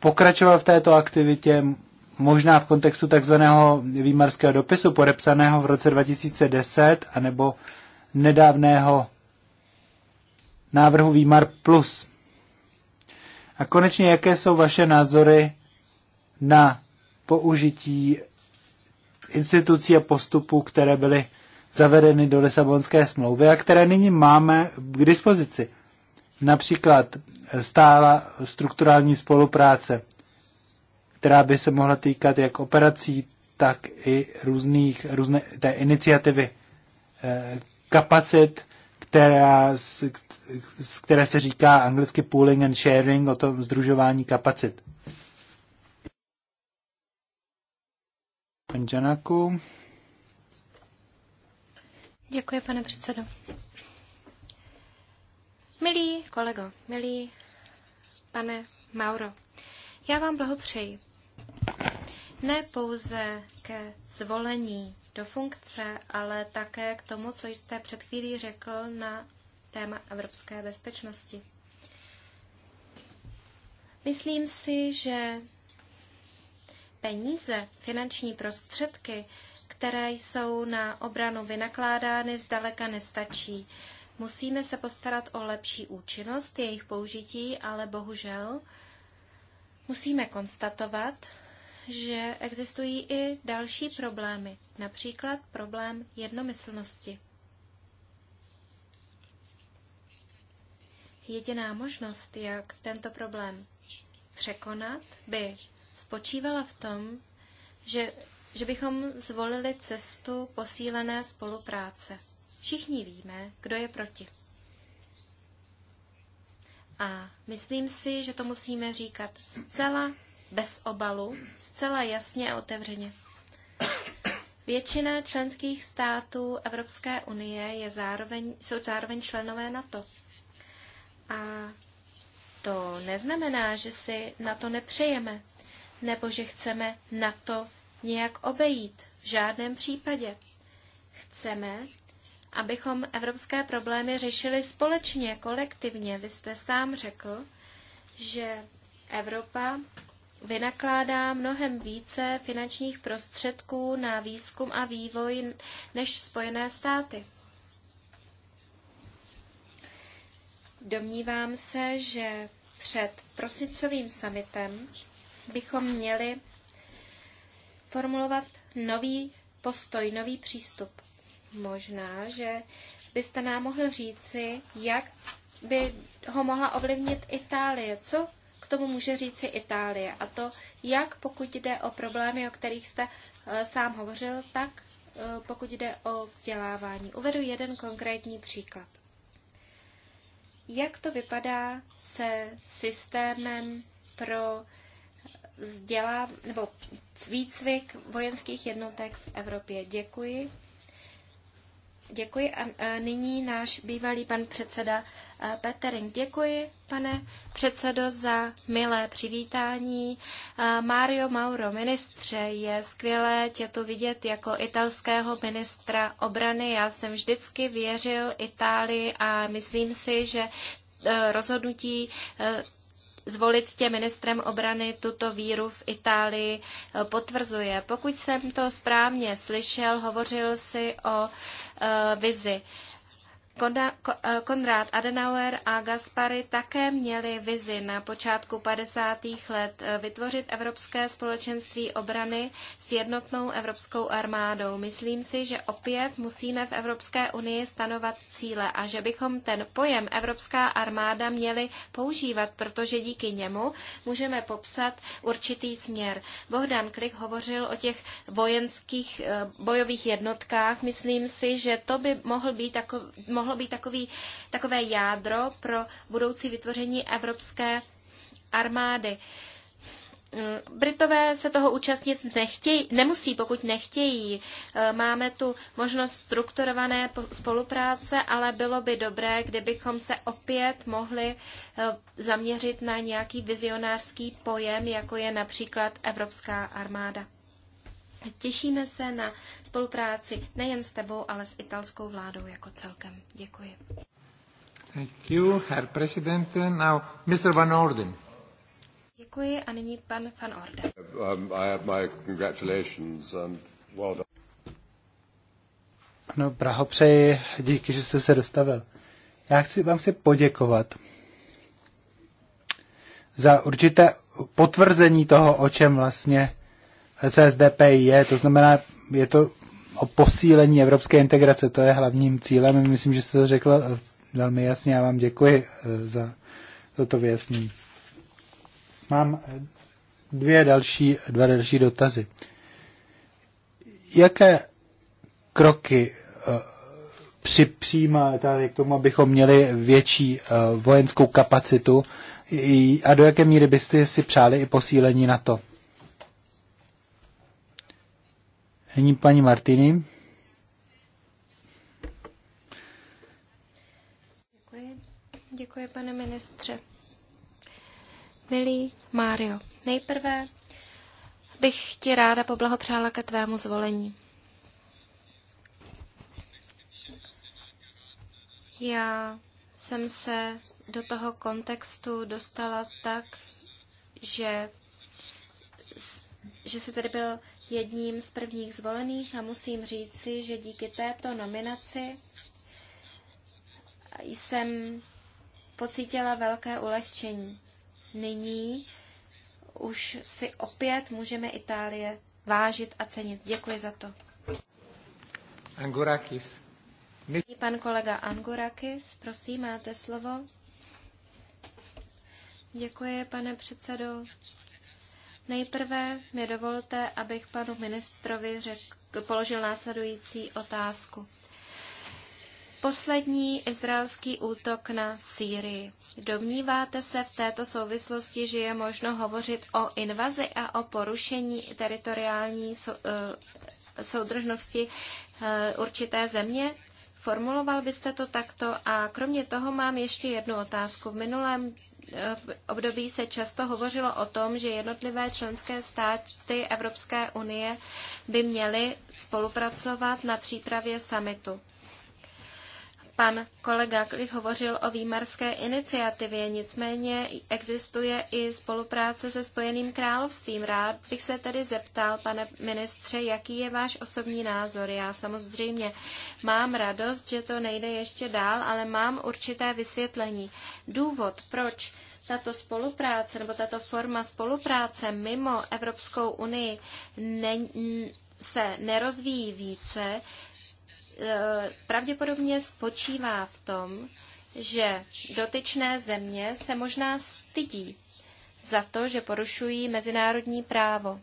pokračoval v této aktivitě, možná v kontextu takzvaného výmarského dopisu podepsaného v roce 2010, anebo nedávného návrhu Výmar Plus. A konečně, jaké jsou vaše názory na použití institucí a postupů, které byly zavedeny do Lisabonské smlouvy a které nyní máme k dispozici. Například stála strukturální spolupráce, která by se mohla týkat jak operací, tak i různých, různé té iniciativy, eh, kapacit, která, z které se říká anglicky pooling and sharing, o tom združování kapacit. Pan Janaku. Děkuji, pane předsedo. Milý kolego, milý pane Mauro, já vám blahopřeji. Ne pouze ke zvolení do funkce, ale také k tomu, co jste před chvílí řekl na téma evropské bezpečnosti. Myslím si, že peníze, finanční prostředky, které jsou na obranu vynakládány, zdaleka nestačí. Musíme se postarat o lepší účinnost jejich použití, ale bohužel musíme konstatovat, že existují i další problémy, například problém jednomyslnosti. Jediná možnost, jak tento problém překonat, by spočívala v tom, že, že bychom zvolili cestu posílené spolupráce. Všichni víme, kdo je proti. A myslím si, že to musíme říkat zcela bez obalu, zcela jasně a otevřeně. Většina členských států Evropské unie je zároveň, jsou zároveň členové NATO. A to neznamená, že si na to nepřejeme, nebo že chceme na to nějak obejít. V žádném případě. Chceme, abychom evropské problémy řešili společně, kolektivně. Vy jste sám řekl, že Evropa vynakládá mnohem více finančních prostředků na výzkum a vývoj než Spojené státy. Domnívám se, že před prosicovým summitem bychom měli formulovat nový postoj, nový přístup. Možná, že byste nám mohl říci, jak by ho mohla ovlivnit Itálie. Co k tomu může říci Itálie. A to jak pokud jde o problémy, o kterých jste eh, sám hovořil, tak eh, pokud jde o vzdělávání. Uvedu jeden konkrétní příklad. Jak to vypadá se systémem pro vzdělávání nebo výcvik vojenských jednotek v Evropě? Děkuji. Děkuji. A nyní náš bývalý pan předseda Petering. Děkuji, pane předsedo, za milé přivítání. Mario Mauro, ministře, je skvělé tě tu vidět jako italského ministra obrany. Já jsem vždycky věřil Itálii a myslím si, že e, rozhodnutí e, zvolit tě ministrem obrany tuto víru v Itálii e, potvrzuje. Pokud jsem to správně slyšel, hovořil si o Eh, vizi. Eh, Konrad Adenauer a Gaspary také měli vizi na počátku 50. let eh, vytvořit Evropské společenství obrany s jednotnou evropskou armádou. Myslím si, že opět musíme v Evropské unii stanovat cíle a že bychom ten pojem Evropská armáda měli používat, protože díky němu můžeme popsat určitý směr. Bohdan Klik hovořil o těch vojenských eh, bojových jednotkách. Myslím si, že to by mohl být takový, mohl mohlo být takový, takové jádro pro budoucí vytvoření evropské armády. Mm, Britové se toho účastnit nechtějí, nemusí, pokud nechtějí. E, máme tu možnost strukturované spolupráce, ale bylo by dobré, kdybychom se opět mohli e, zaměřit na nějaký vizionářský pojem, jako je například Evropská armáda. Těšíme se na spolupráci nejen s tebou, ale s italskou vládou jako celkem. Děkuji. Thank you, Herr President. Now, Mr. Van Orden. Děkuji a nyní pan Van Orden. Um, I have my congratulations and well done. No, přeji díky, že jste se dostavil. Já chci, vám chci poděkovat za určité potvrzení toho, o čem vlastně CSDPIE, to znamená, je to o posílení evropské integrace, to je hlavním cílem. Myslím, že jste to řekl eh, velmi jasně, já vám děkuji eh, za toto vyjasnění. Mám eh, dvě další, dva další dotazy. Jaké kroky při tady, k tomu, abychom měli větší vojenskou kapacitu a do jaké míry byste si přáli i posílení na to? Nyní paní Martiny. Děkuji. Děkuji, pane ministře. Milý Mário, nejprve bych ti ráda poblahopřála ke tvému zvolení. Já jsem se do toho kontextu dostala tak, že, že se tady byl jedním z prvních zvolených a musím říci, že díky této nominaci jsem pocítila velké ulehčení. Nyní už si opět můžeme Itálie vážit a cenit. Děkuji za to. Angurakis. Pan kolega Angurakis, prosím, máte slovo. Děkuji, pane předsedo. Nejprve mi dovolte, abych panu ministrovi řek, položil následující otázku. Poslední izraelský útok na Sýrii. Domníváte se v této souvislosti, že je možno hovořit o invazi a o porušení teritoriální eh, soudržnosti eh, určité země? Formuloval byste to takto a kromě toho mám ještě jednu otázku. V minulém období se často hovořilo o tom, že jednotlivé členské státy Evropské unie by měly spolupracovat na přípravě summitu. Pan kolega Klich hovořil o výmarské iniciativě, nicméně existuje i spolupráce se Spojeným královstvím. Rád bych se tedy zeptal, pane ministře, jaký je váš osobní názor. Já samozřejmě mám radost, že to nejde ještě dál, ale mám určité vysvětlení. Důvod, proč tato spolupráce nebo tato forma spolupráce mimo Evropskou unii ne, se nerozvíjí více, Eh, pravděpodobně spočívá v tom, že dotyčné země se možná stydí za to, že porušují mezinárodní právo.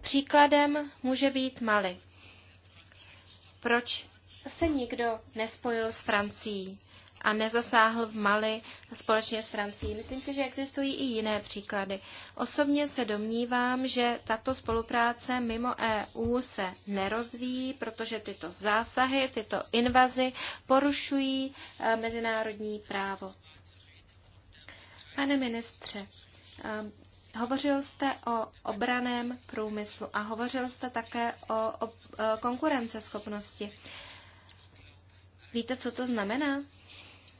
Příkladem může být Mali. Proč se nikdo nespojil s Francií? a nezasáhl v Mali společně s Francií. Myslím si, že existují i jiné příklady. Osobně se domnívám, že tato spolupráce mimo EU se nerozvíjí, protože tyto zásahy, tyto invazy porušují eh, mezinárodní právo. Pane ministře, eh, Hovořil jste o obraném průmyslu a hovořil jste také o, o eh, konkurenceschopnosti. Víte, co to znamená?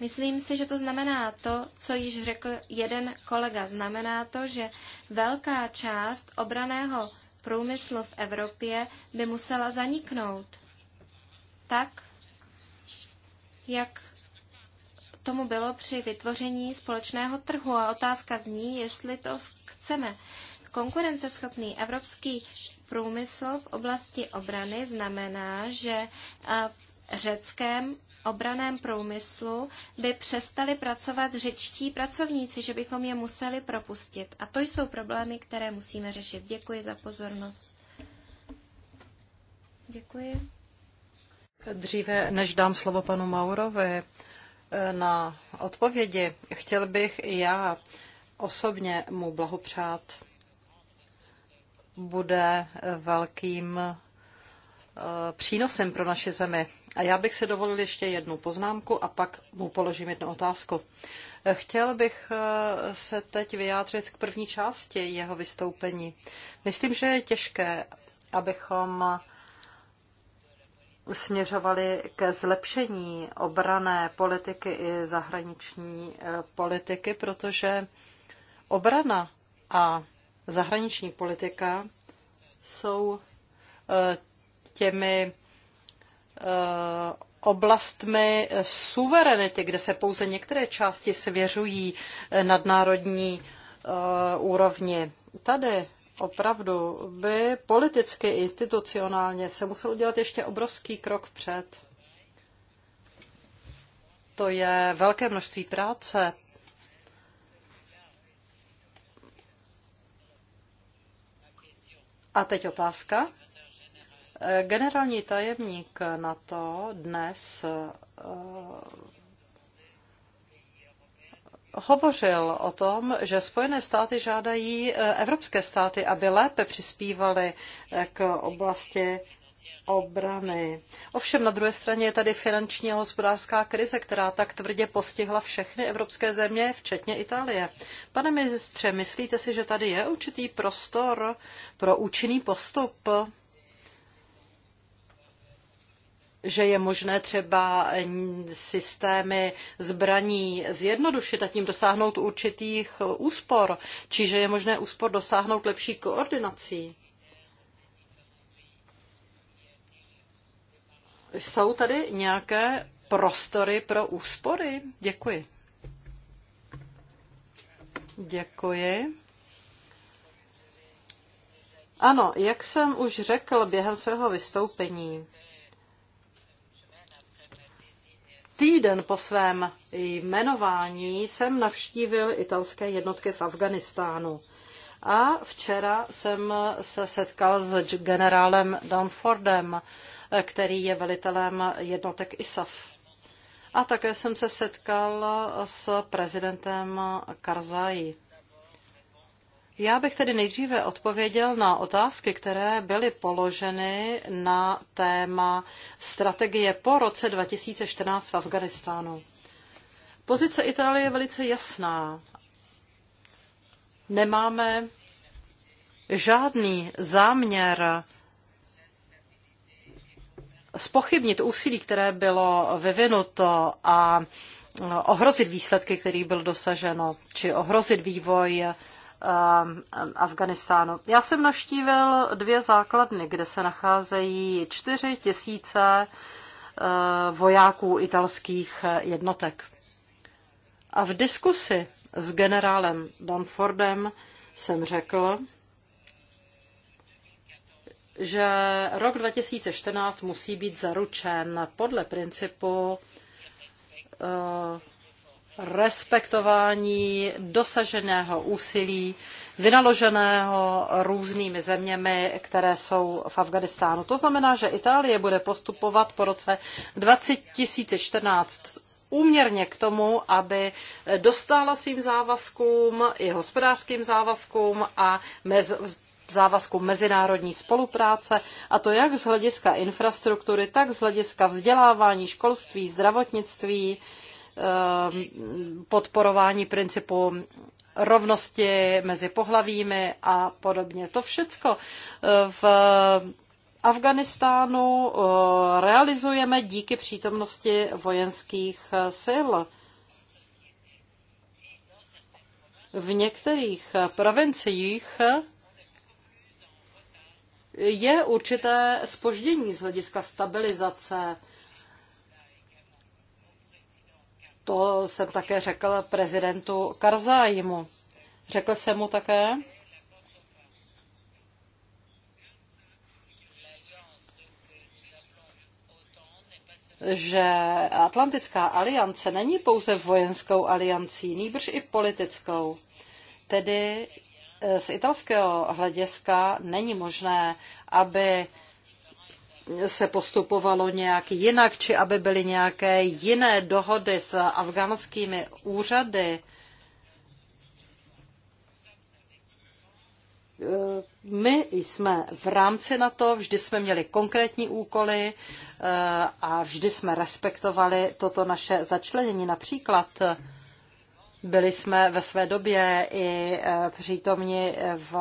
Myslím si, že to znamená to, co již řekl jeden kolega. Znamená to, že velká část obraného průmyslu v Evropě by musela zaniknout. Tak, jak tomu bylo při vytvoření společného trhu. A otázka zní, jestli to chceme. Konkurenceschopný evropský průmysl v oblasti obrany znamená, že eh, v řeckém obraném průmyslu by přestali pracovat řečtí pracovníci, že bychom je museli propustit. A to jsou problémy, které musíme řešit. Děkuji za pozornost. Děkuji. Dříve, než dám slovo panu Maurovi eh, na odpovědi, chtěl bych i já osobně mu blahopřát. Bude eh, velkým Eh, přínosem pro naše zemi. A já bych si dovolil ještě jednu poznámku a pak mu položím jednu otázku. Eh, chtěl bych eh, se teď vyjádřit k první části jeho vystoupení. Myslím, že je těžké, abychom směřovali ke zlepšení obrané politiky i zahraniční politiky, protože obrana a zahraniční politika jsou těmi eh, oblastmi suverenity, kde se pouze některé části svěřují eh, nadnárodní eh, úrovni. Tady opravdu by politicky, institucionálně se musel udělat ještě obrovský krok vpřed. To je velké množství práce. A teď otázka. Generální tajemník NATO dnes eh, hovořil o tom, že Spojené státy žádají eh, evropské státy, aby lépe přispívaly eh, k oblasti obrany. Ovšem na druhé straně je tady finanční a hospodářská krize, která tak tvrdě postihla všechny evropské země, včetně Itálie. Pane ministře, myslíte si, že tady je určitý prostor pro účinný postup že je možné třeba systémy zbraní zjednodušit a tím dosáhnout určitých úspor, čiže je možné úspor dosáhnout lepší koordinací. Jsou tady nějaké prostory pro úspory? Děkuji. Děkuji. Ano, jak jsem už řekl během svého vystoupení, Týden po svém jmenování jsem navštívil italské jednotky v Afganistánu. A včera jsem se setkal s generálem Danfordem, který je velitelem jednotek ISAF. A také jsem se setkal s prezidentem Karzai. Já bych tedy nejdříve odpověděl na otázky, které byly položeny na téma strategie po roce 2014 v Afganistánu. Pozice Itálie je velice jasná. Nemáme žádný záměr spochybnit úsilí, které bylo vyvinuto a ohrozit výsledky, kterých byl dosaženo, či ohrozit vývoj Um, Afganistánu. Já jsem navštívil dvě základny, kde se nacházejí čtyři tisíce uh, vojáků italských eh, jednotek. A v diskusi s generálem Danfordem jsem řekl, že rok 2014 musí být zaručen podle principu eh, respektování dosaženého úsilí vynaloženého různými zeměmi, které jsou v Afganistánu. To znamená, že Itálie bude postupovat po roce 2014 úměrně k tomu, aby dostála svým závazkům, i hospodářským závazkům a mez, závazku mezinárodní spolupráce, a to jak z hlediska infrastruktury, tak z hlediska vzdělávání, školství, zdravotnictví, Ehm, podporování principu rovnosti mezi pohlavími a podobně. To všecko eh, v Afganistánu eh, realizujeme díky přítomnosti vojenských eh, sil. V některých provinciích je určité spoždění z hlediska stabilizace To jsem také řekl prezidentu Karzájimu. Řekl jsem mu také, že Atlantická aliance není pouze vojenskou aliancí, nýbrž i politickou. Tedy eh, z italského hlediska není možné, aby se postupovalo nějak jinak, či aby byly nějaké jiné dohody s afgánskými úřady. Eh, my jsme v rámci na to, vždy jsme měli konkrétní úkoly eh, a vždy jsme respektovali toto naše začlenění. Například eh, byli jsme ve své době i přítomni v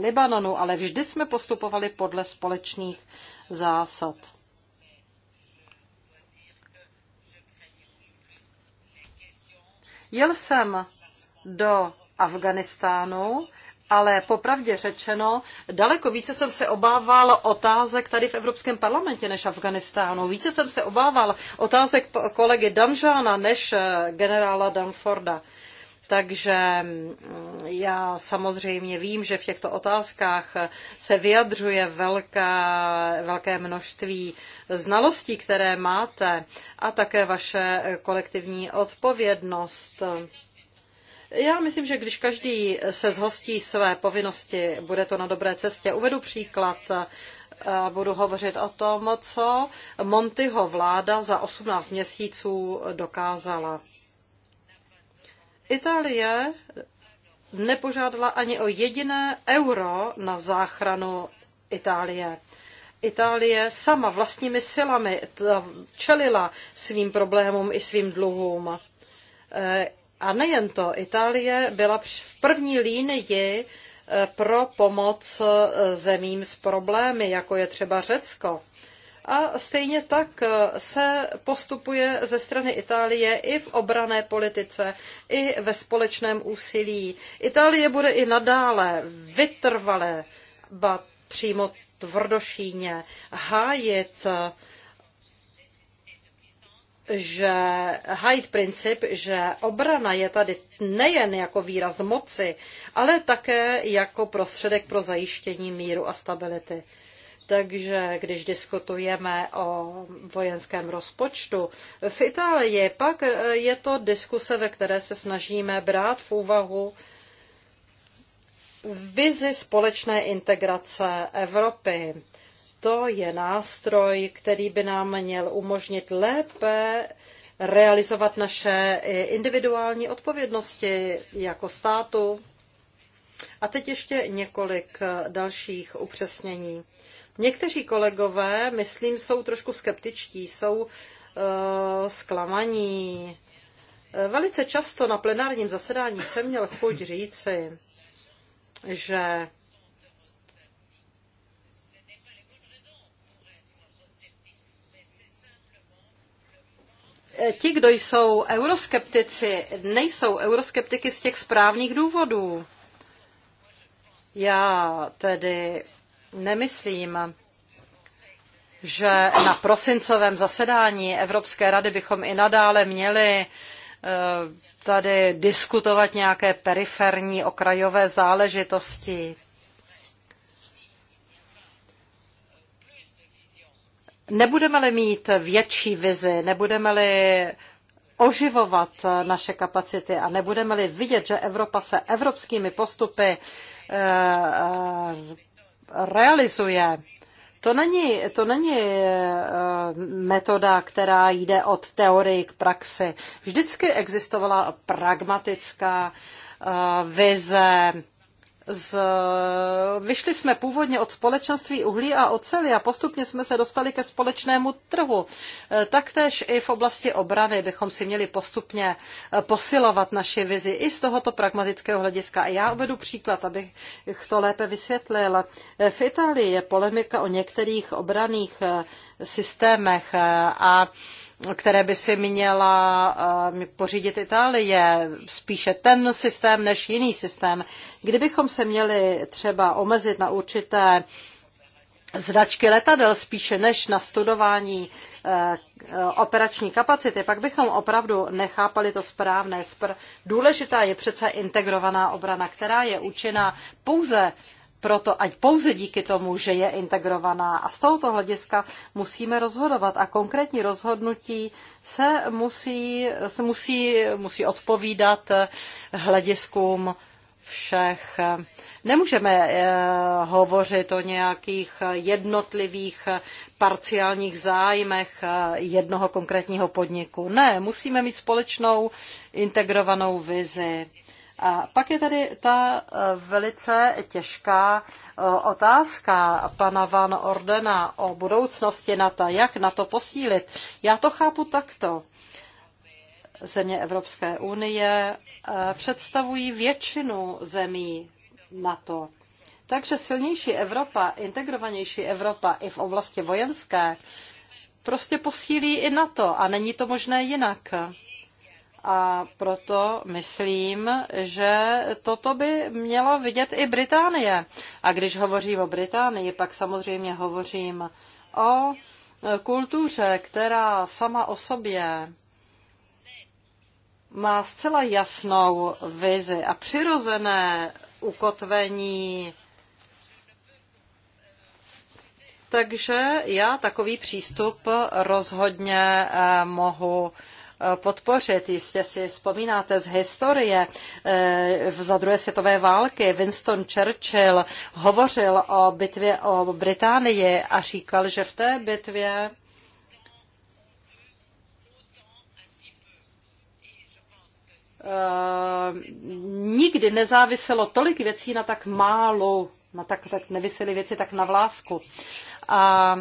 Libanonu, ale vždy jsme postupovali podle společných zásad. Jel jsem do Afganistánu, ale popravdě řečeno, daleko více jsem se obával otázek tady v Evropském parlamentě než Afganistánu. Více jsem se obával otázek kolegy Damžána než eh, generála Danforda. Takže mm, já samozřejmě vím, že v těchto otázkách se vyjadřuje velká, velké množství znalostí, které máte a také vaše kolektivní odpovědnost. Já myslím, že když každý se zhostí své povinnosti, bude to na dobré cestě. Uvedu příklad. a Budu hovořit o tom, co Montyho vláda za 18 měsíců dokázala. Itálie nepožádala ani o jediné euro na záchranu Itálie. Itálie sama vlastními silami čelila svým problémům i svým dluhům. E, a nejen to, Itálie byla v první línii e, pro pomoc e, zemím s problémy, jako je třeba Řecko. A stejně tak eh, se postupuje ze strany Itálie i v obrané politice, i ve společném úsilí. Itálie bude i nadále vytrvalé, ba přímo tvrdošíně hájit že hájit princip, že obrana je tady nejen jako výraz moci, ale také jako prostředek pro zajištění míru a stability. Takže když diskutujeme o vojenském rozpočtu v Itálii, pak eh, je to diskuse, ve které se snažíme brát v úvahu vizi společné integrace Evropy. To je nástroj, který by nám měl umožnit lépe realizovat naše individuální odpovědnosti jako státu. A teď ještě několik dalších upřesnění. Někteří kolegové, myslím, jsou trošku skeptičtí, jsou uh, zklamaní. Eh, velice často na plenárním zasedání jsem měl chuť říci, že eh, ti, kdo jsou euroskeptici, nejsou euroskeptiky z těch správných důvodů. Já tedy nemyslím, že na prosincovém zasedání Evropské rady bychom i nadále měli eh, tady diskutovat nějaké periferní okrajové záležitosti. Nebudeme-li mít větší vizi, nebudeme-li oživovat naše kapacity a nebudeme-li vidět, že Evropa se evropskými postupy eh, eh, realizuje. To není, to není eh, metoda, která jde od teorie k praxi. Vždycky existovala pragmatická eh, vize z... Vyšli jsme původně od společenství uhlí a oceli a postupně jsme se dostali ke společnému trhu. E, taktéž i v oblasti obrany bychom si měli postupně e, posilovat naši vizi i z tohoto pragmatického hlediska. A já uvedu příklad, abych to lépe vysvětlil. E, v Itálii je polemika o některých obraných systémech a které by si měla eh, pořídit Itálie, spíše ten systém než jiný systém. Kdybychom se měli třeba omezit na určité zračky letadel spíše než na studování eh, operační kapacity, pak bychom opravdu nechápali to správné. Důležitá je přece integrovaná obrana, která je účinná pouze proto ať pouze díky tomu, že je integrovaná. A z tohoto hlediska musíme rozhodovat a konkrétní rozhodnutí se musí, se musí, musí odpovídat eh, hlediskům všech. Nemůžeme eh, hovořit o nějakých eh, jednotlivých parciálních zájmech jednoho konkrétního podniku. Ne, musíme mít společnou integrovanou vizi. A pak je tady ta eh, velice těžká eh, otázka pana Van Ordena o budoucnosti NATO, jak na to posílit. Já to chápu takto. Země Evropské unie eh, představují většinu zemí NATO. Takže silnější Evropa, integrovanější Evropa i v oblasti vojenské prostě posílí i NATO a není to možné jinak. A proto myslím, že toto by měla vidět i Británie. A když hovořím o Británii, pak samozřejmě hovořím o kultuře, která sama o sobě má zcela jasnou vizi a přirozené ukotvení. Takže já takový přístup rozhodně eh, mohu Eh, podpořit. Jistě si vzpomínáte z historie eh, za druhé světové války. Winston Churchill hovořil o bitvě o Británii a říkal, že v té bitvě eh, nikdy nezáviselo tolik věcí na tak málo, na tak, tak nevisely věci tak na vlásku. A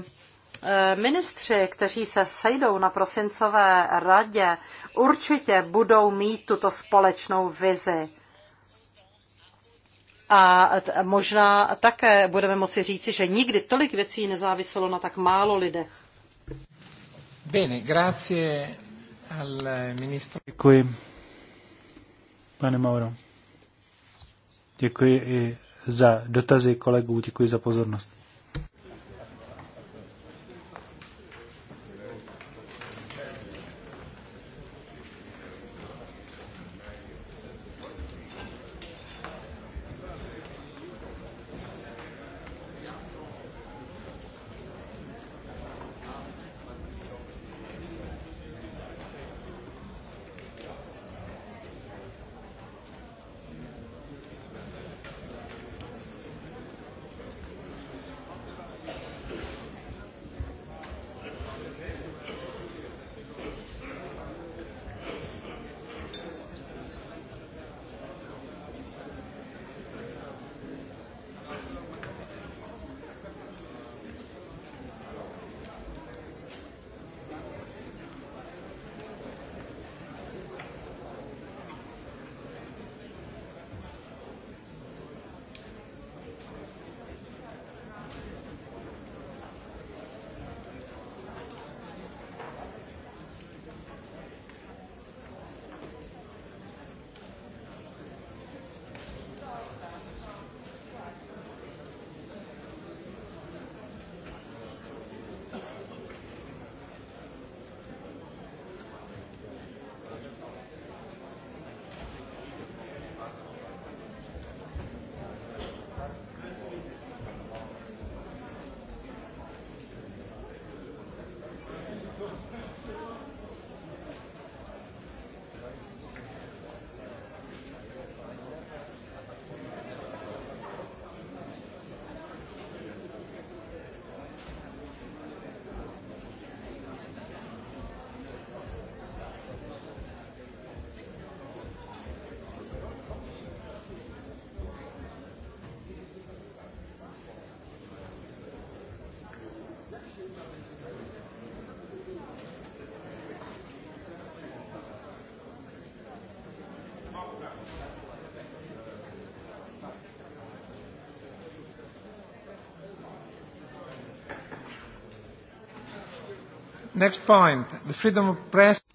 Eh, ministři, kteří se sejdou na prosincové radě, určitě budou mít tuto společnou vizi. A možná také budeme moci říci, že nikdy tolik věcí nezáviselo na tak málo lidech. Bene, grazie al ministro. Děkuji, pane Mauro. Děkuji i za dotazy kolegů, děkuji za pozornost.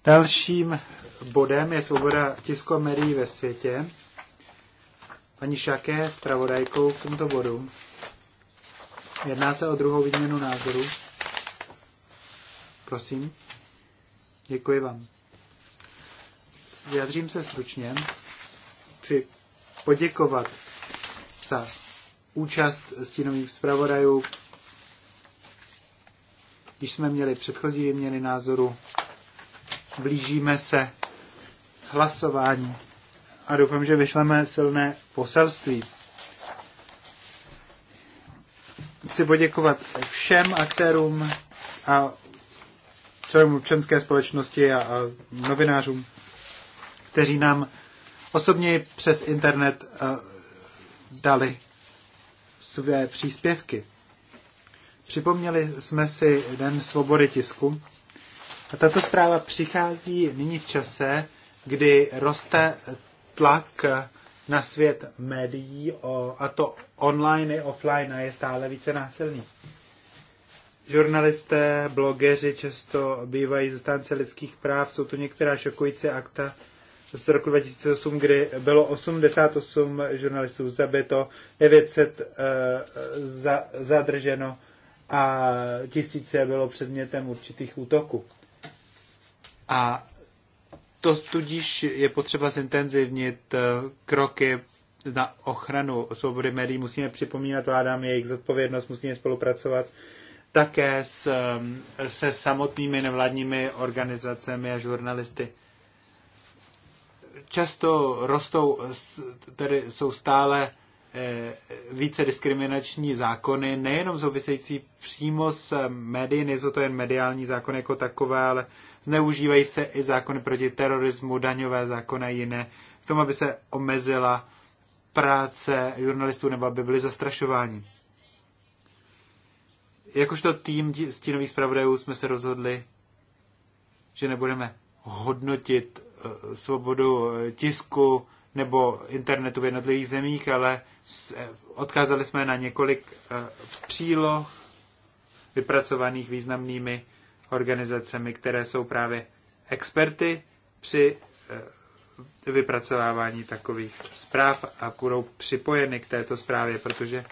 Dalším bodem je svoboda tisku a médií ve světě. Paní Šaké s pravodajkou k tomto bodu. Jedná se o druhou výměnu názoru. Prosím. Děkuji vám. Vyjadřím se stručně. Chci poděkovat za účast stínových zpravodajů, když jsme měli předchozí výměny názoru, blížíme se hlasování a doufám, že vyšleme silné poselství. Chci poděkovat všem aktérům a členům občanské společnosti a, a novinářům, kteří nám osobně přes internet dali své příspěvky. Připomněli jsme si Den svobody tisku a tato zpráva přichází nyní v čase, kdy roste tlak na svět médií, a to online i offline, a je stále více násilný. Žurnalisté, blogeři často bývají zastánce lidských práv. Jsou tu některá šokující akta z roku 2008, kdy bylo 88 žurnalistů zabito, 900 uh, eh, za, zadrženo a tisíce bylo předmětem určitých útoků. A to tudíž je potřeba zintenzivnit eh, kroky na ochranu svobody médií. Musíme připomínat vládám jejich zodpovědnost, musíme spolupracovat také s, se samotnými nevládními organizacemi a žurnalisty. Často rostou, tedy jsou stále Eh, více diskriminační zákony, nejenom související přímo s médií, nejsou to jen mediální zákony jako takové, ale zneužívají se i zákony proti terorismu, daňové zákony a jiné, k tomu, aby se omezila práce žurnalistů nebo aby byly zastrašováni. Jakožto tým stínových zpravodajů jsme se rozhodli, že nebudeme hodnotit eh, svobodu eh, tisku, nebo internetu v jednotlivých zemích, ale eh, odkázali jsme na několik eh, příloh vypracovaných významnými organizacemi, které jsou právě experty při eh, vypracovávání takových zpráv a budou připojeny k této zprávě, protože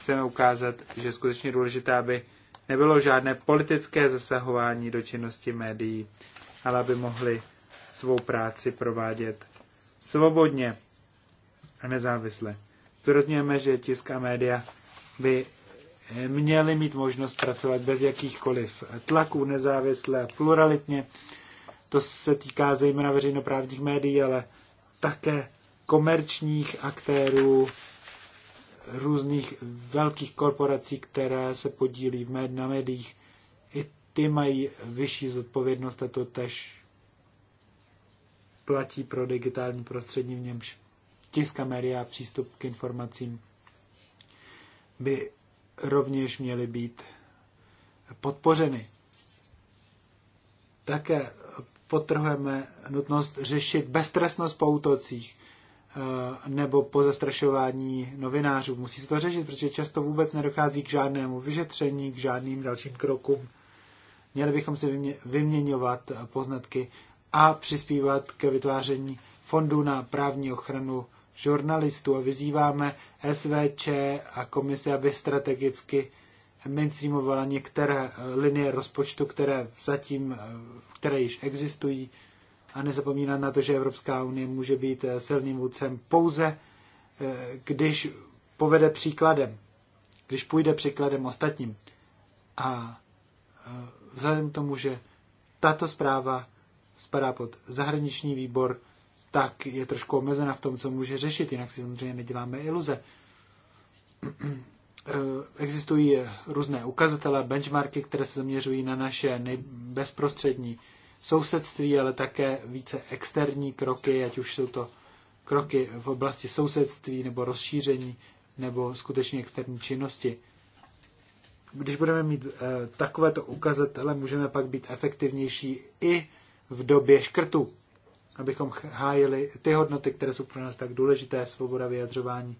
chceme ukázat, že je skutečně důležité, aby nebylo žádné politické zasahování do činnosti médií, ale aby mohli svou práci provádět svobodně a nezávisle. Zdůrazňujeme, že tisk a média by měly mít možnost pracovat bez jakýchkoliv tlaků, nezávisle a pluralitně. To se týká zejména veřejnoprávních médií, ale také komerčních aktérů, různých velkých korporací, které se podílí na médiích. I ty mají vyšší zodpovědnost a to tež platí pro digitální prostředí, v němž tisk a média a přístup k informacím by rovněž měly být podpořeny. Také potrhujeme nutnost řešit beztrestnost po útocích eh, nebo po zastrašování novinářů. Musí se to řešit, protože často vůbec nedochází k žádnému vyšetření, k žádným dalším krokům. Měli bychom si vyměňovat poznatky a přispívat k vytváření fondu na právní ochranu žurnalistů. A vyzýváme SVČ a komise, aby strategicky mainstreamovala některé eh, linie rozpočtu, které zatím, eh, které již existují a nezapomínat na to, že Evropská unie může být eh, silným vůdcem pouze, když povede příkladem, když půjde příkladem ostatním. A vzhledem k tomu, že tato zpráva spadá pod zahraniční výbor, tak je trošku omezena v tom, co může řešit, jinak si samozřejmě neděláme iluze. [clears throat] Eh, existují různé ukazatele, benchmarky, které se zaměřují na naše bezprostřední sousedství, ale také více externí kroky, ať už jsou to kroky v oblasti sousedství nebo rozšíření nebo skutečně externí činnosti. Když budeme mít e, takovéto ukazatele, můžeme pak být efektivnější i v době škrtu, abychom hájili ty hodnoty, které jsou pro nás tak důležité, svoboda vyjadřování,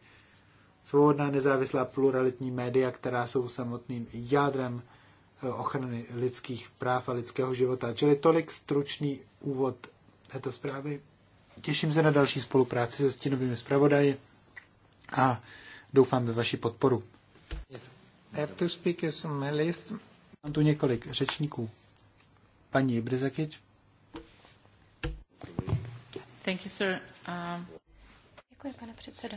svobodná, nezávislá, pluralitní média, která jsou samotným jádrem eh, ochrany lidských práv a lidského života. Čili tolik stručný úvod této zprávy. Těším se na další spolupráci se stínovými zpravodaji a doufám ve vaši podporu. Mám tu několik řečníků. Paní Ibrizakič. Thank you, sir. Um, Děkuji, pane předsedo.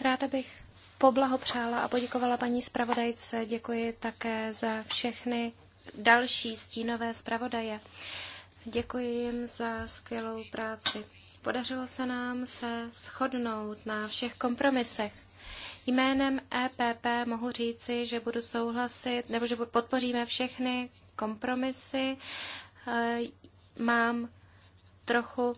Ráda bych poblahopřála a poděkovala paní zpravodajce. Děkuji také za všechny další stínové zpravodaje. Děkuji jim za skvělou práci. Podařilo se nám se shodnout na všech kompromisech. Jménem EPP mohu říci, že budu souhlasit, nebo že podpoříme všechny kompromisy. E, mám trochu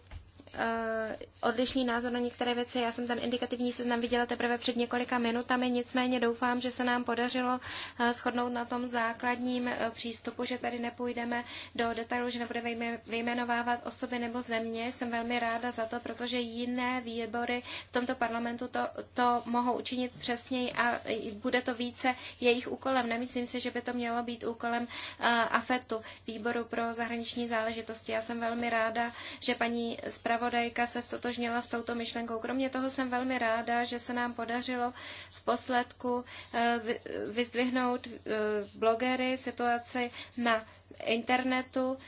Eh, odlišný názor na některé věci. Já jsem ten indikativní seznam viděla teprve před několika minutami, nicméně doufám, že se nám podařilo eh, shodnout na tom základním eh, přístupu, že tady nepůjdeme do detailu, že nebudeme vyjmenovávat osoby nebo země. Jsem velmi ráda za to, protože jiné výbory v tomto parlamentu to, to mohou učinit přesněji a bude to více jejich úkolem. Nemyslím si, že by to mělo být úkolem AFETu, výboru pro zahraniční záležitosti. Já jsem velmi ráda, že paní zpravodajka zpravodajka se stotožnila s touto myšlenkou. Kromě toho jsem velmi ráda, že se nám podařilo v posledku eh, vyzdvihnout eh, blogery, situaci na internetu,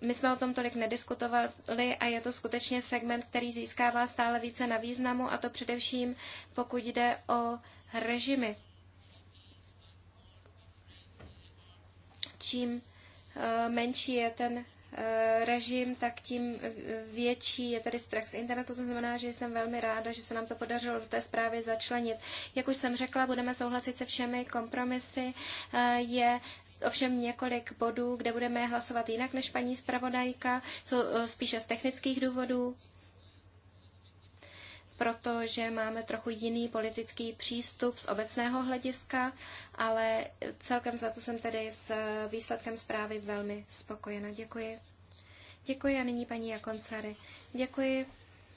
my jsme o tom tolik nediskutovali a je to skutečně segment, který získává stále více na významu, a to především pokud jde o režimy. Čím eh, menší je ten Eh, režim, tak tím větší je tady strach z internetu. To znamená, že jsem velmi ráda, že se nám to podařilo do té zprávy začlenit. Jak už jsem řekla, budeme souhlasit se všemi kompromisy. Eh, je ovšem několik bodů, kde budeme hlasovat jinak než paní zpravodajka, jsou eh, spíše z technických důvodů protože máme trochu jiný politický přístup z obecného hlediska, ale celkem za to jsem tedy s výsledkem zprávy velmi spokojena. Děkuji. Děkuji a nyní paní Jakoncary. Děkuji.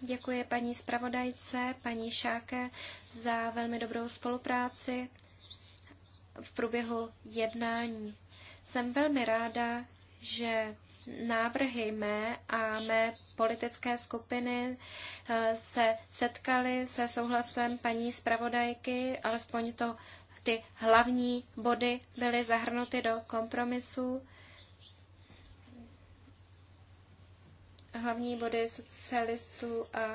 Děkuji paní zpravodajce, paní Šáke za velmi dobrou spolupráci v průběhu jednání. Jsem velmi ráda, že návrhy mé a mé politické skupiny eh, se setkaly se souhlasem paní zpravodajky, alespoň to ty hlavní body byly zahrnuty do kompromisu. hlavní body socialistů a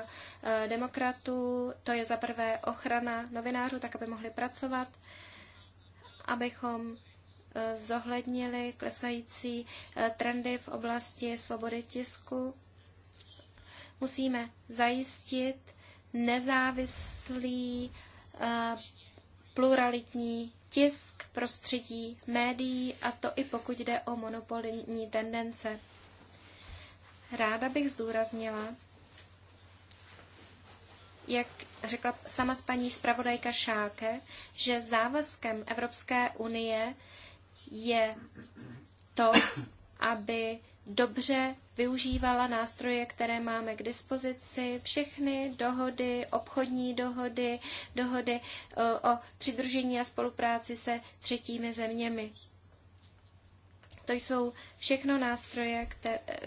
eh, demokratů. To je za prvé ochrana novinářů, tak aby mohli pracovat, abychom eh, zohlednili klesající trendy v oblasti svobody tisku. Musíme zajistit nezávislý eh, pluralitní tisk, prostředí médií, a to i pokud jde o monopolní tendence. Ráda bych zdůraznila, jak řekla sama paní zpravodajka Šáke, že závazkem Evropské unie je to, aby dobře využívala nástroje, které máme k dispozici, všechny dohody, obchodní dohody, dohody e, o přidružení a spolupráci se třetími zeměmi. To jsou všechno nástroje,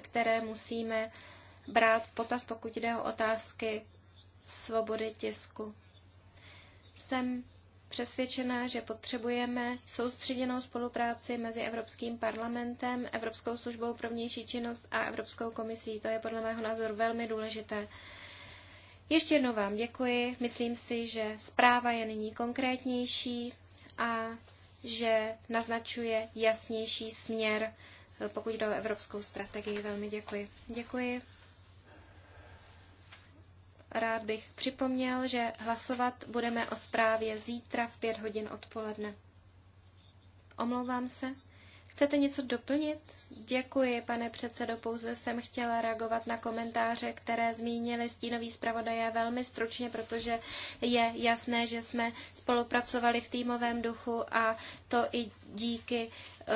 které musíme brát v potaz, pokud jde o otázky svobody tisku. Jsem přesvědčena, že potřebujeme soustředěnou spolupráci mezi Evropským parlamentem, Evropskou službou pro vnější činnost a Evropskou komisí. To je podle mého názoru velmi důležité. Ještě jednou vám děkuji. Myslím si, že zpráva je nyní konkrétnější a že naznačuje jasnější směr, pokud jde o evropskou strategii. Velmi děkuji. Děkuji rád bych připomněl, že hlasovat budeme o zprávě zítra v pět hodin odpoledne. Omlouvám se. Chcete něco doplnit? Děkuji, pane předsedo, pouze jsem chtěla reagovat na komentáře, které zmínili stínový zpravodaje velmi stručně, protože je jasné, že jsme spolupracovali v týmovém duchu a to i díky eh,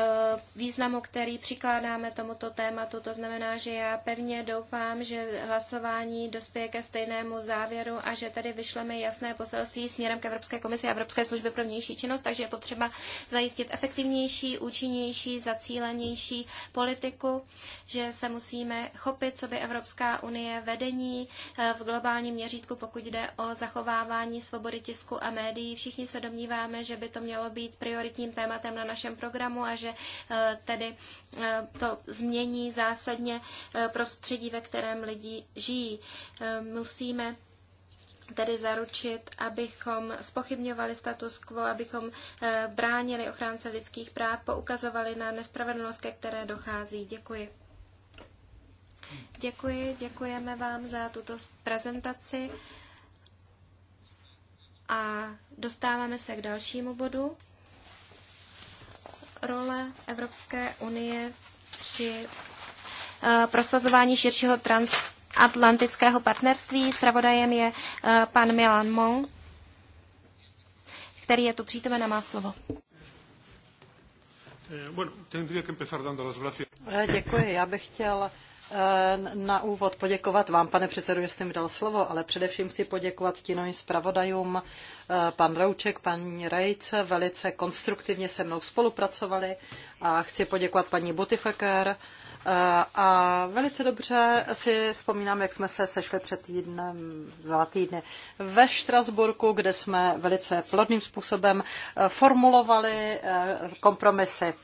významu, který přikládáme tomuto tématu. To znamená, že já pevně doufám, že hlasování dospěje ke stejnému závěru a že tady vyšleme jasné poselství směrem k Evropské komisi a Evropské služby pro vnější činnost, takže je potřeba zajistit efektivnější, účinnější, zacílenější politiku, že se musíme chopit, co by Evropská unie vedení eh, v globálním měřítku, pokud jde o zachovávání svobody tisku a médií. Všichni se domníváme, že by to mělo být prioritním tématem na našem programu a že eh, tedy eh, to změní zásadně eh, prostředí, ve kterém lidi žijí. Musíme tedy zaručit, abychom spochybňovali status quo, abychom bránili ochránce lidských práv, poukazovali na nespravedlnost, ke které dochází. Děkuji. Děkuji, děkujeme vám za tuto prezentaci a dostáváme se k dalšímu bodu role Evropské unie při eh, prosazování širšího transatlantického partnerství. Spravodajem je eh, pan Milan Mon, který je tu přítomen a má slovo. Eh, děkuji, já bych chtěl Eh, na úvod poděkovat vám, pane předsedo, že jste mi dal slovo, ale především chci poděkovat stínovým zpravodajům, eh, pan Rouček, paní Rejce, velice konstruktivně se mnou spolupracovali a chci poděkovat paní Butifaker eh, a velice dobře si vzpomínám, jak jsme se sešli před týdnem, dva týdny ve Štrasburku, kde jsme velice plodným způsobem formulovali kompromisy.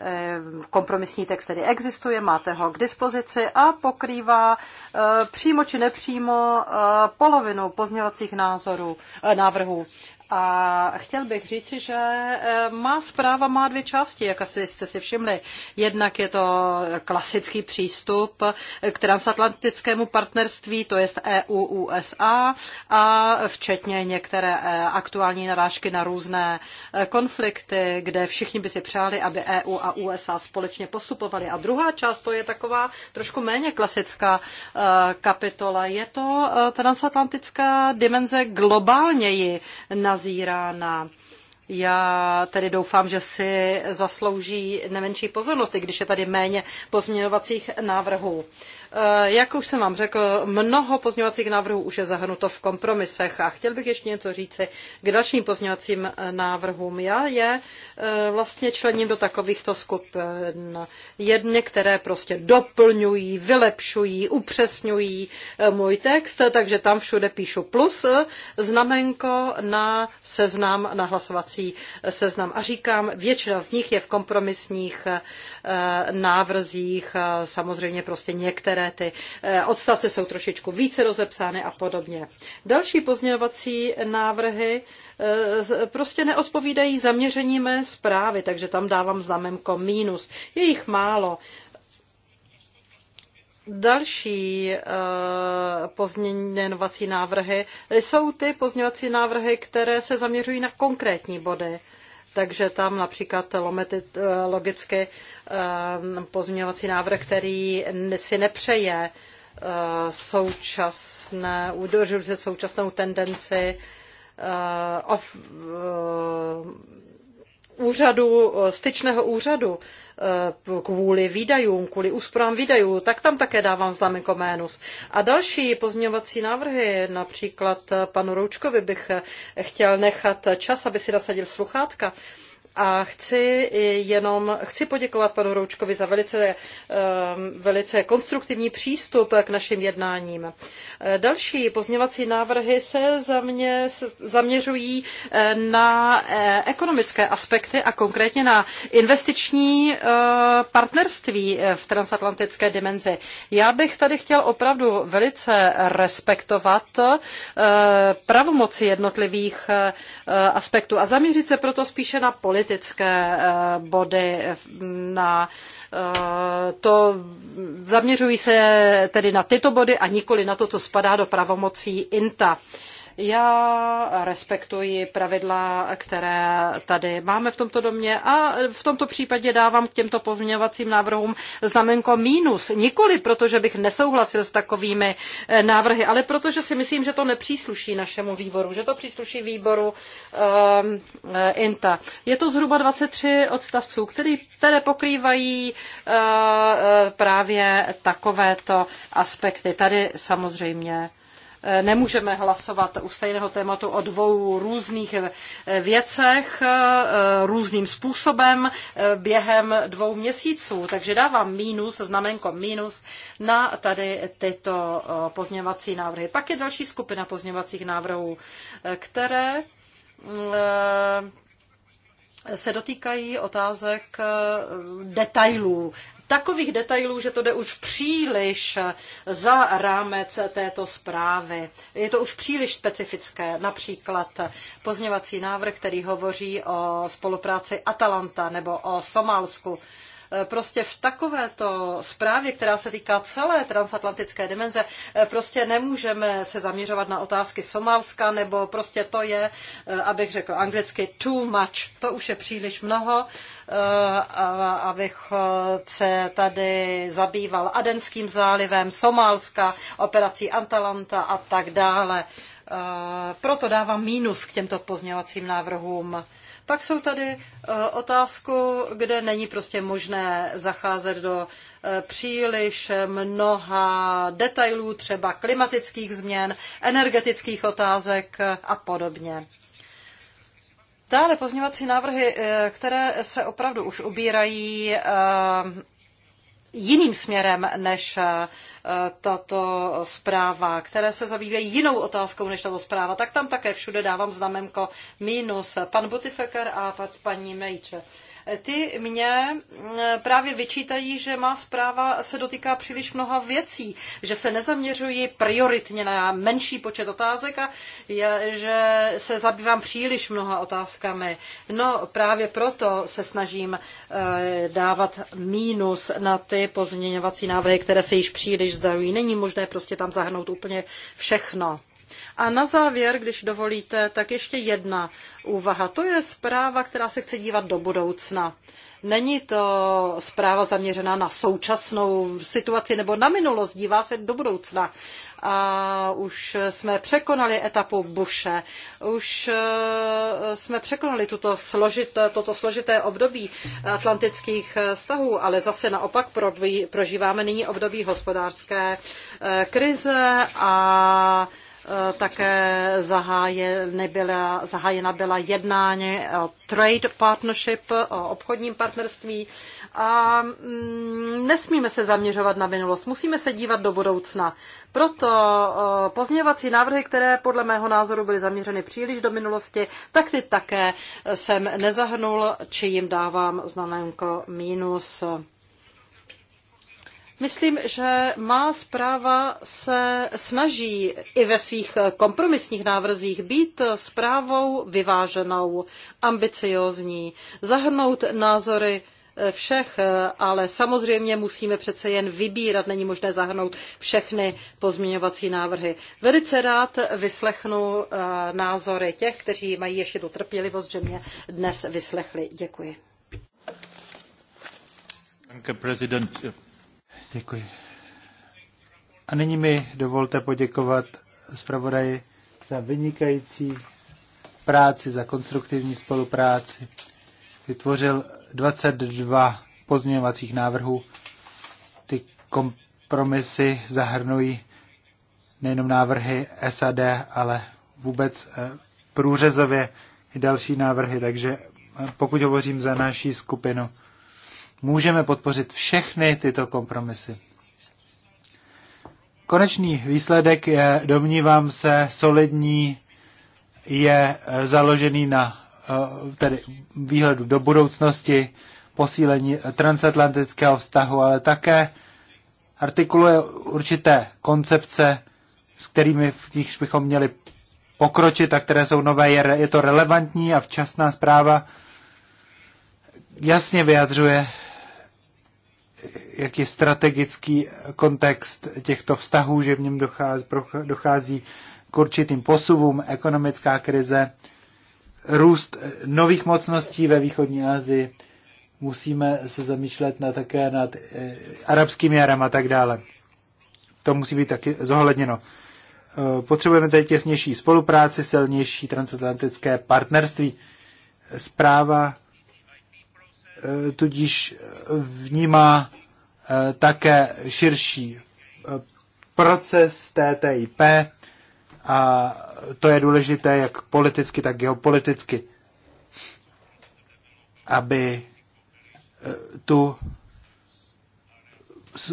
Eh, kompromisní text tedy existuje, máte ho k dispozici a pokrývá eh, přímo či nepřímo eh, polovinu pozměňovacích názorů, návrhů. A chtěl bych říci, že e, má zpráva má dvě části, jak asi jste si všimli. Jednak je to klasický přístup k transatlantickému partnerství, to je EU-USA a včetně některé e, aktuální narážky na různé e, konflikty, kde všichni by si přáli, aby EU a USA společně postupovali. A druhá část to je taková trošku méně klasická kapitola. Je to transatlantická dimenze globálněji na nazírána. Já tedy doufám, že si zaslouží nemenší pozornost, i když je tady méně pozměňovacích návrhů. Eh, jak už jsem vám řekl, mnoho pozměňovacích návrhů už je zahrnuto v kompromisech a chtěl bych ještě něco říci k dalším pozměňovacím eh, návrhům. Já je eh, vlastně člením do takovýchto skupin. Jedny, které prostě doplňují, vylepšují, upřesňují můj text, takže tam všude píšu plus znamenko na seznam, na hlasovací seznam. A říkám, většina z nich je v kompromisních návrzích, samozřejmě prostě některé ty eh, odstavce jsou trošičku více rozepsány a podobně. Další pozměňovací návrhy eh, prostě neodpovídají zaměření mé zprávy, takže tam dávám znamenko mínus. Je jich málo. Další eh, pozměňovací návrhy jsou ty pozměňovací návrhy, které se zaměřují na konkrétní body takže tam například lomety, eh, logicky eh, pozměňovací návrh, který si nepřeje eh, současné, udržuje současnou tendenci of, úřadu, eh, styčného úřadu eh, kvůli výdajům, kvůli úsporám výdajů, tak tam také dávám znamenko jménus. A další pozměňovací návrhy, například eh, panu Roučkovi bych chtěl nechat čas, aby si nasadil sluchátka. A chci jenom chci poděkovat panu Roučkovi za velice, ehm, velice konstruktivní přístup k našim jednáním. E, další pozměvací návrhy se zamě, zaměřují e, na e, ekonomické aspekty a konkrétně na investiční partnerství v transatlantické dimenzi. Já bych tady chtěl opravdu velice respektovat pravomoci jednotlivých aspektů a zaměřit se proto spíše na politiku politické eh, body, na eh, to zaměřují se tedy na tyto body a nikoli na to, co spadá do pravomocí INTA. Já respektuji pravidla, které tady máme v tomto domě a v tomto případě dávám k těmto pozměňovacím návrhům znamenko mínus. Nikoli protože bych nesouhlasil s takovými eh, návrhy, ale protože si myslím, že to nepřísluší našemu výboru, že to přísluší výboru um, INTA. Je to zhruba 23 odstavců, který, které pokrývají uh, právě takovéto aspekty. Tady samozřejmě nemůžeme hlasovat u stejného tématu o dvou různých věcech eh, různým způsobem eh, během dvou měsíců. Takže dávám mínus, znamenko mínus na tady tyto eh, pozněvací návrhy. Pak je další skupina pozněvacích návrhů, které se dotýkají otázek detailů takových detailů, že to jde už příliš za rámec této zprávy. Je to už příliš specifické. Například pozněvací návrh, který hovoří o spolupráci Atalanta nebo o Somálsku. Eh, prostě v takovéto zprávě, která se týká celé transatlantické dimenze, eh, prostě nemůžeme se zaměřovat na otázky Somálska, nebo prostě to je, eh, abych řekl anglicky, too much. To už je příliš mnoho, abych se tady zabýval Adenským zálivem, Somálska, operací Antalanta a tak dále. Proto dávám mínus k těmto pozměňovacím návrhům. Pak jsou tady e, otázku, kde není prostě možné zacházet do e, příliš mnoha detailů, třeba klimatických změn, energetických otázek a podobně. Dále pozněvací návrhy, e, které se opravdu už ubírají jiným směrem než eh, tato zpráva, které se zabývají jinou otázkou než tato zpráva, tak tam také všude dávám znamenko minus. Pan Butifeker a paní Mejče ty mě mm, právě vyčítají, že má zpráva se dotýká příliš mnoha věcí, že se nezaměřují prioritně na menší počet otázek a že se zabývám příliš mnoha otázkami. No právě proto se snažím eh, dávat mínus na ty pozměňovací návrhy, které se již příliš zdarují. Není možné prostě tam zahrnout úplně všechno. A na závěr, když dovolíte, tak ještě jedna úvaha. To je zpráva, která se chce dívat do budoucna. Není to zpráva zaměřená na současnou situaci nebo na minulost, dívá se do budoucna. A už jsme překonali etapu buše. už eh, jsme překonali tuto složité, toto složité období atlantických eh, vztahů, ale zase naopak prožíváme nyní období hospodářské eh, krize a Eh, také zahájena byla, zahájena byla jednání o trade partnership, o obchodním partnerství a mm, nesmíme se zaměřovat na minulost, musíme se dívat do budoucna. Proto eh, pozměňovací návrhy, které podle mého názoru byly zaměřeny příliš do minulosti, tak ty také jsem nezahrnul, či jim dávám znamenko mínus. Myslím, že má zpráva se snaží i ve svých kompromisních návrzích být zprávou vyváženou, ambiciozní, zahrnout názory všech, ale samozřejmě musíme přece jen vybírat, není možné zahrnout všechny pozměňovací návrhy. Velice rád vyslechnu eh, názory těch, kteří mají ještě tu trpělivost, že mě dnes vyslechli. Děkuji. Děkuji, Děkuji. A nyní mi dovolte poděkovat zpravodaji za vynikající práci, za konstruktivní spolupráci. Vytvořil 22 pozměňovacích návrhů. Ty kompromisy zahrnují nejenom návrhy SAD, ale vůbec eh, průřezově i další návrhy, takže eh, pokud hovořím za naší skupinu, můžeme podpořit všechny tyto kompromisy. Konečný výsledek je, domnívám se, solidní, je eh, založený na eh, tedy výhledu do budoucnosti, posílení transatlantického vztahu, ale také artikuluje určité koncepce, s kterými v nich bychom měli pokročit a které jsou nové. Je, je to relevantní a včasná zpráva jasně vyjadřuje jaký je strategický kontext těchto vztahů, že v něm dochází, dochází k určitým posuvům, ekonomická krize, růst nových mocností ve východní Asii, musíme se zamýšlet na, také nad e, arabským jarem a tak dále. To musí být taky zohledněno. E, potřebujeme tedy těsnější spolupráci, silnější transatlantické partnerství. Zpráva e, tudíž vnímá Eh, také širší eh, proces TTIP a to je důležité jak politicky, tak geopoliticky, aby eh, tu,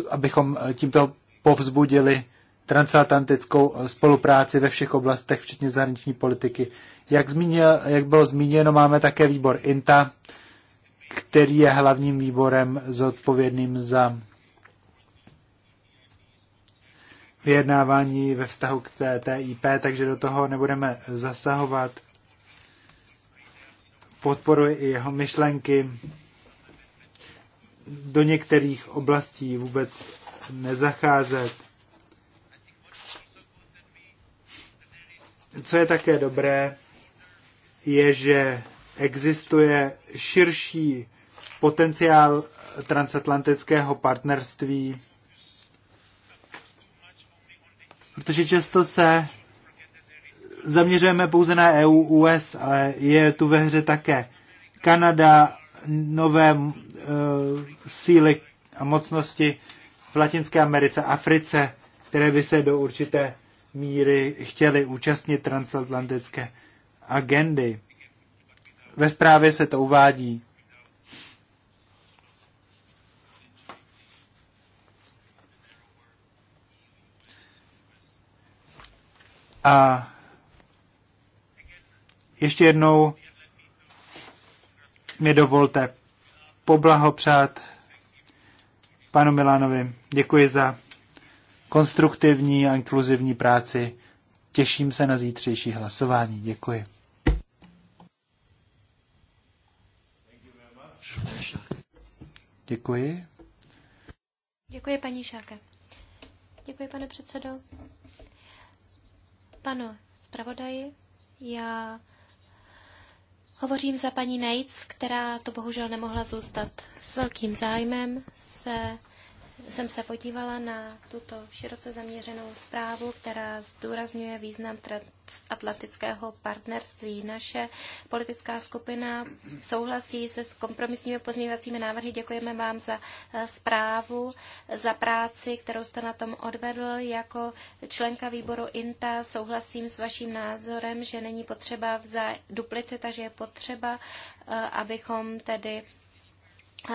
abychom tímto povzbudili transatlantickou spolupráci ve všech oblastech, včetně zahraniční politiky. Jak, zmínil, jak bylo zmíněno, máme také výbor INTA, který je hlavním výborem zodpovědným za vyjednávání ve vztahu k TIP, takže do toho nebudeme zasahovat. Podporuji i jeho myšlenky. Do některých oblastí vůbec nezacházet. Co je také dobré, je, že existuje širší potenciál transatlantického partnerství, protože často se zaměřujeme pouze na EU-US, ale je tu ve hře také Kanada, nové uh, síly a mocnosti v Latinské Americe, Africe, které by se do určité míry chtěly účastnit transatlantické agendy ve zprávě se to uvádí. A ještě jednou mi dovolte poblahopřát panu Milánovi. Děkuji za konstruktivní a inkluzivní práci. Těším se na zítřejší hlasování. Děkuji. Děkuji. Děkuji, paní Šáke. Děkuji, pane předsedo. Panu zpravodaji, já hovořím za paní Nejc, která to bohužel nemohla zůstat. S velkým zájmem se jsem se podívala na tuto široce zaměřenou zprávu, která zdůrazňuje význam transatlantického partnerství. Naše politická skupina souhlasí se s kompromisními pozměňovacími návrhy. Děkujeme vám za eh, zprávu, za práci, kterou jste na tom odvedl. Jako členka výboru INTA souhlasím s vaším názorem, že není potřeba za duplicita, že je potřeba, eh, abychom tedy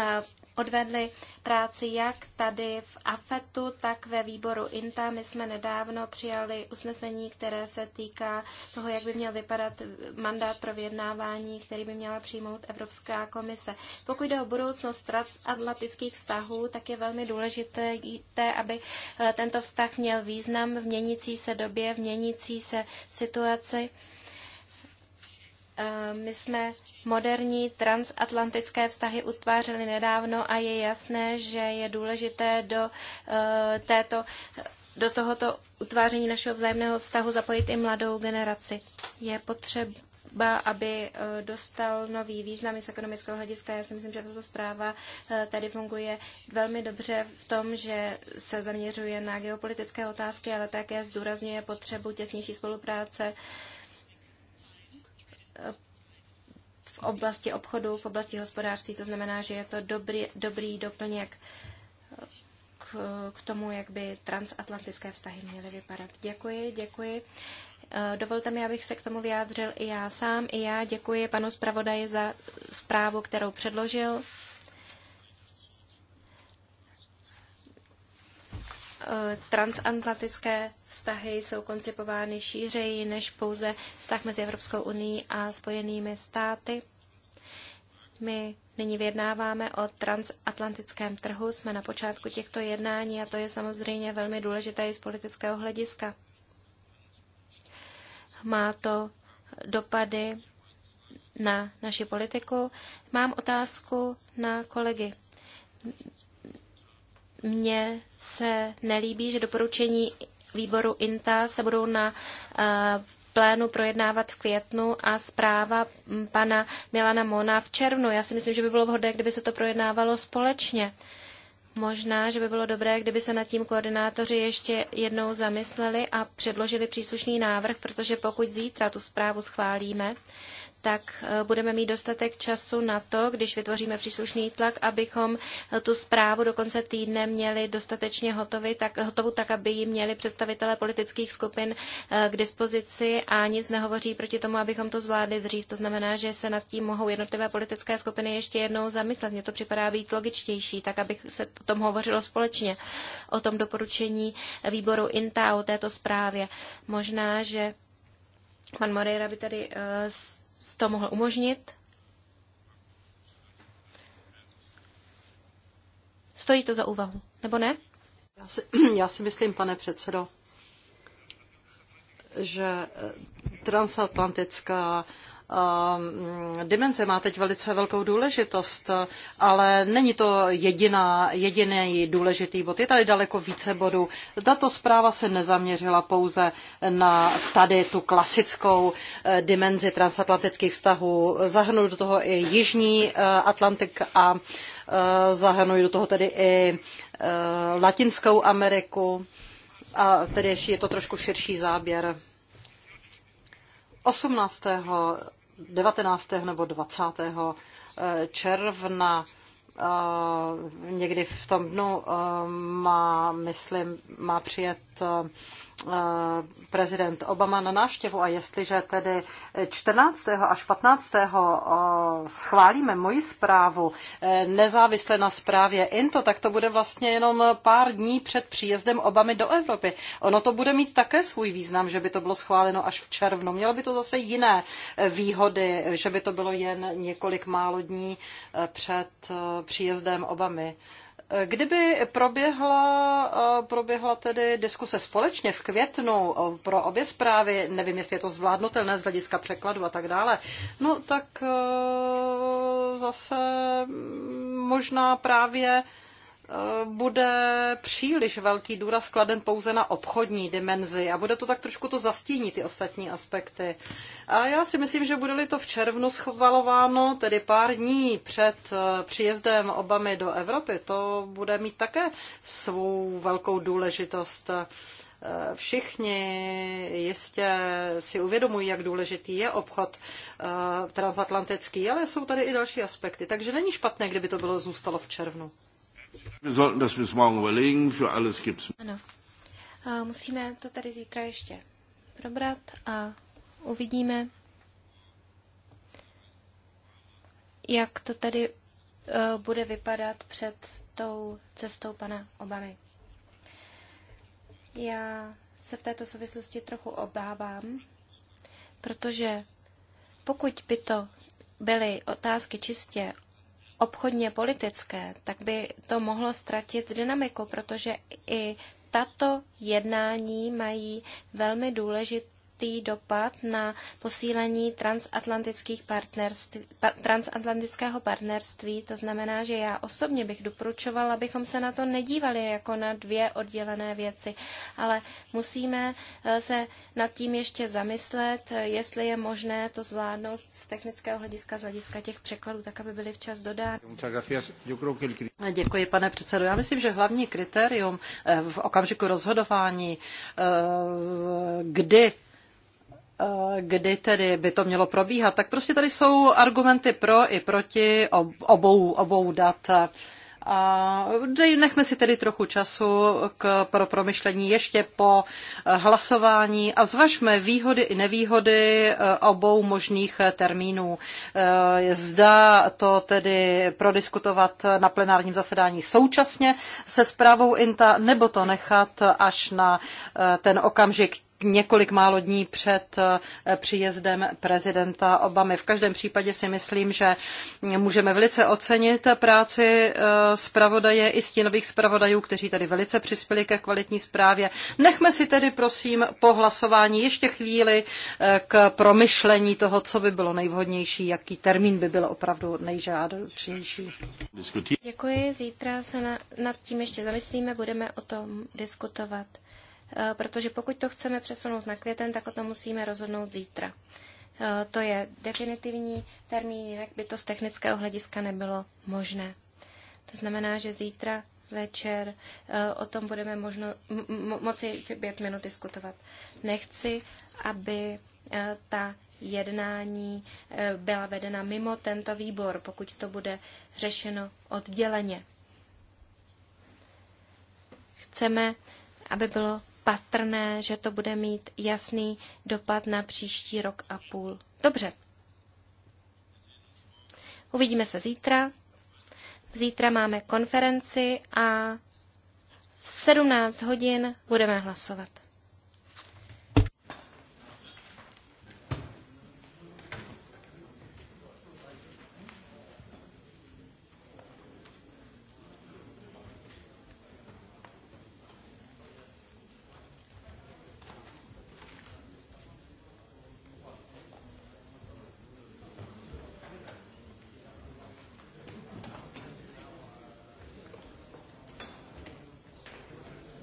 eh, odvedli práci jak tady v AFETu, tak ve výboru INTA. My jsme nedávno přijali usnesení, které se týká toho, jak by měl vypadat mandát pro vyjednávání, který by měla přijmout Evropská komise. Pokud jde o budoucnost transatlantických vztahů, tak je velmi důležité, aby eh, tento vztah měl význam v měnící se době, v měnící se situaci. Eh, my jsme moderní transatlantické vztahy utvářeli nedávno a je jasné, že je důležité do eh, této do tohoto utváření našeho vzájemného vztahu zapojit i mladou generaci. Je potřeba, aby eh, dostal nový význam z ekonomického hlediska. Já si myslím, že tato zpráva tady funguje velmi dobře v tom, že se zaměřuje na geopolitické otázky, ale také zdůrazňuje potřebu těsnější spolupráce v oblasti obchodu, v oblasti hospodářství. To znamená, že je to dobrý, dobrý doplněk k, k tomu, jak by transatlantické vztahy měly vypadat. Děkuji, děkuji. Eh, dovolte mi, abych se k tomu vyjádřil i já sám. I já děkuji panu zpravodaji za zprávu, kterou předložil. Eh, transatlantické vztahy jsou koncipovány šířeji než pouze vztah mezi Evropskou unii a Spojenými státy. My nyní vyjednáváme o transatlantickém trhu, jsme na počátku těchto jednání a to je samozřejmě velmi důležité i z politického hlediska. Má to dopady na naši politiku. Mám otázku na kolegy. Mně se nelíbí, že doporučení výboru INTA se budou na eh, plénu projednávat v květnu a zpráva pana Milana Mona v červnu. Já si myslím, že by bylo vhodné, kdyby se to projednávalo společně. Možná, že by bylo dobré, kdyby se nad tím koordinátoři ještě jednou zamysleli a předložili příslušný návrh, protože pokud zítra tu zprávu schválíme, tak eh, budeme mít dostatek času na to, když vytvoříme příslušný tlak, abychom eh, tu zprávu do konce týdne měli dostatečně hotovy, tak, hotovu, tak aby ji měli představitelé politických skupin eh, k dispozici a nic nehovoří proti tomu, abychom to zvládli dřív. To znamená, že se nad tím mohou jednotlivé politické skupiny ještě jednou zamyslet. Mně to připadá být logičtější, tak aby se o tom hovořilo společně, o tom doporučení výboru INTA, o této zprávě. Možná, že pan Moreira by tady uh, to mohl umožnit. Stojí to za úvahu, nebo ne? Já si, [clears throat] já si myslím, pane předsedo, že eh, transatlantická Ehm, dimenze má teď velice velkou důležitost, ale není to jediná, jediný důležitý bod. Je tady daleko více bodů. Tato zpráva se nezaměřila pouze na tady tu klasickou eh, dimenzi transatlantických vztahů. Zahrnul do toho i Jižní eh, Atlantik a eh, zahrnují do toho tedy i Latinskou Ameriku. A tedy ještě je to trošku širší záběr. 18. 19. nebo 20. Eh, června eh, někdy v tom dnu eh, má, myslím, má přijet Eh, prezident Obama na návštěvu a jestliže tedy 14. až 15. Eh, schválíme moji zprávu eh, nezávisle na zprávě INTO, tak to bude vlastně jenom pár dní před příjezdem Obamy do Evropy. Ono to bude mít také svůj význam, že by to bylo schváleno až v červnu. Mělo by to zase jiné výhody, že by to bylo jen několik málo dní před příjezdem Obamy. Kdyby proběhla, eh, proběhla tedy diskuse společně v květnu eh, pro obě zprávy, nevím, jestli je to zvládnutelné z hlediska překladu a tak dále, no tak eh, zase mm, možná právě Eh, bude příliš velký důraz kladen pouze na obchodní dimenzi a bude to tak trošku to zastínit ty ostatní aspekty. A já si myslím, že bude-li to v červnu schvalováno, tedy pár dní před eh, příjezdem Obamy do Evropy, to bude mít také svou velkou důležitost. Eh, všichni jistě si uvědomují, jak důležitý je obchod transatlantický, ale jsou tady i další aspekty. Takže není špatné, kdyby to bylo zůstalo v červnu. Ano. Musíme to tady zítra ještě probrat a uvidíme, jak to tady eh, bude vypadat před tou cestou pana Obamy. Já se v této souvislosti trochu obávám, protože pokud by to byly otázky čistě obchodně politické, tak by to mohlo ztratit dynamiku, protože i tato jednání mají velmi důležitý určitý dopad na posílení transatlantických partnerství, pa, transatlantického partnerství. To znamená, že já osobně bych doporučovala, abychom se na to nedívali jako na dvě oddělené věci, ale musíme eh, se nad tím ještě zamyslet, jestli je možné to zvládnout z technického hlediska, z hlediska těch překladů, tak aby byly včas dodány. Děkuji, pane předsedo. Já myslím, že hlavní kritérium eh, v okamžiku rozhodování, eh, kdy Eh, kdy tedy by to mělo probíhat, tak prostě tady jsou argumenty pro i proti obou, obou dat. A nechme si tedy trochu času k, pro promyšlení ještě po eh, hlasování a zvažme výhody i nevýhody eh, obou možných termínů. Zda to tedy prodiskutovat na plenárním zasedání současně se zprávou INTA, nebo to nechat až na ten okamžik několik málo dní před eh, příjezdem prezidenta Obamy. V každém případě si myslím, že můžeme velice ocenit práci eh, zpravodaje i stínových zpravodajů, kteří tady velice přispěli ke kvalitní zprávě. Nechme si tedy prosím po hlasování ještě chvíli eh, k promyšlení toho, co by bylo nejvhodnější, jaký termín by byl opravdu nejžádoučnější. Děkuji, zítra se na, nad tím ještě zamyslíme, budeme o tom diskutovat. Eh, protože pokud to chceme přesunout na květen, tak o tom musíme rozhodnout zítra. Eh, to je definitivní termín, jinak by to z technického hlediska nebylo možné. To znamená, že zítra večer eh, o tom budeme možno, moci pět minut diskutovat. Nechci, aby ta jednání byla vedena mimo tento výbor, pokud to bude řešeno odděleně. Chceme, aby bylo patrné, že to bude mít jasný dopad na příští rok a půl. Dobře. Uvidíme se zítra. Zítra máme konferenci a v 17 hodin budeme hlasovat.